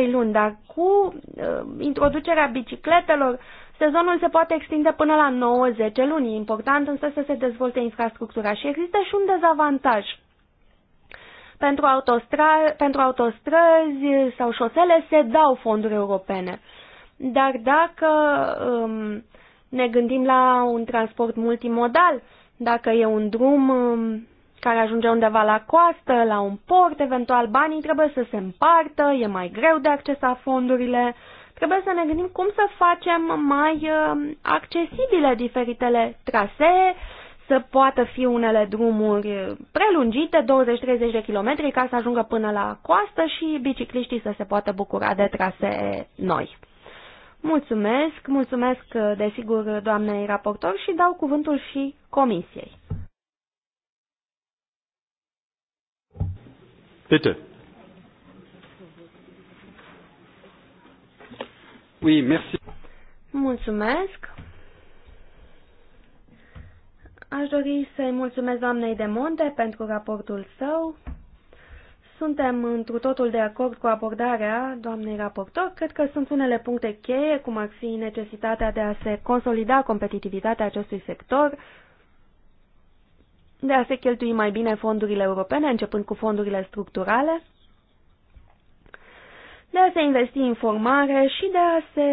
2-3 luni, dar cu uh, introducerea bicicletelor, sezonul se poate extinde până la 9-10 luni. E important însă să se dezvolte infrastructura și există și un dezavantaj. Pentru, autostra- pentru autostrăzi sau șosele se dau fonduri europene. Dar dacă um, ne gândim la un transport multimodal, dacă e un drum um, care ajunge undeva la coastă, la un port, eventual banii trebuie să se împartă, e mai greu de accesa fondurile. Trebuie să ne gândim cum să facem mai uh, accesibile diferitele trasee, să poată fi unele drumuri prelungite, 20-30 de kilometri, ca să ajungă până la coastă și bicicliștii să se poată bucura de trasee noi. Mulțumesc, mulțumesc uh, desigur doamnei raportor și dau cuvântul și comisiei. Bitte. Oui, merci. Mulțumesc. Aș dori să-i mulțumesc doamnei de Monte pentru raportul său. Suntem întru totul de acord cu abordarea doamnei raportor. Cred că sunt unele puncte cheie, cum ar fi necesitatea de a se consolida competitivitatea acestui sector, de a se cheltui mai bine fondurile europene, începând cu fondurile structurale, de a se investi în formare și de a se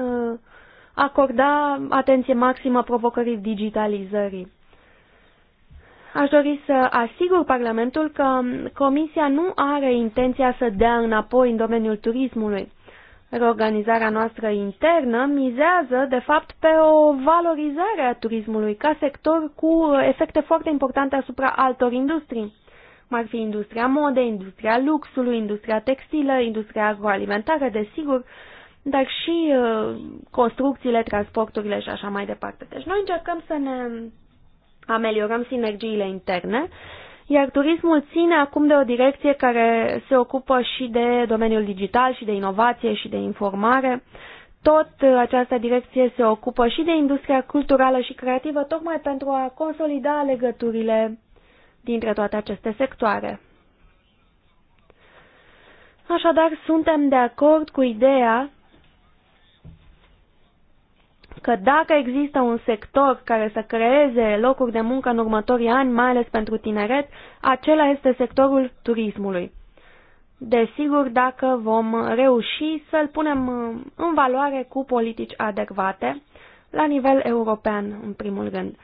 uh, acorda atenție maximă provocării digitalizării. Aș dori să asigur Parlamentul că Comisia nu are intenția să dea înapoi în domeniul turismului reorganizarea noastră internă mizează, de fapt, pe o valorizare a turismului ca sector cu efecte foarte importante asupra altor industrii, cum ar fi industria modei, industria luxului, industria textilă, industria agroalimentară, desigur, dar și uh, construcțiile, transporturile și așa mai departe. Deci noi încercăm să ne ameliorăm sinergiile interne uh, iar turismul ține acum de o direcție care se ocupă și de domeniul digital, și de inovație, și de informare. Tot această direcție se ocupă și de industria culturală și creativă, tocmai pentru a consolida legăturile dintre toate aceste sectoare. Așadar, suntem de acord cu ideea că dacă există un sector care să creeze locuri de muncă în următorii ani, mai ales pentru tineret, acela este sectorul turismului. Desigur, dacă vom reuși să-l punem uh, în valoare cu politici adecvate, la nivel european, în primul rând.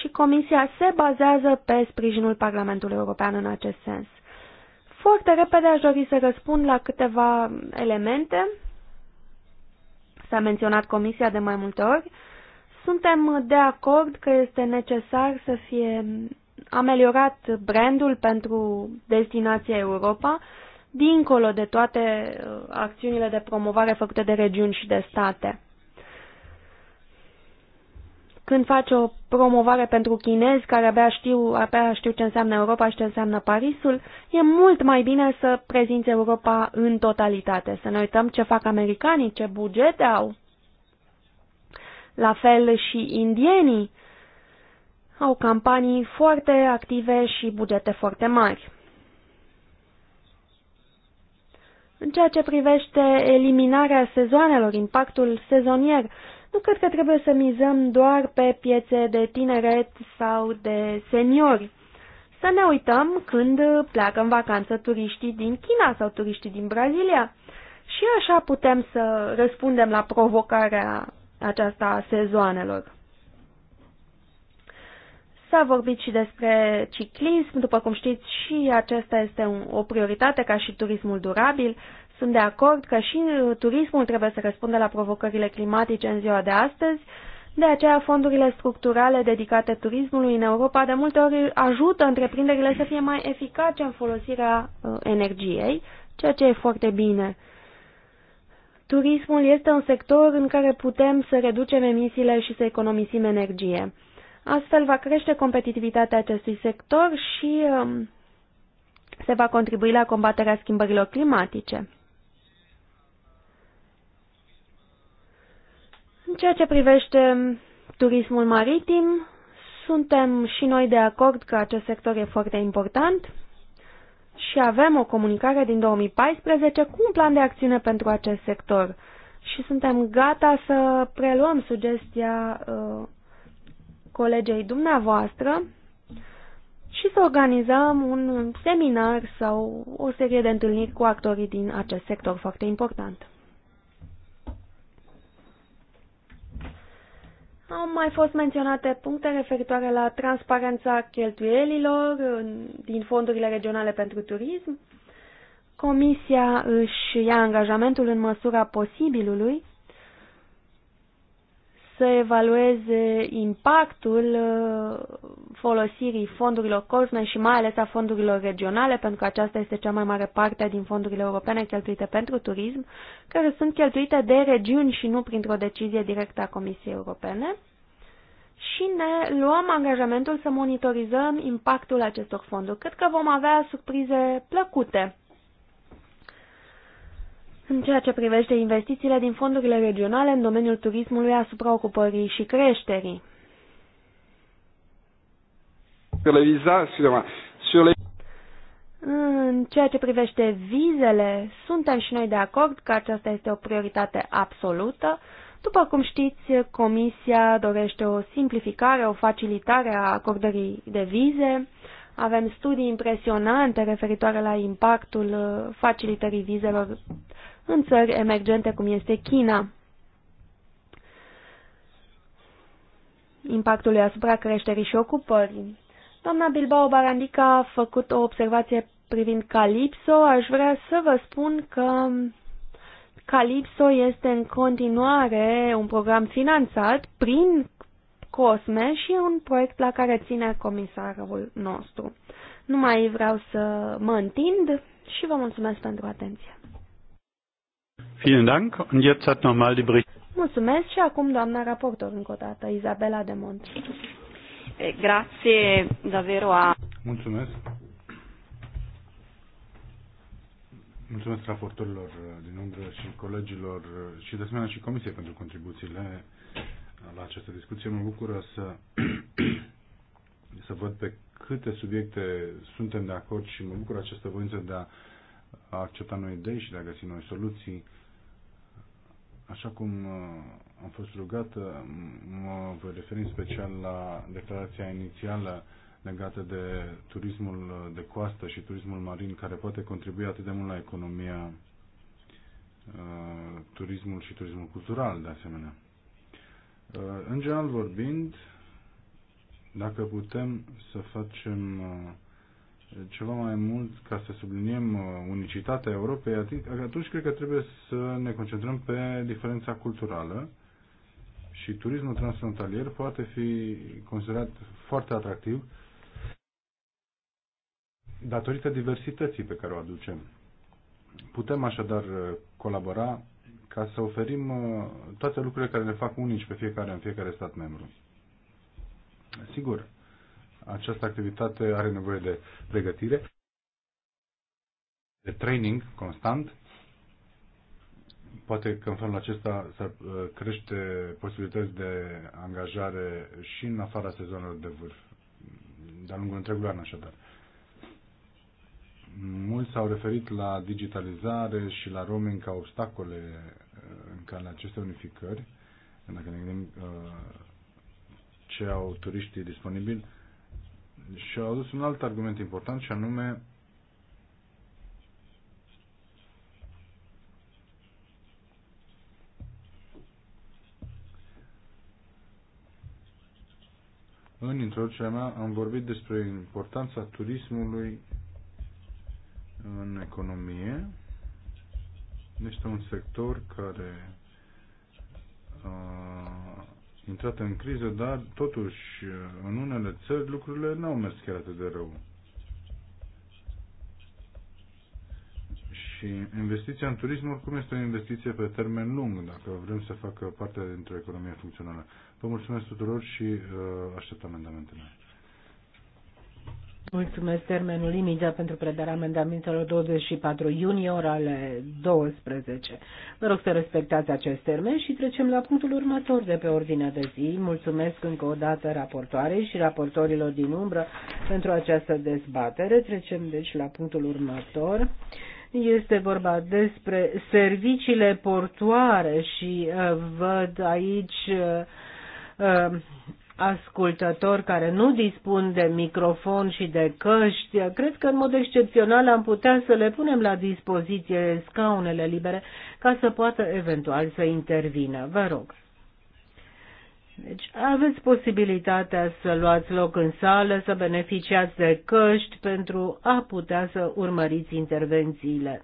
Și Comisia se bazează pe sprijinul Parlamentului European în acest sens. Foarte repede aș dori să răspund la câteva elemente s-a menționat Comisia de mai multe ori, suntem de acord că este necesar să fie ameliorat brandul pentru destinația Europa, dincolo de toate uh, acțiunile de promovare făcute de regiuni și de state. Când face o promovare pentru chinezi care abia știu, abia știu ce înseamnă Europa și ce înseamnă Parisul, e mult mai bine să prezinți Europa în totalitate, să ne uităm ce fac americanii, ce bugete au. La fel și indienii au campanii foarte active și bugete foarte mari. În ceea ce privește eliminarea sezoanelor, impactul sezonier, nu cred că trebuie să mizăm doar pe piețe de tineret sau de seniori. Să ne uităm când pleacă în vacanță turiștii din China sau turiștii din Brazilia. Și așa putem să răspundem la provocarea aceasta a sezoanelor. S-a vorbit și despre ciclism, după cum știți și acesta este o prioritate ca și turismul durabil. Sunt de acord că și turismul trebuie să răspundă la provocările climatice în ziua de astăzi, de aceea fondurile structurale dedicate turismului în Europa de multe ori ajută întreprinderile să fie mai eficace în folosirea uh, energiei, ceea ce e foarte bine. Turismul este un sector în care putem să reducem emisiile și să economisim energie. Astfel va crește competitivitatea acestui sector și um, se va contribui la combaterea schimbărilor climatice. ceea ce privește turismul maritim, suntem și noi de acord că acest sector e foarte important și avem o comunicare din 2014 cu un plan de acțiune pentru acest sector și suntem gata să preluăm sugestia uh, colegei dumneavoastră și să organizăm un seminar sau o serie de întâlniri cu actorii din acest sector foarte important. Au mai fost menționate puncte referitoare la transparența cheltuielilor din fondurile regionale pentru turism. Comisia își ia angajamentul în măsura posibilului să evalueze impactul uh, folosirii fondurilor COSME și mai ales a fondurilor regionale, pentru că aceasta este cea mai mare parte din fondurile europene cheltuite pentru turism, care sunt cheltuite de regiuni și nu printr-o decizie directă a Comisiei Europene. Și ne luăm angajamentul să monitorizăm impactul acestor fonduri. Cred că vom avea surprize plăcute în ceea ce privește investițiile din fondurile regionale în domeniul turismului asupra ocupării și creșterii. În ceea ce privește vizele, suntem și noi de acord că aceasta este o prioritate absolută. După cum știți, Comisia dorește o simplificare, o facilitare a acordării de vize. Avem studii impresionante referitoare la impactul facilitării vizelor în țări emergente cum este China. Impactul asupra creșterii și ocupării. Doamna Bilbao Barandica a făcut o observație privind Calipso. Aș vrea să vă spun că Calipso este în continuare un program finanțat prin Cosme și un proiect la care ține comisarul nostru. Nu mai vreau să mă întind și vă mulțumesc pentru atenție. Vielen Dank. Und jetzt hat nochmal die Bericht. Mulțumesc și acum doamna raportor încă o dată, Izabela de Mont. Eh, grazie davvero a... Mulțumesc. Mulțumesc raportorilor eh, din umbră și colegilor eh, și de asemenea și comisiei pentru contribuțiile la această discuție. Mă bucură să, (clears throat) să văd pe câte subiecte suntem de acord și mă bucură această voință de a a accepta noi idei și de a găsi noi soluții. Așa cum uh, am fost rugat, uh, mă voi referi în special la declarația inițială legată de turismul de coastă și turismul marin, care poate contribui atât de mult la economia, uh, turismul și turismul cultural, de asemenea. În general vorbind, dacă putem să facem ceva mai mult ca să subliniem uh, unicitatea Europei, atunci cred că trebuie să ne concentrăm pe diferența culturală și turismul transfrontalier poate fi considerat foarte atractiv datorită diversității pe care o aducem. Putem așadar uh, colabora ca să oferim uh, toate lucrurile care ne fac unici pe fiecare în fiecare stat membru. Sigur, această activitate are nevoie de pregătire, de training constant. Poate că în felul acesta s-ar uh, crește posibilități de angajare și în afara sezonului de vârf, de-a lungul întregului an așadar. Mulți s-au referit la digitalizare și la roaming ca obstacole uh, în calea acestei unificări, dacă ne gândim uh, ce au turiștii disponibili și au adus un alt argument important și anume În introducerea mea am vorbit despre importanța turismului în economie. Este un sector care uh, intrat în criză, dar totuși în unele țări lucrurile n-au mers chiar atât de rău. Și investiția în turism oricum este o investiție pe termen lung, dacă vrem să facă parte dintr-o economie funcțională. Vă mulțumesc tuturor și uh, aștept amendamentele. Mulțumesc termenul limită pentru predarea amendamentelor 24 iunie, orale 12. Vă rog să respectați acest termen și trecem la punctul următor de pe ordinea de zi. Mulțumesc încă o dată raportoarei și raportorilor din umbră pentru această dezbatere. Trecem deci la punctul următor. Este vorba despre serviciile portoare și uh, văd aici uh, uh, ascultători care nu dispun de microfon și de căști, cred că în mod excepțional am putea să le punem la dispoziție scaunele libere ca să poată eventual să intervină. Vă rog. Deci aveți posibilitatea să luați loc în sală, să beneficiați de căști pentru a putea să urmăriți intervențiile.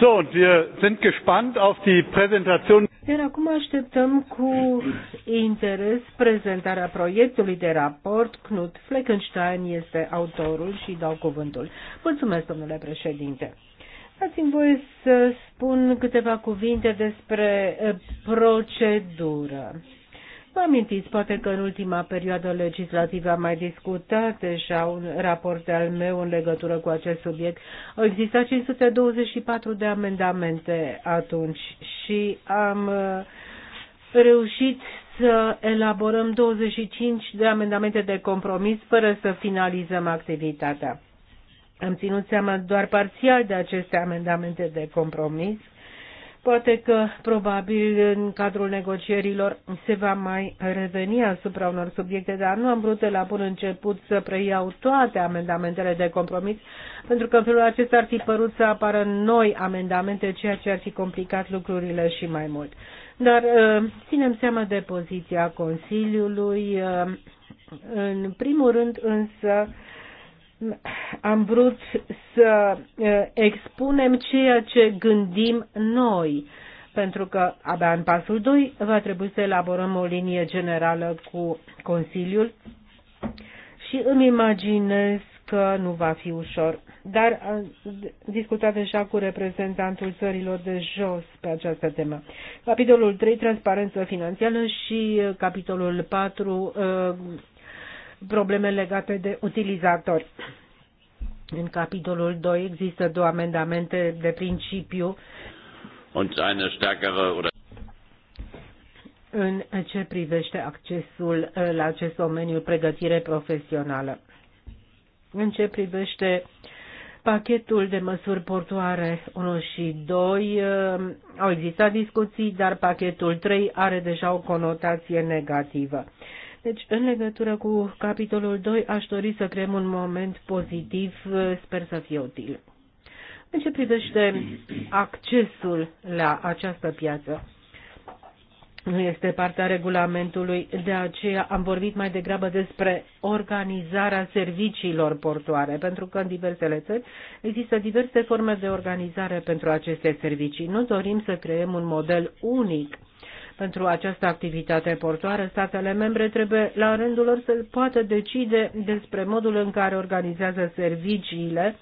So, und wir sind gespannt auf die Präsentation. Iar acum așteptăm cu interes prezentarea proiectului de raport. Knut Fleckenstein este autorul și dau cuvântul. Mulțumesc, domnule președinte. Dați-mi voie să spun câteva cuvinte despre eh, procedură. Vă amintiți, poate că în ultima perioadă legislativă am mai discutat deja un raport al meu în legătură cu acest subiect. Au existat 524 de amendamente atunci și am uh, reușit să elaborăm 25 de amendamente de compromis fără să finalizăm activitatea. Am ținut seama doar parțial de aceste amendamente de compromis Poate că, probabil, în cadrul negocierilor se va mai reveni asupra unor subiecte, dar nu am vrut de la bun început să preiau toate amendamentele de compromis, pentru că în felul acesta ar fi părut să apară noi amendamente, ceea ce ar fi complicat lucrurile și mai mult. Dar ă, ținem seama de poziția Consiliului. Ă, în primul rând, însă, am vrut să expunem ceea ce gândim noi, pentru că abia în pasul 2 va trebui să elaborăm o linie generală cu Consiliul și îmi imaginez că nu va fi ușor. Dar am discutat deja cu reprezentantul țărilor de jos pe această temă. Capitolul 3, transparență financiară și capitolul 4, probleme legate de utilizatori. În capitolul 2 există două amendamente de principiu. Und eine stärkere oder în ce privește accesul uh, la acest domeniu pregătire profesională. În ce privește pachetul de măsuri portoare 1 și 2, uh, au existat discuții, dar pachetul 3 are deja o conotație negativă. Deci, în legătură cu capitolul 2, aș dori să creăm un moment pozitiv, eh, sper să fie util. În ce privește accesul la această piață, nu este partea regulamentului, de aceea am vorbit mai degrabă despre organizarea serviciilor portoare, pentru că în diversele țări există diverse forme de organizare pentru aceste servicii. Nu dorim să creăm un model unic pentru această activitate portoară, statele membre trebuie la rândul lor să poată decide despre modul în care organizează serviciile.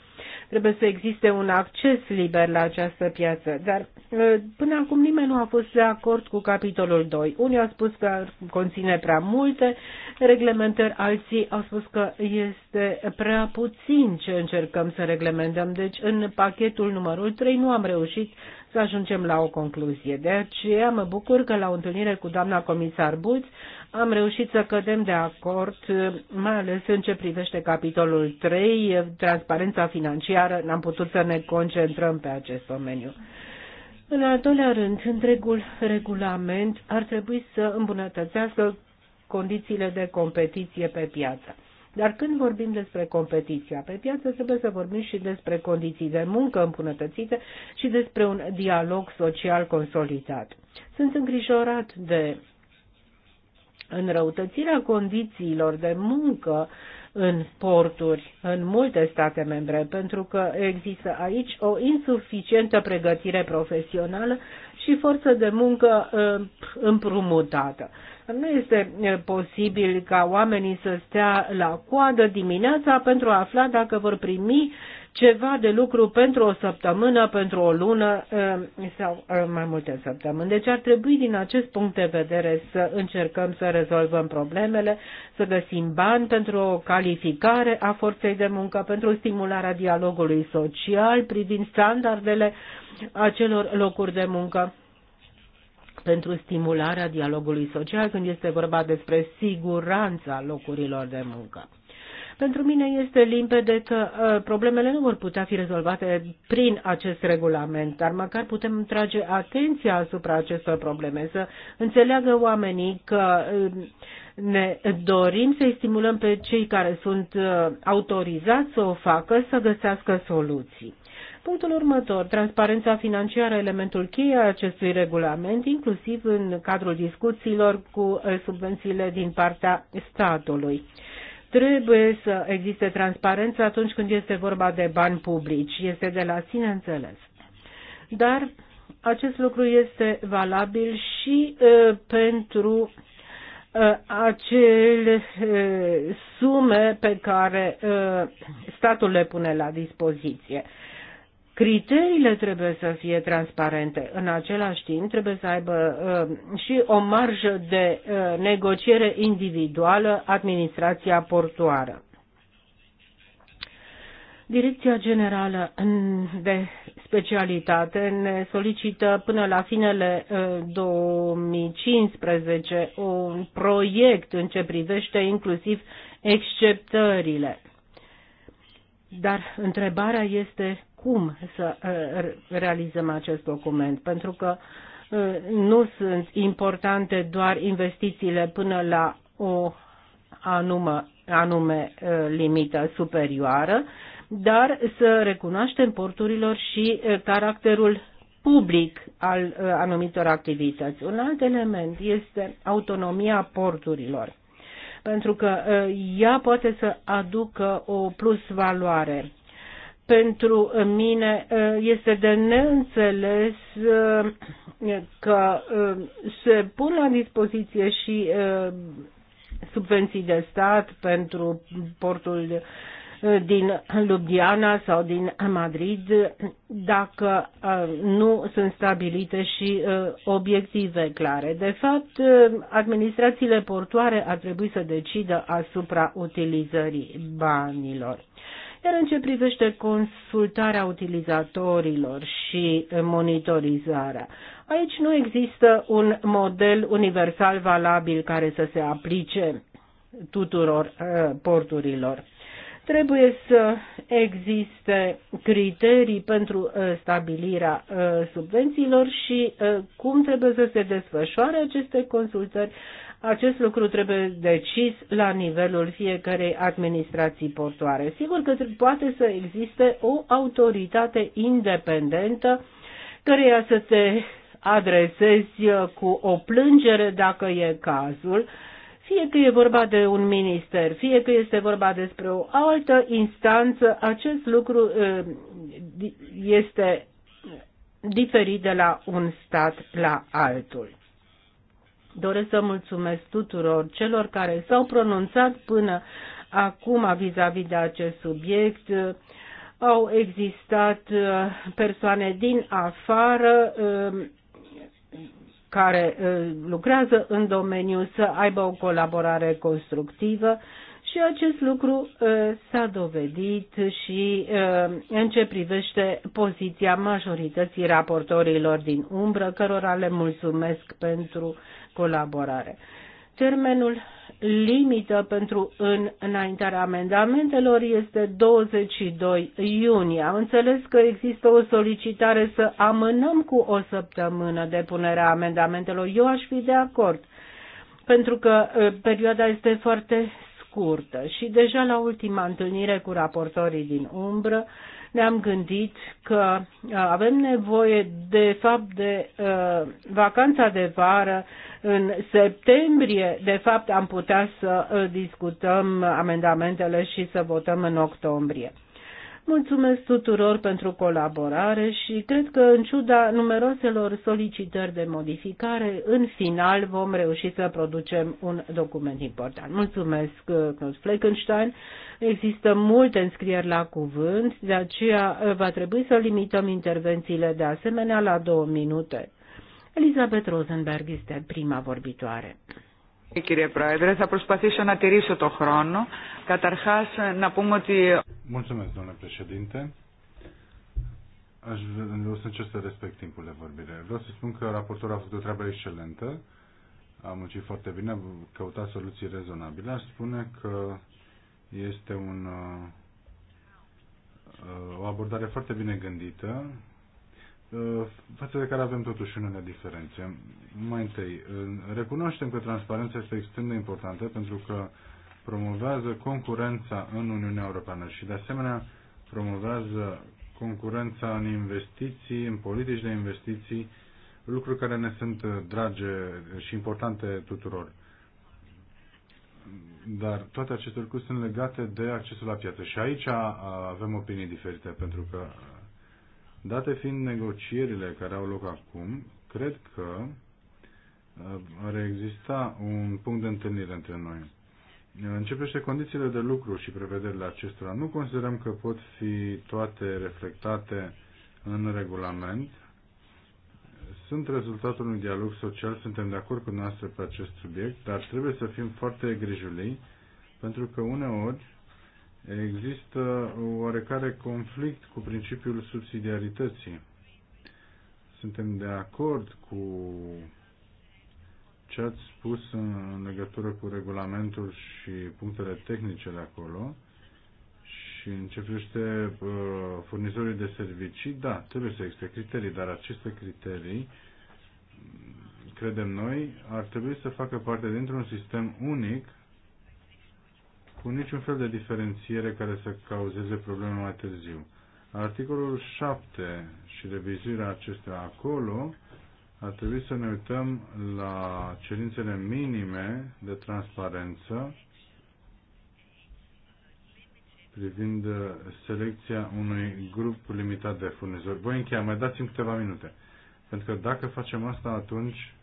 Trebuie să existe un acces liber la această piață, dar ă, până acum nimeni nu a fost de acord cu capitolul 2. Unii au spus că conține prea multe reglementări, alții au spus că este prea puțin ce încercăm să reglementăm. Deci în pachetul numărul 3 nu am reușit să ajungem la o concluzie. De aceea mă bucur că la o întâlnire cu doamna comisar Buț am reușit să cădem de acord, mai ales în ce privește capitolul 3, transparența financiară, n-am putut să ne concentrăm pe acest domeniu. În al doilea rând, întregul regulament ar trebui să îmbunătățească condițiile de competiție pe piață. Dar când vorbim despre competiția pe piață, trebuie să vorbim și despre condiții de muncă îmbunătățite și despre un dialog social consolidat. Sunt îngrijorat de înrăutățirea condițiilor de muncă în porturi în multe state membre, pentru că există aici o insuficientă pregătire profesională și forță de muncă ă, împrumutată. Nu este posibil ca oamenii să stea la coadă dimineața pentru a afla dacă vor primi ceva de lucru pentru o săptămână, pentru o lună sau mai multe săptămâni. Deci ar trebui din acest punct de vedere să încercăm să rezolvăm problemele, să găsim bani pentru o calificare a forței de muncă, pentru stimularea dialogului social privind standardele acelor locuri de muncă pentru stimularea dialogului social când este vorba despre siguranța locurilor de muncă. Pentru mine este limpede că ă, problemele nu vor putea fi rezolvate prin acest regulament, dar măcar putem trage atenția asupra acestor probleme, să înțeleagă oamenii că ă, ne dorim să-i stimulăm pe cei care sunt ă, autorizați să o facă să găsească soluții. Punctul următor, transparența financiară, elementul cheie a acestui regulament, inclusiv în cadrul discuțiilor cu eh, subvențiile din partea statului trebuie să existe transparență atunci când este vorba de bani publici. Este de la sine înțeles. Dar acest lucru este valabil și uh, pentru uh, acele uh, sume pe care uh, statul le pune la dispoziție criteriile trebuie să fie transparente. În același timp, trebuie să aibă uh, și o marjă de uh, negociere individuală administrația portoară. Direcția Generală de Specialitate ne solicită până la finele 2015 uh, un proiect în ce privește inclusiv exceptările. Dar întrebarea este cum să uh, realizăm acest document, pentru că uh, nu sunt importante doar investițiile până la o anumă anume uh, limită superioară, dar să recunoaștem porturilor și caracterul public al anumitor activități. Un alt element este autonomia porturilor, pentru că ea poate să aducă o plus valoare pentru mine eh, este de neînțeles eh, că eh, se pun la dispoziție și subvenții de stat pentru portul din Ljubljana sau din Madrid dacă nu sunt stabilite și obiective clare. De fapt, administrațiile portoare ar trebui să decidă asupra utilizării banilor. Iar în ce privește consultarea utilizatorilor și monitorizarea, aici nu există un model universal valabil care să se aplice tuturor uh, porturilor. Trebuie să existe criterii pentru uh, stabilirea uh, subvențiilor și cum trebuie să se desfășoare aceste consultări acest lucru trebuie decis la nivelul fiecarei administrații portoare. Sigur că poate să existe o autoritate independentă căreia să te adresezi cu o plângere dacă e cazul, fie că e vorba de un minister, fie că este vorba despre o altă instanță, acest lucru este diferit de la un stat la altul. Doresc să mulțumesc tuturor celor care s-au pronunțat până acum vis-a-vis -vis de acest subiect. Au existat uh, persoane din afară um, care uh, lucrează în domeniu să aibă o colaborare constructivă și acest lucru uh, s-a dovedit și în ce privește poziția majorității raportorilor din umbră, cărora le mulțumesc pentru colaborare. Termenul limită pentru în înaintarea amendamentelor este 22 iunie. Am înțeles că există o solicitare să amânăm cu o săptămână depunerea amendamentelor. Eu aș fi de acord, pentru că ă, perioada este foarte scurtă și deja la ultima întâlnire cu raportorii din umbră ne-am gândit că ă, avem nevoie de fapt de uh, vacanța de vară în septembrie, de fapt am putea să uh, discutăm amendamentele și să votăm în octombrie. Mulțumesc tuturor pentru colaborare și cred că în ciuda numeroselor solicitări de modificare, în final vom reuși să producem un document important. Mulțumesc, uh, Knut Fleckenstein. Există multe înscrieri la cuvânt, de aceea uh, va trebui să limităm intervențiile de asemenea la două minute. Elizabeth Rosenberg este prima vorbitoare. Κύριε Πρόεδρε, θα προσπαθήσω να τηρήσω το χρόνο. Καταρχάς, να πούμε ότι... Mulțumesc, domnule președinte. Aș vreau să încerc să respect timpul de vorbire. Vreau să spun că raportul a făcut o treabă excelentă. A muncit foarte bine, a căutat soluții rezonabile. Aș spune că este un, uh, o abordare foarte bine gândită Uh, față de care avem totuși unele diferențe. Mai întâi, uh, recunoaștem că transparența este extrem de importantă pentru că promovează concurența în Uniunea Europeană și de asemenea promovează concurența în investiții, în politici de investiții, lucruri care ne sunt uh, drage și importante tuturor. Dar toate aceste lucruri sunt legate de accesul la piață și aici avem opinii diferite pentru că Date fiind negocierile care au loc acum, cred că uh, ar exista un punct de întâlnire între noi. Începește condițiile de lucru și prevederile acestora. Nu considerăm că pot fi toate reflectate în regulament. Sunt rezultatul unui dialog social, suntem de acord cu noastră pe acest subiect, dar trebuie să fim foarte grijulii, pentru că uneori există oarecare conflict cu principiul subsidiarității. Suntem de acord cu ce ați spus în legătură cu regulamentul și punctele tehnice de acolo și în ce privește uh, furnizorii de servicii, da, trebuie să existe criterii, dar aceste criterii, credem noi, ar trebui să facă parte dintr-un sistem unic cu niciun fel de diferențiere care să cauzeze probleme mai târziu. Articolul 7 și revizuirea acestea acolo ar trebui să ne uităm la cerințele minime de transparență privind selecția unui grup limitat de furnizori. Voi încheia, mai dați-mi câteva minute. Pentru că dacă facem asta, atunci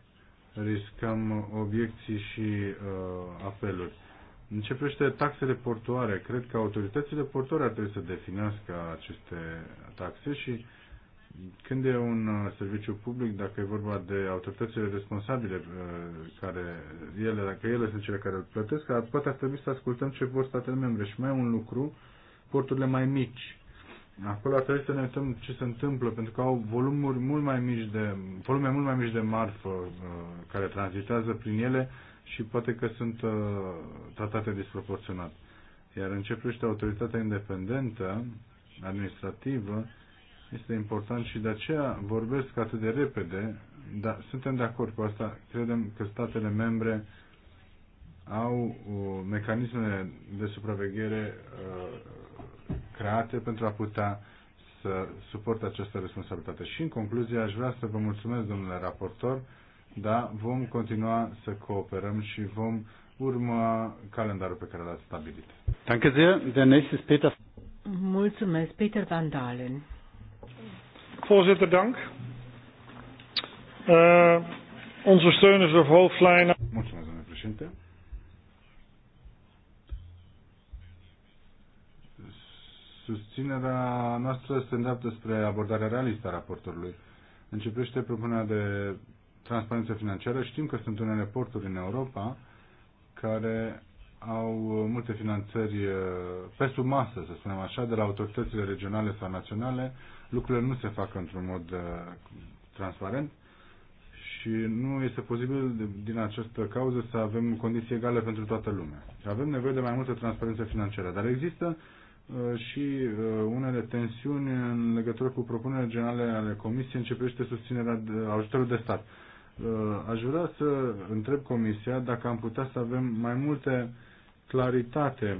riscăm obiecții și uh, apeluri. În ce privește taxele portoare, cred că autoritățile portoare ar trebui să definească aceste taxe și când e un uh, serviciu public, dacă e vorba de autoritățile responsabile, uh, care ele, dacă ele sunt cele care îl plătesc, poate ar trebui să ascultăm ce vor statele membre. Și mai e un lucru, porturile mai mici. Acolo ar trebui să ne uităm ce se întâmplă, pentru că au volumuri mult mai mici de, volume mult mai mici de marfă uh, care tranzitează prin ele, și poate că sunt uh, tratate disproporționat. Iar în ce privește autoritatea independentă, administrativă, este important și de aceea vorbesc atât de repede, dar suntem de acord cu asta. Credem că statele membre au uh, mecanisme de supraveghere uh, create pentru a putea să suporte această responsabilitate. Și în concluzie aș vrea să vă mulțumesc, domnule raportor, da, vom continua să cooperăm și vom urma calendarul pe care l-ați stabilit. Danke sehr. Der nächste ist Peter. Mulțumesc, Peter Van Dalen. Voorzitter, dank. Uh, onze steun is op hoofdlijnen. Mulțumesc, domnule președinte. Susținerea noastră se îndreaptă spre abordarea realistă a raportului. Începește propunerea de transparență financiară. Știm că sunt unele porturi în Europa care au multe finanțări uh, pe sub masă, să spunem așa, de la autoritățile regionale sau naționale. Lucrurile nu se fac într-un mod uh, transparent și nu este posibil din această cauză să avem condiții egale pentru toată lumea. Avem nevoie de mai multă transparență financiară, dar există uh, și unele tensiuni în legătură cu propunerile generale ale Comisiei în ce privește susținerea de ajutorul de stat. Uh, aș vrea să întreb Comisia dacă am putea să avem mai multe claritate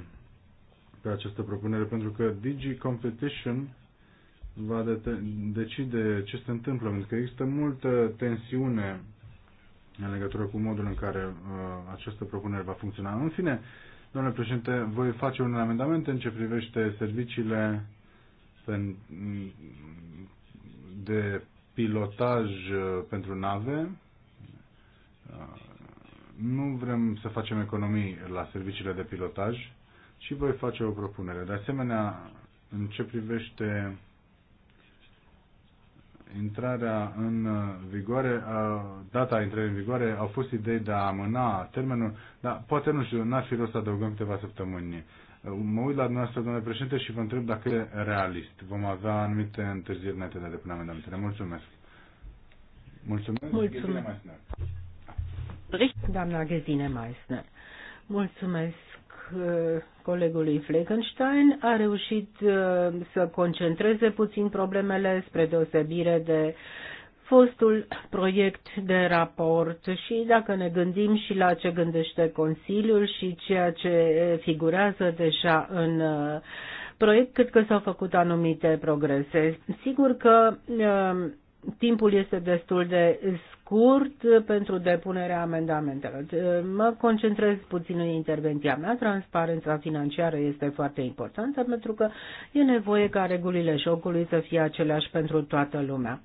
pe această propunere, pentru că Digi Competition va decide ce se întâmplă, pentru că există multă tensiune în legătură cu modul în care uh, această propunere va funcționa. În fine, domnule președinte, voi face un amendament în ce privește serviciile de pilotaj uh, pentru nave. Uh, nu vrem să facem economii la serviciile de pilotaj și voi face o propunere. De asemenea, în ce privește intrarea în uh, vigoare, data intrării în vigoare, au fost idei de a amâna termenul, dar poate nu știu, n-ar fi rost să adăugăm câteva săptămâni. Uh, mă uit la dumneavoastră, domnule președinte, și vă întreb dacă e realist. Vom avea anumite întârzieri înainte de depune amendamentele. Mulțumesc. Mulțumesc. Mulțumesc. Doamna Ghezine Meissner. Mulțumesc uh, colegului Fleckenstein a reușit uh, să concentreze puțin problemele spre deosebire de fostul proiect de raport și dacă ne gândim și la ce gândește Consiliul și ceea ce figurează deja în uh, proiect, cât că s-au făcut anumite progrese. Sigur că uh, timpul este destul de scurt pentru depunerea amendamentelor. Uh, mă concentrez puțin în intervenția mea. Transparența financiară este foarte importantă pentru că e nevoie ca regulile jocului să fie aceleași pentru toată lumea.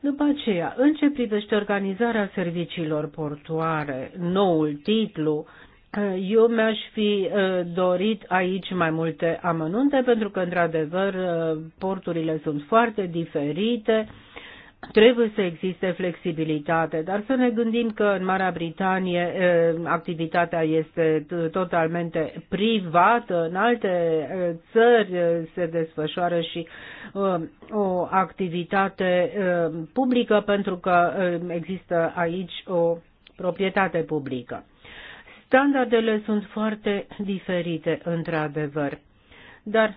După aceea, în ce privește organizarea serviciilor portoare, noul titlu, eh, eu mi-aș fi eh, dorit aici mai multe amănunte, pentru că, într-adevăr, eh, porturile sunt foarte diferite Trebuie să existe flexibilitate, dar să ne gândim că în Marea Britanie activitatea este totalmente privată, în alte țări se desfășoară și o activitate publică pentru că există aici o proprietate publică. Standardele sunt foarte diferite, într-adevăr, dar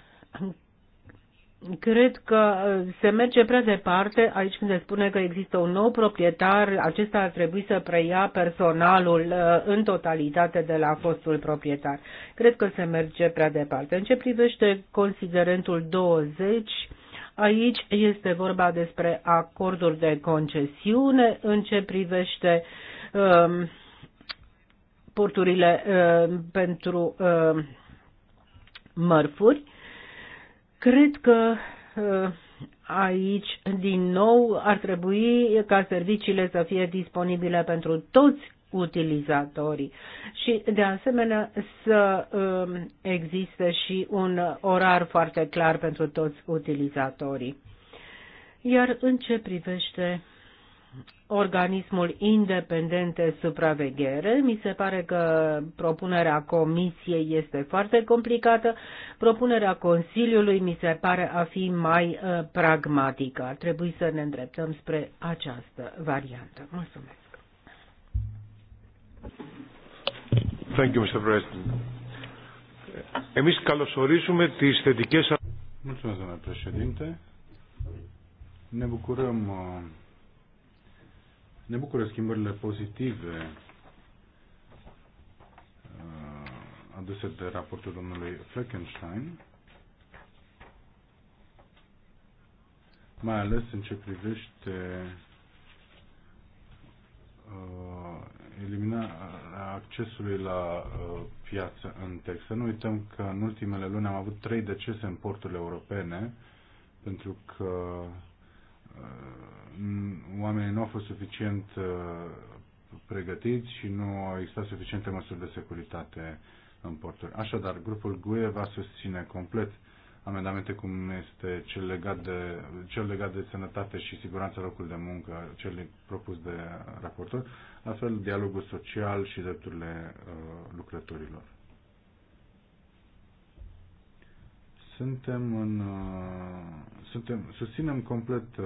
cred că uh, se merge prea departe aici când se spune că există un nou proprietar, acesta ar trebui să preia personalul uh, în totalitate de la fostul proprietar. Cred că se merge prea departe. În ce privește considerentul 20, aici este vorba despre acorduri de concesiune, în ce privește um, porturile um, pentru um, mărfuri Cred că ă, aici, din nou, ar trebui ca serviciile să fie disponibile pentru toți utilizatorii și, de asemenea, să ă, existe și un orar foarte clar pentru toți utilizatorii. Iar în ce privește organismul independent de supraveghere. Mi se pare că propunerea Comisiei este foarte complicată. Propunerea Consiliului mi se pare a fi mai uh, pragmatică. Ar trebui să ne îndreptăm spre această variantă. Mulțumesc. Thank you, Mr. President. Εμείς καλωσορίζουμε τις θετικές... Mulțumesc, domnule președinte. Ne bucurăm uh, ne bucură schimbările pozitive uh, aduse de raportul domnului Fleckenstein, mai ales în ce privește uh, eliminarea accesului la uh, piață în text. Să nu uităm că în ultimele luni am avut trei decese în porturile europene, pentru că uh, Mm, oamenii nu au fost suficient uh, pregătiți și nu au existat suficiente măsuri de securitate în porturi. Așadar, grupul GUE va susține complet amendamente cum este cel legat de, cel legat de sănătate și siguranța locului de muncă, cel propus de raportor, la fel dialogul social și drepturile uh, lucrătorilor. Suntem în, uh, suntem, susținem complet uh,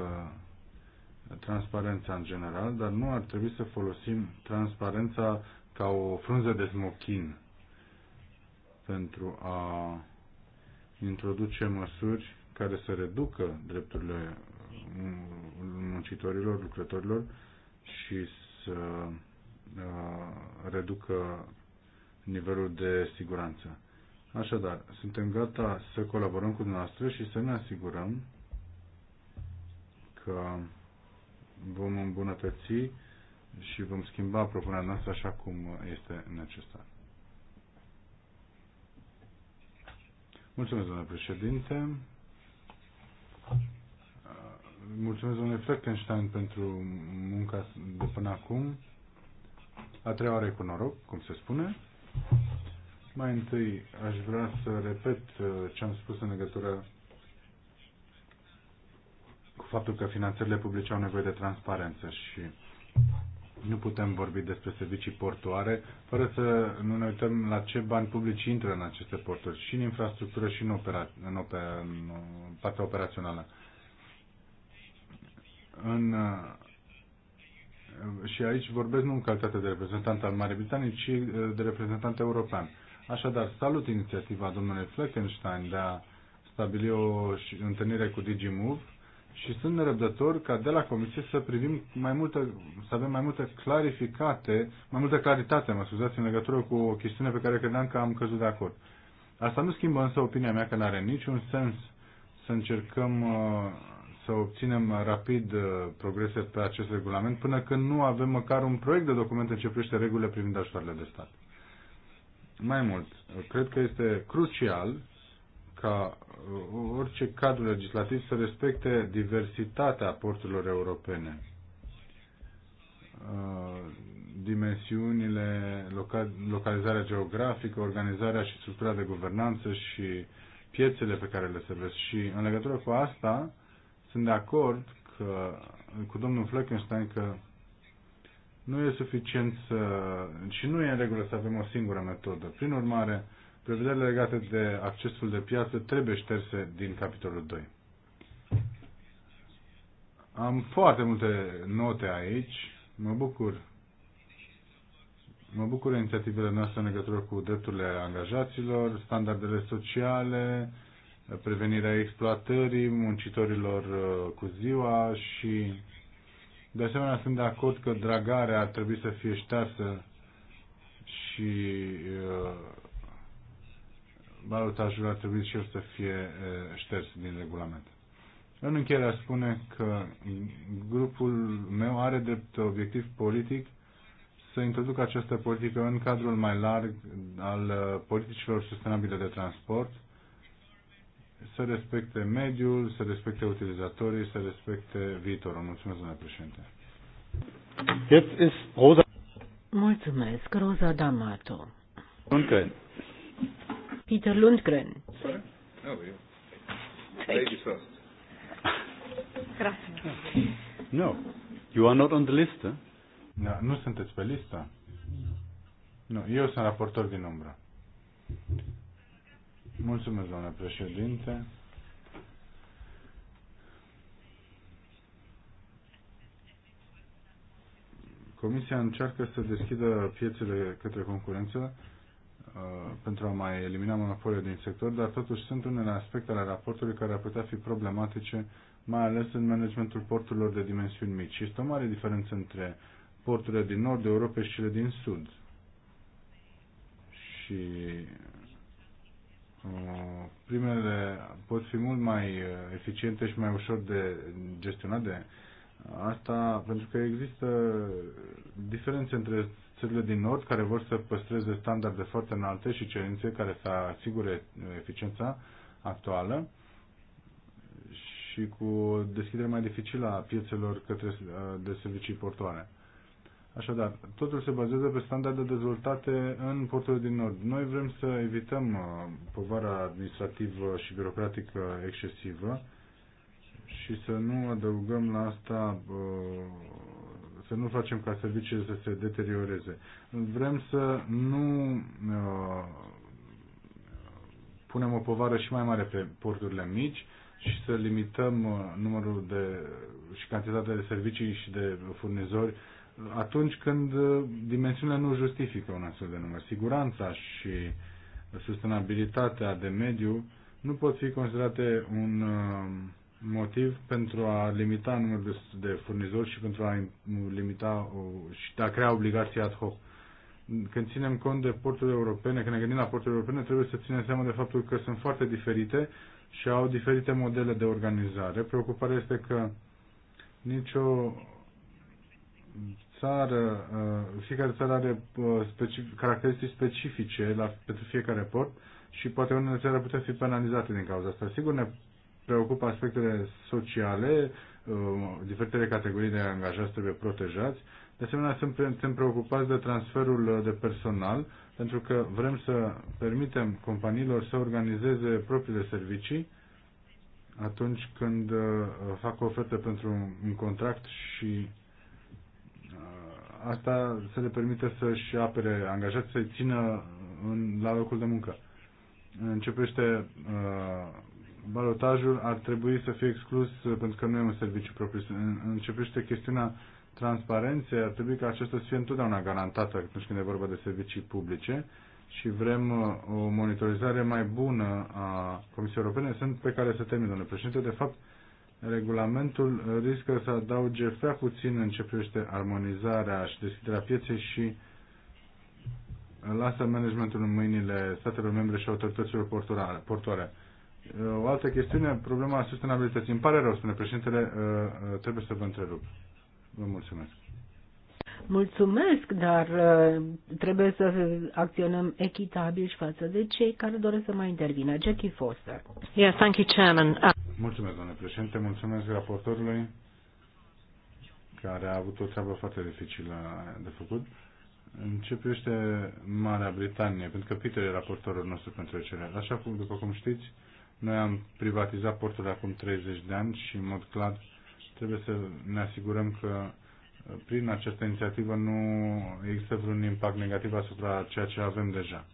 transparența în general, dar nu ar trebui să folosim transparența ca o frunză de smochin pentru a introduce măsuri care să reducă drepturile muncitorilor, lucrătorilor și să reducă nivelul de siguranță. Așadar, suntem gata să colaborăm cu dumneavoastră și să ne asigurăm că vom îmbunătăți și vom schimba propunerea noastră așa cum este necesar. Mulțumesc, domnule președinte. Mulțumesc, domnule Fleckenstein, pentru munca de până acum. A treia oară cu noroc, cum se spune. Mai întâi aș vrea să repet uh, ce am spus în legătură cu faptul că finanțările publice au nevoie de transparență și nu putem vorbi despre servicii portoare fără să nu ne uităm la ce bani publici intră în aceste porturi, și în infrastructură și în, opera, în, opera, în partea operațională. În, și aici vorbesc nu în calitate de reprezentant al Marii Britanii, ci de reprezentant european. Așadar, salut inițiativa domnului Fleckenstein de a stabili o întâlnire cu DigiMove și sunt nerăbdător ca de la comisie să privim mai multe, să avem mai multe clarificate, mai multă claritate, mă scuzați, în legătură cu o chestiune pe care credeam că am căzut de acord. Asta nu schimbă însă opinia mea că nu are niciun sens să încercăm uh, să obținem rapid uh, progrese pe acest regulament până când nu avem măcar un proiect de document în ce privește regulile privind ajutoarele de stat. Mai mult, cred că este crucial ca uh, orice cadru legislativ să respecte diversitatea porturilor europene, uh, dimensiunile, localizarea geografică, organizarea și structura de guvernanță și piețele pe care le servesc. Și în legătură cu asta, sunt de acord că, cu domnul Fleckenstein că nu e suficient să, și nu e în regulă să avem o singură metodă. Prin urmare, prevederile legate de accesul de piață trebuie șterse din capitolul 2. Am foarte multe note aici. Mă bucur. Mă bucur inițiativele noastre în legătură cu drepturile angajaților, standardele sociale, prevenirea exploatării muncitorilor uh, cu ziua și de asemenea sunt de acord că dragarea ar trebui să fie ștearsă și uh, balotajul ar trebui și el să fie șters din regulament. În încheiere spune că grupul meu are drept obiectiv politic să introducă această politică în cadrul mai larg al politicilor sustenabile de transport, să respecte mediul, să respecte utilizatorii, să respecte viitorul. Mulțumesc, domnule președinte. Mulțumesc, Rosa D'Amato. Okay. Peter Lundgren. Sorry. Oh, yeah. Thank you. first. Gracias. No. You are not on the list, eh? No, nu sunteți pe listă? Nu, eu sunt raportor din umbră. Mulțumesc, doamne președinte. Comisia încearcă să deschidă piețele către concurență Uh, pentru a mai elimina monopolul din sector, dar totuși sunt unele aspecte ale raportului care ar putea fi problematice, mai ales în managementul porturilor de dimensiuni mici. Este o mare diferență între porturile din nordul Europei și cele din sud. Și uh, primele pot fi mult mai uh, eficiente și mai ușor de gestionat de asta, pentru că există diferențe între țările din Nord care vor să păstreze standarde foarte înalte și cerințe care să asigure uh, eficiența actuală și cu deschidere mai dificilă a piețelor către, uh, de servicii portoare. Așadar, totul se bazează pe standarde dezvoltate în porturile din Nord. Noi vrem să evităm uh, povara administrativă și birocratică excesivă și să nu adăugăm la asta să nu facem ca serviciile să se deterioreze. Vrem să nu uh, punem o povară și mai mare pe porturile mici și să limităm uh, numărul de și cantitatea de servicii și de furnizori atunci când uh, dimensiunea nu justifică un astfel de număr. Siguranța și sustenabilitatea de mediu nu pot fi considerate un uh, motiv pentru a limita numărul de, furnizori și pentru a limita o, și de a crea obligații ad hoc. Când ținem cont de porturile europene, când ne gândim la porturile europene, trebuie să ținem seama de faptul că sunt foarte diferite și au diferite modele de organizare. Preocuparea este că nicio țară, uh, fiecare țară are uh, specific, caracteristici specifice la, pentru fiecare port și poate unele țări ar putea fi penalizate din cauza asta. Sigur, ne preocupă aspectele sociale, um, diferitele categorii de angajați trebuie protejați. De asemenea, suntem preocupați de transferul uh, de personal, pentru că vrem să permitem companiilor să organizeze propriile servicii atunci când uh, fac o ofertă pentru un contract și uh, asta să le permită să-și apere angajați, să-i țină în, la locul de muncă. Începește uh, balotajul ar trebui să fie exclus uh, pentru că nu e un serviciu propriu. Începește chestiunea transparenței, ar trebui ca acesta să fie întotdeauna garantată atunci când e vorba de servicii publice și vrem uh, o monitorizare mai bună a Comisiei Europene. Sunt pe care să termin, domnule președinte. De fapt, regulamentul uh, riscă să adauge prea puțin în ce privește armonizarea și deschiderea pieței și lasă managementul în mâinile statelor membre și autorităților portoare. Uh, o altă chestiune, problema sustenabilității. Îmi pare rău, spune președintele, uh, uh, trebuie să vă întrerup. Vă mulțumesc. Mulțumesc, dar trebuie să acționăm echitabil și față de cei care doresc să mai intervină. Jackie Foster. Yeah, thank you, Chairman. Mulțumesc, domnule președinte, mulțumesc raportorului care a avut o treabă foarte dificilă de făcut. Începește Marea Britanie, pentru că Peter e raportorul nostru pentru cele. Așa cum, după cum știți, noi am privatizat porturile acum 30 de ani și, în mod clar, trebuie să ne asigurăm că uh, prin această inițiativă nu există vreun impact negativ asupra ceea ce avem deja.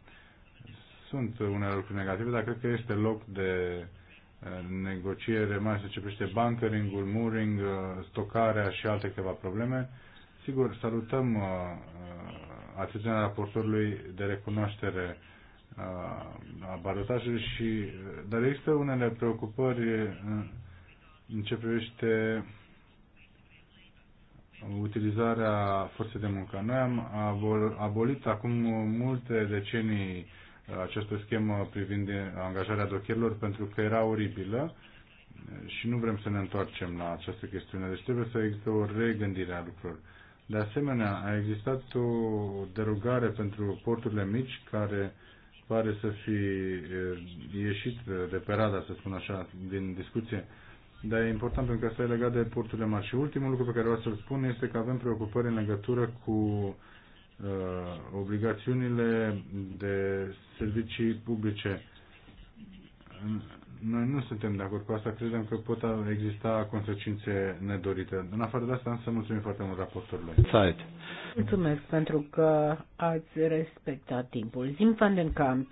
Sunt unele lucruri negative, dar cred că este loc de uh, negociere, mai să ce privește bunkering-ul, mooring, uh, stocarea și alte câteva probleme. Sigur, salutăm atitudinea raportorului de recunoaștere a și, dar există unele preocupări în ce privește utilizarea forței de muncă. Noi am abolit acum multe decenii această schemă privind angajarea docherilor pentru că era oribilă și nu vrem să ne întoarcem la această chestiune. Deci trebuie să există o regândire a lucrurilor. De asemenea, a existat o derogare pentru porturile mici care uh, pare să fi ieșit de pe rada, să spun așa, din discuție. Dar e important pentru că asta e legat de porturile mari. Și ultimul lucru pe care vreau să-l spun este că avem preocupări în legătură cu uh, obligațiunile de servicii publice. Noi nu suntem de acord cu asta, credem că pot exista consecințe nedorite. În afară de asta, însă, mulțumim foarte mult raportorului. Zeit. Mulțumesc pentru că ați respectat timpul. Zim van den Kamp.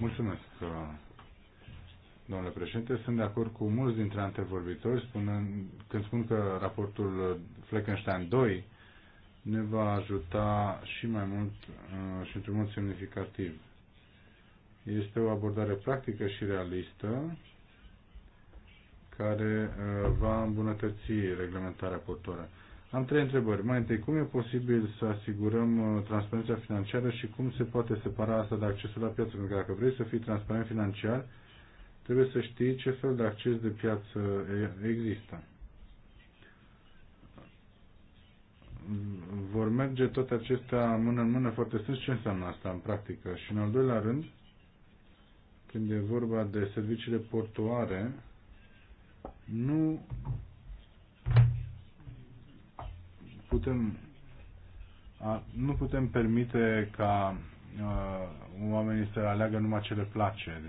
Mulțumesc, domnule președinte. Sunt de acord cu mulți dintre antevorbitori spunând, când spun că raportul Fleckenstein 2 ne va ajuta și mai mult uh, și într-un mod semnificativ este o abordare practică și realistă care uh, va îmbunătăți reglementarea portoară. Am trei întrebări. Mai întâi, cum e posibil să asigurăm uh, transparența financiară și cum se poate separa asta de accesul la piață? Pentru că dacă vrei să fii transparent financiar, trebuie să știi ce fel de acces de piață există. Vor merge toate acestea mână în mână foarte strâns. Ce înseamnă asta în practică? Și în al doilea rând, când e vorba de serviciile portoare, nu putem, nu putem permite ca a, oamenii să aleagă numai ce le place.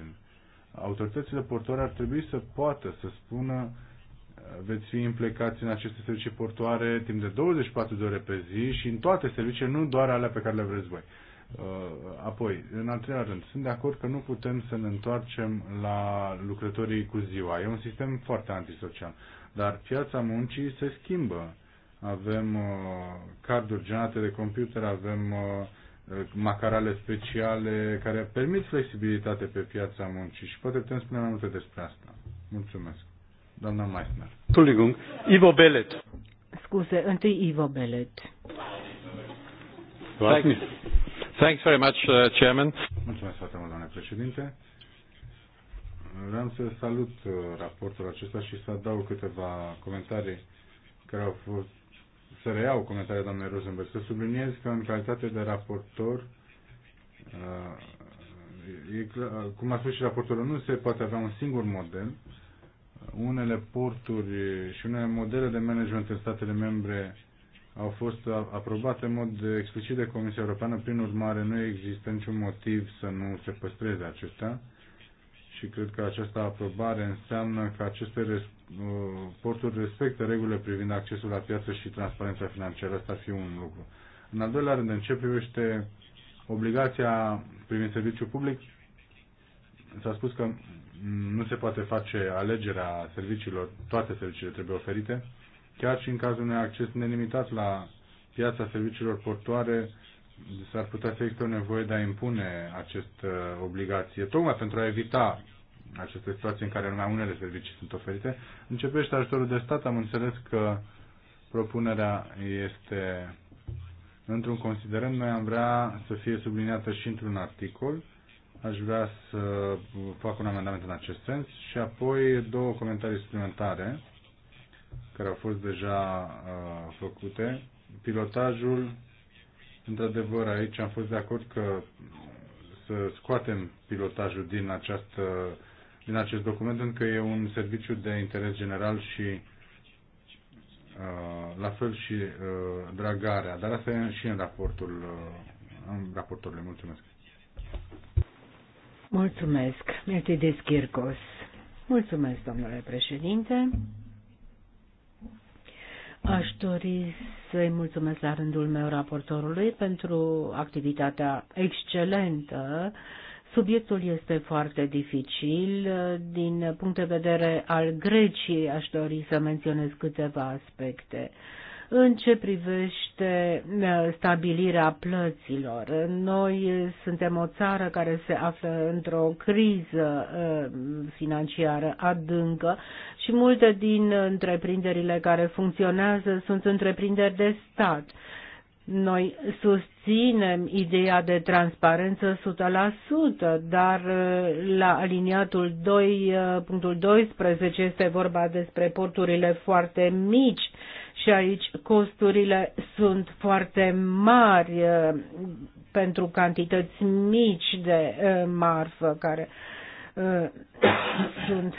Autoritățile portoare ar trebui să poată să spună veți fi implicați în aceste servicii portoare timp de 24 de ore pe zi și în toate serviciile, nu doar alea pe care le vreți voi. Uh, apoi, în al treilea rând, sunt de acord că nu putem să ne întoarcem la lucrătorii cu ziua. E un sistem foarte antisocial. Dar piața muncii se schimbă. Avem uh, carduri generate de computer, avem uh, macarale speciale care permit flexibilitate pe piața muncii și poate putem spune mai multe despre asta. Mulțumesc. Doamna Meissner. Tuligung, Ivo Bellet. Scuze, întâi Ivo Bellet. Thanks very much, uh, Chairman. Mulțumesc foarte mult, domnule președinte. Vreau să salut uh, raportul acesta și să adaug câteva comentarii care au fost să reiau comentariile doamnei Rosenberg, să subliniez că în calitate de raportor, uh, e cum a spus și raportorul, nu se poate avea un singur model. Unele porturi și unele modele de management în statele membre au fost aprobate în mod explicit de Comisia Europeană, prin urmare nu există niciun motiv să nu se păstreze acestea și cred că această aprobare înseamnă că aceste porturi respectă regulile privind accesul la piață și transparența financiară. Asta ar fi un lucru. În al doilea rând, în ce privește obligația privind serviciul public, s-a spus că nu se poate face alegerea serviciilor, toate serviciile trebuie oferite, chiar și în cazul unui acces nelimitat la piața serviciilor portoare, s-ar putea să existe o nevoie de a impune această obligație, tocmai pentru a evita aceste situații în care numai unele servicii sunt oferite. Începește ajutorul de stat, am înțeles că propunerea este într-un considerent, noi am vrea să fie subliniată și într-un articol. Aș vrea să fac un amendament în acest sens și apoi două comentarii suplimentare care au fost deja uh, făcute. Pilotajul, într-adevăr, aici am fost de acord că să scoatem pilotajul din, această, din acest document, pentru că e un serviciu de interes general și uh, la fel și uh, dragarea, dar asta e și în raportul uh, în raporturile. Mulțumesc. Mulțumesc, Mirti Chircos. Mulțumesc, domnule președinte. Aș dori să-i mulțumesc la rândul meu raportorului pentru activitatea excelentă. Subiectul este foarte dificil. Din punct de vedere al Greciei aș dori să menționez câteva aspecte. În ce privește uh, stabilirea plăților, noi suntem o țară care se află într-o criză uh, financiară adâncă și multe din întreprinderile care funcționează sunt întreprinderi de stat. Noi susținem ideea de transparență 100%, dar uh, la aliniatul 2.12 uh, este vorba despre porturile foarte mici și aici costurile sunt foarte mari uh, pentru cantități mici de marfă care Ă, (coughs) sunt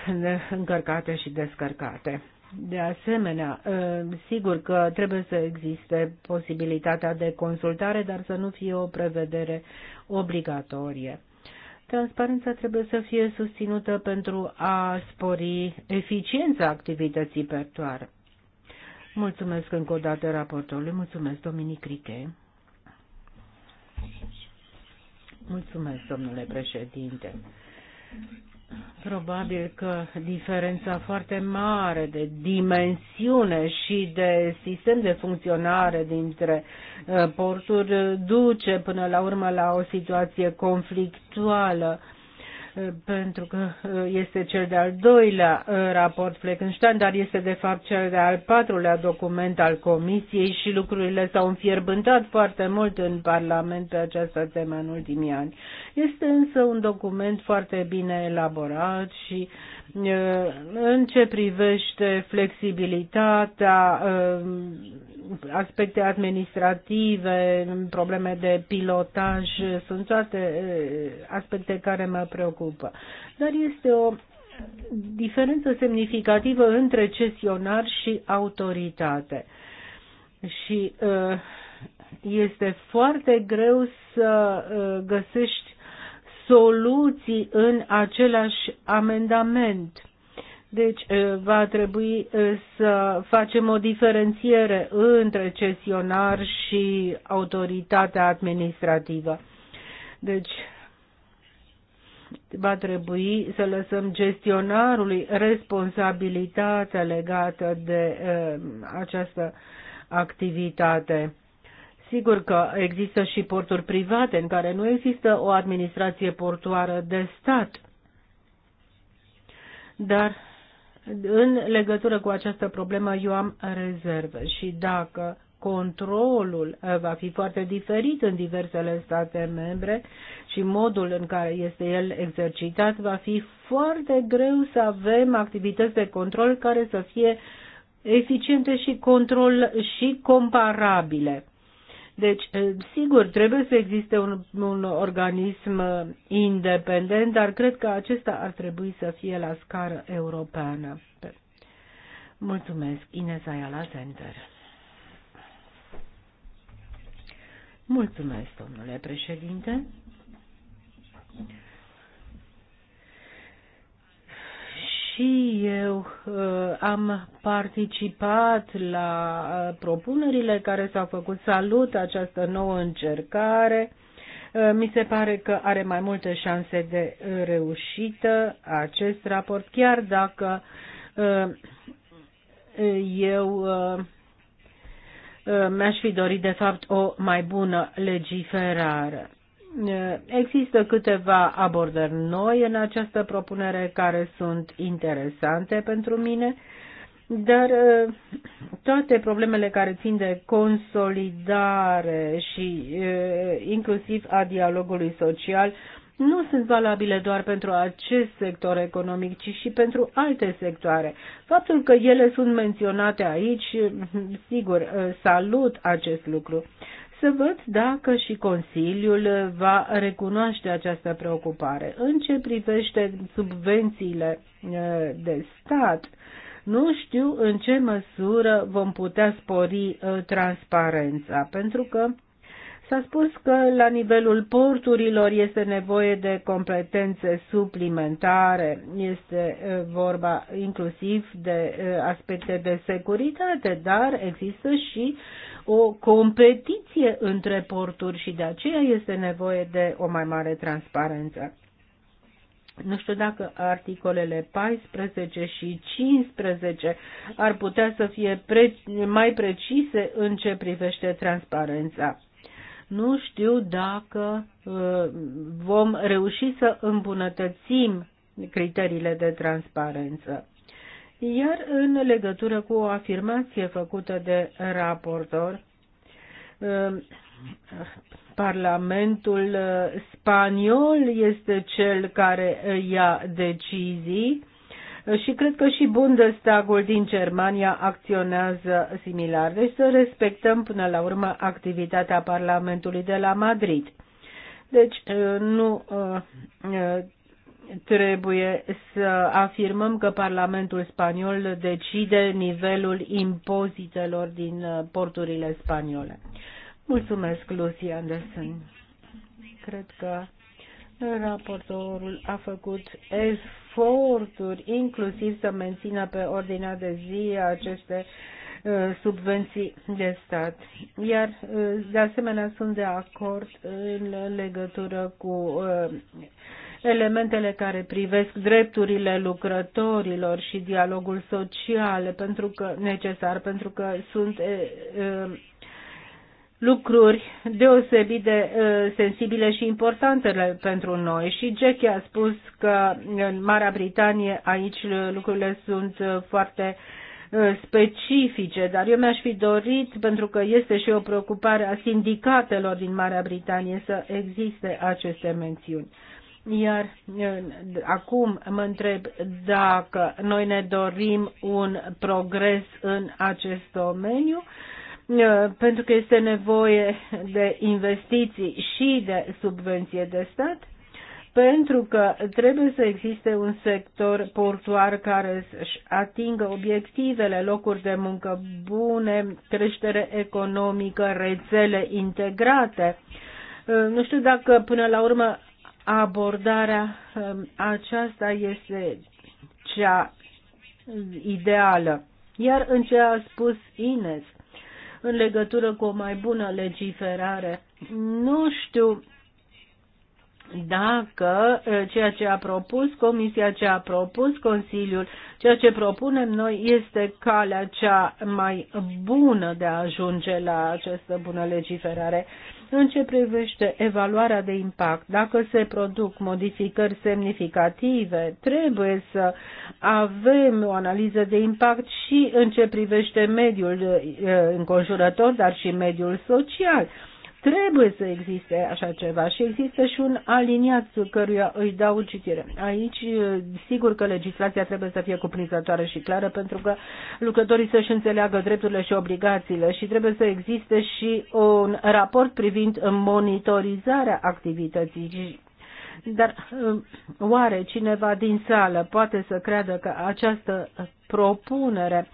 încărcate și descărcate. De asemenea, ă, sigur că trebuie să existe posibilitatea de consultare, dar să nu fie o prevedere obligatorie. Transparența trebuie să fie susținută pentru a spori eficiența activității pertoare. Mulțumesc încă o dată raportorului, mulțumesc Dominic Criche. Mulțumesc, domnule președinte. Probabil că diferența foarte mare de dimensiune și de sistem de funcționare dintre uh, porturi duce până la urmă la o situație conflictuală pentru că uh, este cel de-al doilea uh, raport Fleckenstein, dar este de fapt cel de-al patrulea document al Comisiei și lucrurile s-au înfierbântat foarte mult în Parlament pe această temă în ultimii ani. Este însă un document foarte bine elaborat și uh, în ce privește flexibilitatea, um, aspecte administrative, probleme de pilotaj, sunt toate uh, aspecte care mă preocupă. Dar este o diferență semnificativă între cesionar și autoritate. Și uh, este foarte greu să uh, găsești soluții în același amendament. Deci eh, va trebui eh, să facem o diferențiere între cesionar și autoritatea administrativă. Deci va trebui să lăsăm gestionarului responsabilitatea legată de uh, această activitate. Sigur că există și porturi private în care nu există o administrație portoară de stat. Dar în legătură cu această problemă eu am rezerve și dacă controlul eh, va fi foarte diferit în diversele state membre și modul în care este el exercitat va fi foarte greu să avem activități de control care să fie eficiente și control și comparabile. Deci, eh, sigur, trebuie să existe un, un organism eh, independent, dar cred că acesta ar trebui să fie la scară europeană. Mulțumesc, Ines Ayala Center. Mulțumesc, domnule președinte. și eu uh, am participat la uh, propunerile care s-au făcut. Salut această nouă încercare. Uh, mi se pare că are mai multe șanse de reușită acest raport, chiar dacă eu mi-aș fi dorit, de fapt, o mai bună legiferare. Eh, există câteva abordări noi în această propunere care sunt interesante pentru mine, dar eh, toate problemele care țin de consolidare și eh, inclusiv a dialogului social nu sunt valabile doar pentru acest sector economic, ci și pentru alte sectoare. Faptul că ele sunt menționate aici, sigur, salut acest lucru să văd dacă și Consiliul va recunoaște această preocupare. În ce privește subvențiile de stat, nu știu în ce măsură vom putea spori transparența, pentru că S-a spus că la nivelul porturilor este nevoie de competențe suplimentare, este vorba inclusiv de aspecte de securitate, dar există și o competiție între porturi și de aceea este nevoie de o mai mare transparență. Nu știu dacă articolele 14 și 15 ar putea să fie pre- mai precise în ce privește transparența. Nu știu dacă uh, vom reuși să îmbunătățim criteriile de transparență. Iar în legătură cu o afirmație făcută de raportor, uh, Parlamentul uh, spaniol este cel care ia decizii și cred că și Bundestagul din Germania acționează similar. Deci să respectăm până la urmă activitatea Parlamentului de la Madrid. Deci uh, nu uh, uh, trebuie să afirmăm că Parlamentul spaniol decide nivelul impozitelor din porturile spaniole. Mulțumesc, Lucy Anderson. Cred că raportorul a făcut efort eforturi, inclusiv să mențină pe ordinea de zi aceste uh, subvenții de stat. Iar, uh, de asemenea, sunt de acord în legătură cu uh, elementele care privesc drepturile lucrătorilor și dialogul social, pentru că necesar, pentru că sunt lucruri deosebit de uh, sensibile și importante pentru noi. Și Jackie a spus că în Marea Britanie aici lucrurile sunt uh, foarte uh, specifice, dar eu mi-aș fi dorit, pentru că este și o preocupare a sindicatelor din Marea Britanie să existe aceste mențiuni. Iar acum mă întreb dacă noi ne dorim un progres în acest domeniu Eh, pentru că este nevoie de investiții și de subvenție de stat, pentru că trebuie să existe un sector portuar care să-și atingă obiectivele, locuri de muncă bune, creștere economică, rețele integrate. Eh, nu știu dacă până la urmă abordarea eh, aceasta este cea ideală. Iar în ce a spus Ines, în legătură cu o mai bună legiferare. Nu știu dacă eh, ceea ce a propus Comisia, ce a propus Consiliul, ceea ce propunem noi este calea cea mai bună de a ajunge la această bună legiferare. În ce privește evaluarea de impact, dacă se produc modificări semnificative, trebuie să avem o analiză de impact și în ce privește mediul eh, înconjurător, dar și mediul social Trebuie să existe așa ceva și există și un aliniat căruia îi dau citire. Aici, sigur că legislația trebuie să fie cuprinzătoare și clară pentru că lucrătorii să-și înțeleagă drepturile și obligațiile și trebuie să existe și un raport privind monitorizarea activității dar oare cineva din sală poate să creadă că această propunere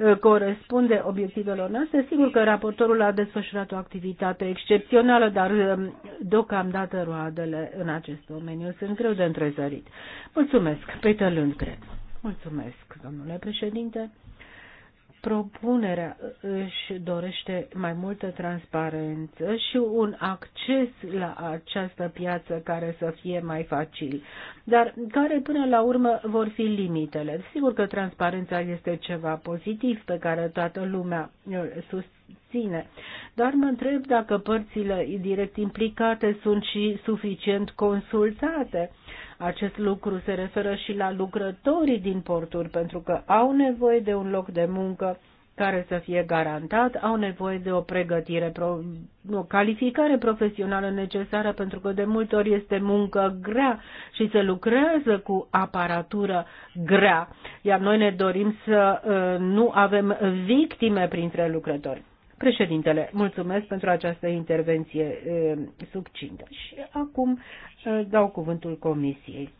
Uh, corespunde obiectivelor noastre. Sigur că raportorul a desfășurat o activitate excepțională, dar uh, deocamdată roadele în acest domeniu sunt greu de întrezărit. Mulțumesc, Peter Lundgren. Mulțumesc, domnule președinte propunerea își dorește mai multă transparență și un acces la această piață care să fie mai facil. Dar care până la urmă vor fi limitele? Sigur că transparența este ceva pozitiv pe care toată lumea îl susține, dar mă întreb dacă părțile direct implicate sunt și suficient consultate acest lucru se referă și la lucrătorii din porturi, pentru că au nevoie de un loc de muncă care să fie garantat, au nevoie de o pregătire, o calificare profesională necesară, pentru că de multe ori este muncă grea și se lucrează cu aparatură grea, iar noi ne dorim să uh, nu avem victime printre lucrători. Președintele, mulțumesc pentru această intervenție e, uh, succintă. Și acum Eh, dau cuvântul Comisiei.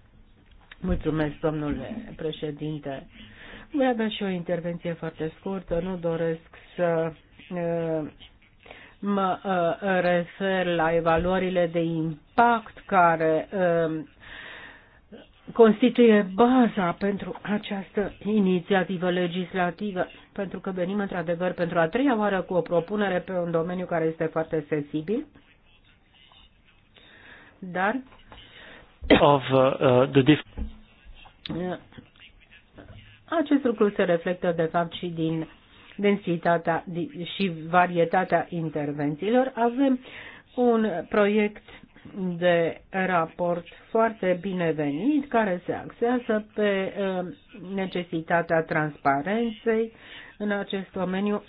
Mulțumesc, domnule președinte. Voi avea și o intervenție foarte scurtă. Nu doresc să eh, mă eh, refer la evaluările de impact care constituie baza pentru această inițiativă legislativă, pentru că venim într-adevăr pentru a treia oară cu o propunere pe un domeniu care este foarte sensibil dar of uh, uh the diff- acest lucru se reflectă de fapt și din densitatea și varietatea intervențiilor. Avem un proiect de raport foarte binevenit care se axează pe uh, necesitatea transparenței în acest domeniu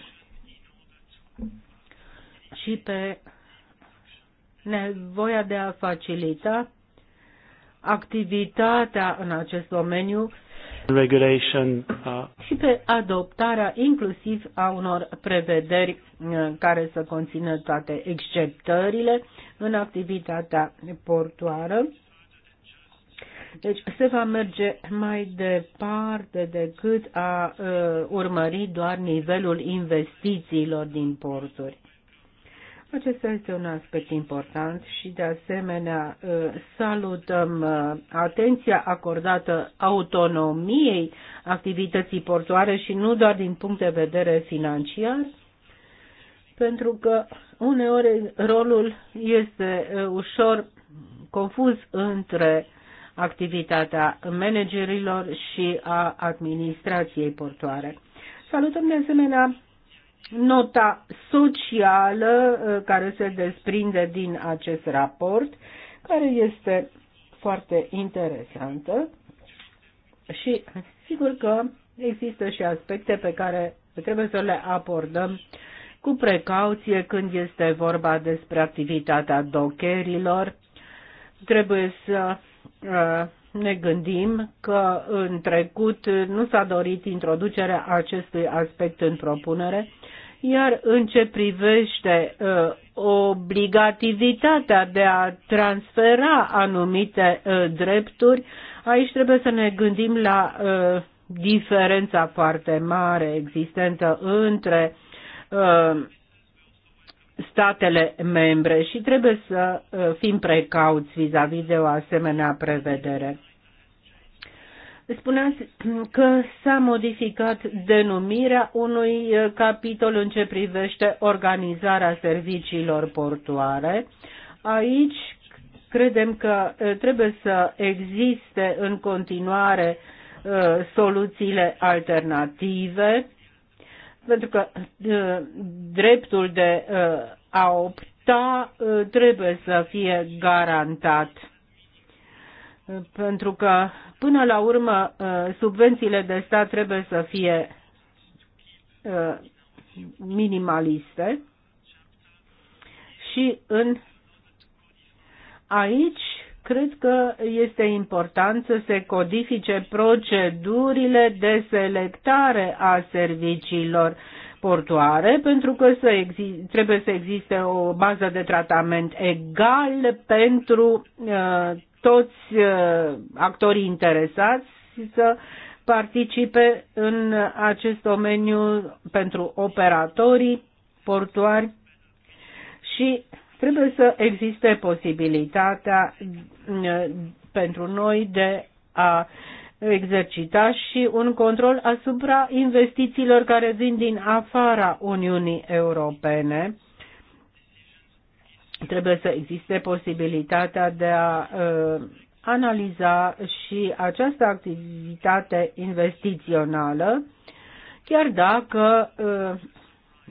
și pe nevoia de a facilita activitatea în acest domeniu regulation, uh... și pe adoptarea inclusiv a unor prevederi uh, care să conțină toate exceptările în activitatea portoară. Deci se va merge mai departe decât a uh, urmări doar nivelul investițiilor din porturi. Acesta este un aspect important și, de asemenea, ă, salutăm ă, atenția acordată autonomiei activității portoare și nu doar din punct de vedere financiar, pentru că uneori rolul este ă, ușor confuz între activitatea managerilor și a administrației portoare. Salutăm de asemenea nota socială uh, care se desprinde din acest raport, care este foarte interesantă și sigur că există și aspecte pe care trebuie să le abordăm cu precauție când este vorba despre activitatea docherilor. Trebuie să uh, ne gândim că în trecut nu s-a dorit introducerea acestui aspect în propunere, iar în ce privește uh, obligativitatea de a transfera anumite uh, drepturi, aici trebuie să ne gândim la uh, diferența foarte mare existentă între uh, statele membre și trebuie să uh, fim precauți vis-a-vis -vis de o asemenea prevedere. Spuneați că s-a modificat denumirea unui uh, capitol în ce privește organizarea serviciilor portoare. Aici credem că uh, trebuie să existe în continuare uh, soluțiile alternative, pentru că dreptul de a opta trebuie să fie garantat, pentru că Până la urmă, uh, subvențiile de stat trebuie să fie uh, minimaliste și în aici cred că este important să se codifice procedurile de selectare a serviciilor portoare, pentru că să exi- trebuie să existe o bază de tratament egal pentru uh, toți uh, actorii interesați să participe în acest domeniu pentru operatorii portuari și trebuie să existe posibilitatea uh, pentru noi de a exercita și un control asupra investițiilor care vin din afara Uniunii Europene trebuie să existe posibilitatea de a analiza și această activitate investițională, chiar dacă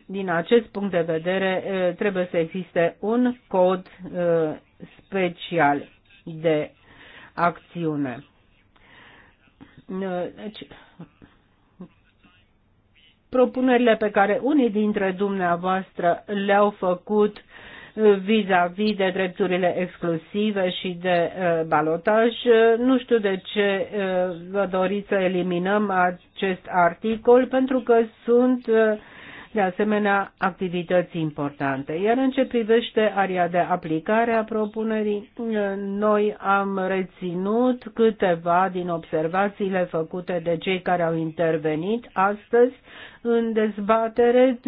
din acest punct de vedere trebuie să existe un cod special de acțiune. Deci, propunerile pe care unii dintre dumneavoastră le-au făcut vis-a-vis -vis de drepturile exclusive și de uh, balotaj. Nu știu de ce uh, vă doriți să eliminăm acest articol, pentru că sunt uh, de asemenea activități importante. Iar în ce privește aria de aplicare a propunerii, noi am reținut câteva din observațiile făcute de cei care au intervenit astăzi în dezbatere.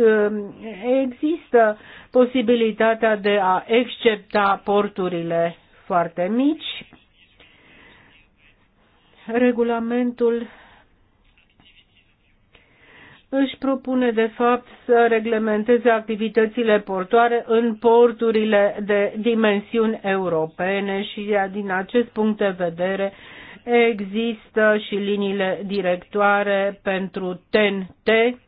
Există posibilitatea de a excepta porturile foarte mici. Regulamentul își propune de fapt să reglementeze activitățile portoare în porturile de dimensiuni europene și din acest punct de vedere există și liniile directoare pentru TNT,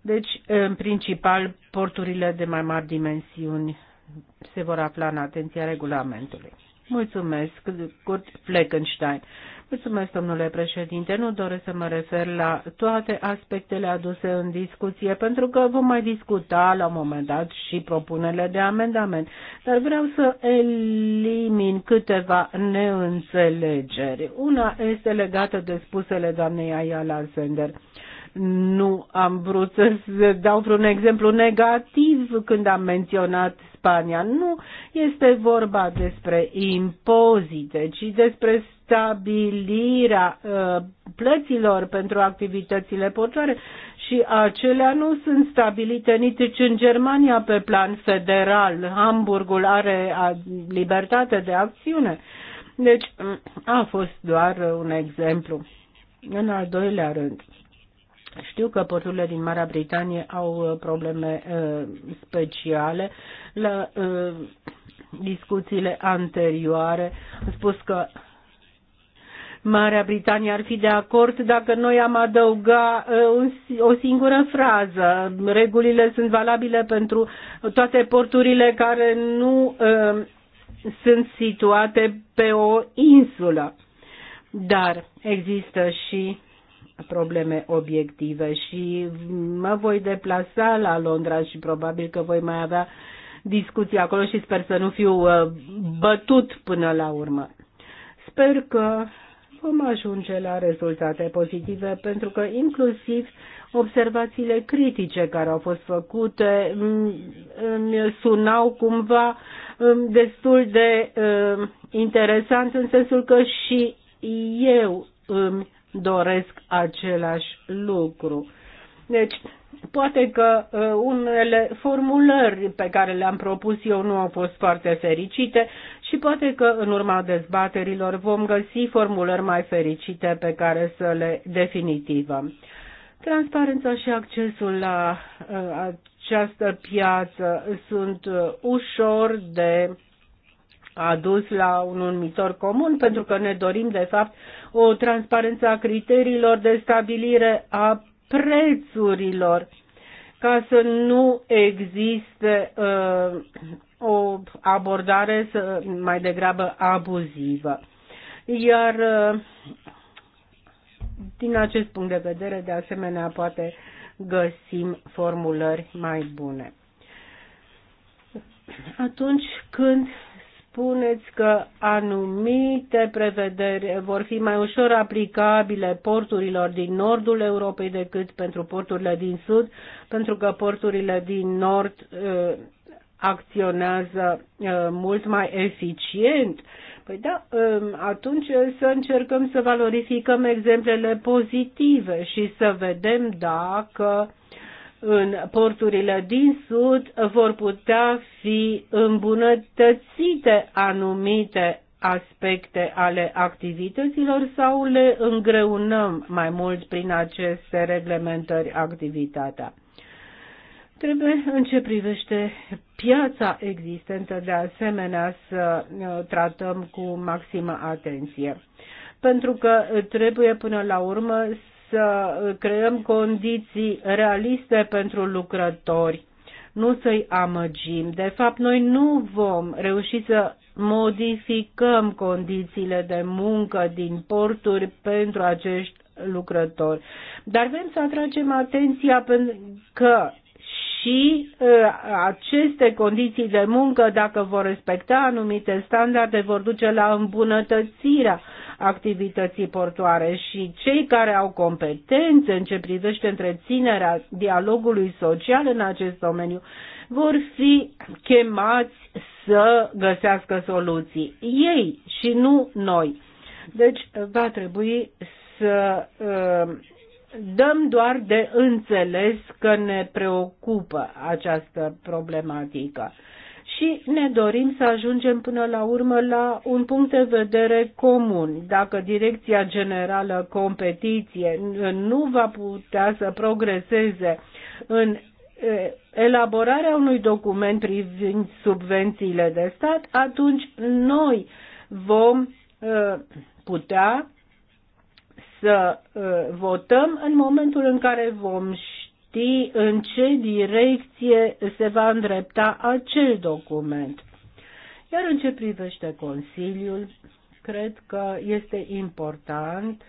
deci în principal porturile de mai mari dimensiuni se vor afla în atenția regulamentului. Mulțumesc, Kurt Fleckenstein. Mulțumesc, domnule președinte. Nu doresc să mă refer la toate aspectele aduse în discuție, pentru că vom mai discuta la un moment dat și propunerile de amendament. Dar vreau să elimin câteva neînțelegeri. Una este legată de spusele doamnei Ayala Sender. Uh, nu am vrut să dau vreun exemplu negativ când am menționat Spania. Nu este vorba despre impozite, ci despre stabilirea uh, plăților pentru activitățile portoare și acelea nu sunt stabilite nici în Germania pe plan federal. Hamburgul are libertate de acțiune. Deci mm, a fost doar un exemplu. În al doilea rând, știu că porturile din Marea Britanie au uh, probleme uh, speciale. La uh, discuțiile anterioare am spus că Marea Britanie ar fi de acord dacă noi am adăuga o singură frază. Regulile sunt valabile pentru toate porturile care nu sunt situate pe o insulă. Dar există și probleme obiective și mă voi deplasa la Londra și probabil că voi mai avea discuții acolo și sper să nu fiu uh, bătut până la urmă. Sper că vom ajunge la rezultate pozitive pentru că inclusiv observațiile critice care au fost făcute mm, îmi sunau cumva mm, destul de uh, interesant în sensul că și eu îmi doresc același lucru. Deci, poate că uh, unele formulări pe care le-am propus eu nu au fost foarte fericite și poate că în urma dezbaterilor vom găsi formulări mai fericite pe care să le definitivăm. Transparența și accesul la uh, această piață sunt uh, ușor de Adus la un numitor comun, pentru că ne dorim, de fapt, o transparență a criteriilor de stabilire a prețurilor, ca să nu existe uh, o abordare să, mai degrabă abuzivă. Iar uh, din acest punct de vedere, de asemenea, poate găsim formulări mai bune. Atunci când spuneți că anumite prevederi vor fi mai ușor aplicabile porturilor din nordul Europei decât pentru porturile din sud, pentru că porturile din nord uh, acționează uh, mult mai eficient. Păi da, uh, atunci să încercăm să valorificăm exemplele pozitive și să vedem dacă în porturile din sud vor putea fi îmbunătățite anumite aspecte ale activităților sau le îngreunăm mai mult prin aceste reglementări activitatea. Trebuie în ce privește piața existentă de asemenea să uh, tratăm cu maximă atenție pentru că trebuie până la urmă să creăm condiții realiste pentru lucrători, nu să-i amăgim. De fapt, noi nu vom reuși să modificăm condițiile de muncă din porturi pentru acești lucrători. Dar vrem să atragem atenția că și ă, aceste condiții de muncă, dacă vor respecta anumite standarde, vor duce la îmbunătățirea activității portoare și cei care au competențe în ce privește întreținerea dialogului social în acest domeniu vor fi chemați să găsească soluții. Ei și nu noi. Deci va trebui să uh, dăm doar de înțeles că ne preocupă această problematică și ne dorim să ajungem până la urmă la un punct de vedere comun. Dacă Direcția Generală Competiție nu va putea să progreseze în elaborarea unui document privind subvențiile de stat, atunci noi vom putea să votăm în momentul în care vom ști în ce direcție se va îndrepta acel document. Iar în ce privește Consiliul, cred că este important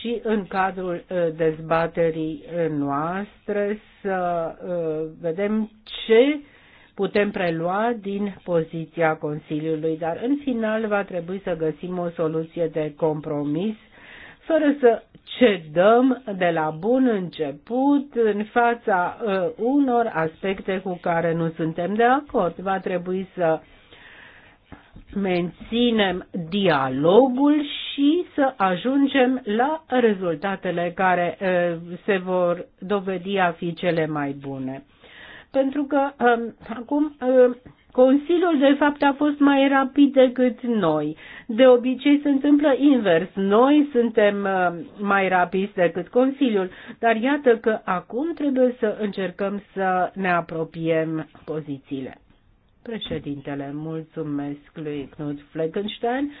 și în cadrul uh, dezbaterii uh, noastre să uh, vedem ce putem prelua din poziția Consiliului, dar în final va trebui să găsim o soluție de compromis fără să cedăm de la bun început în fața uh, unor aspecte cu care nu suntem de acord. Va trebui să menținem dialogul și să ajungem la rezultatele care uh, se vor dovedi a fi cele mai bune. Pentru că uh, acum uh, Consiliul, de fapt, a fost mai rapid decât noi. De obicei se întâmplă invers. Noi suntem uh, mai rapizi decât Consiliul, dar iată că acum trebuie să încercăm să ne apropiem pozițiile. Președintele, mulțumesc lui Knut Fleckenstein.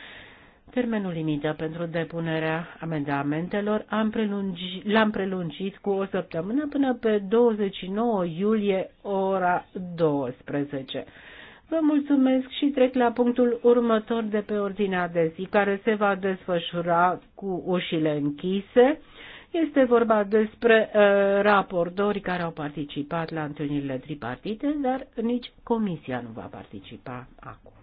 Termenul limită pentru depunerea amendamentelor am prelungi, l-am prelungit cu o săptămână până pe 29 iulie ora 12. Vă mulțumesc și trec la punctul următor de pe ordinea de zi, care se va desfășura cu ușile închise. Este vorba despre uh, raportori care au participat la întâlnirile tripartite, dar nici comisia nu va participa acum.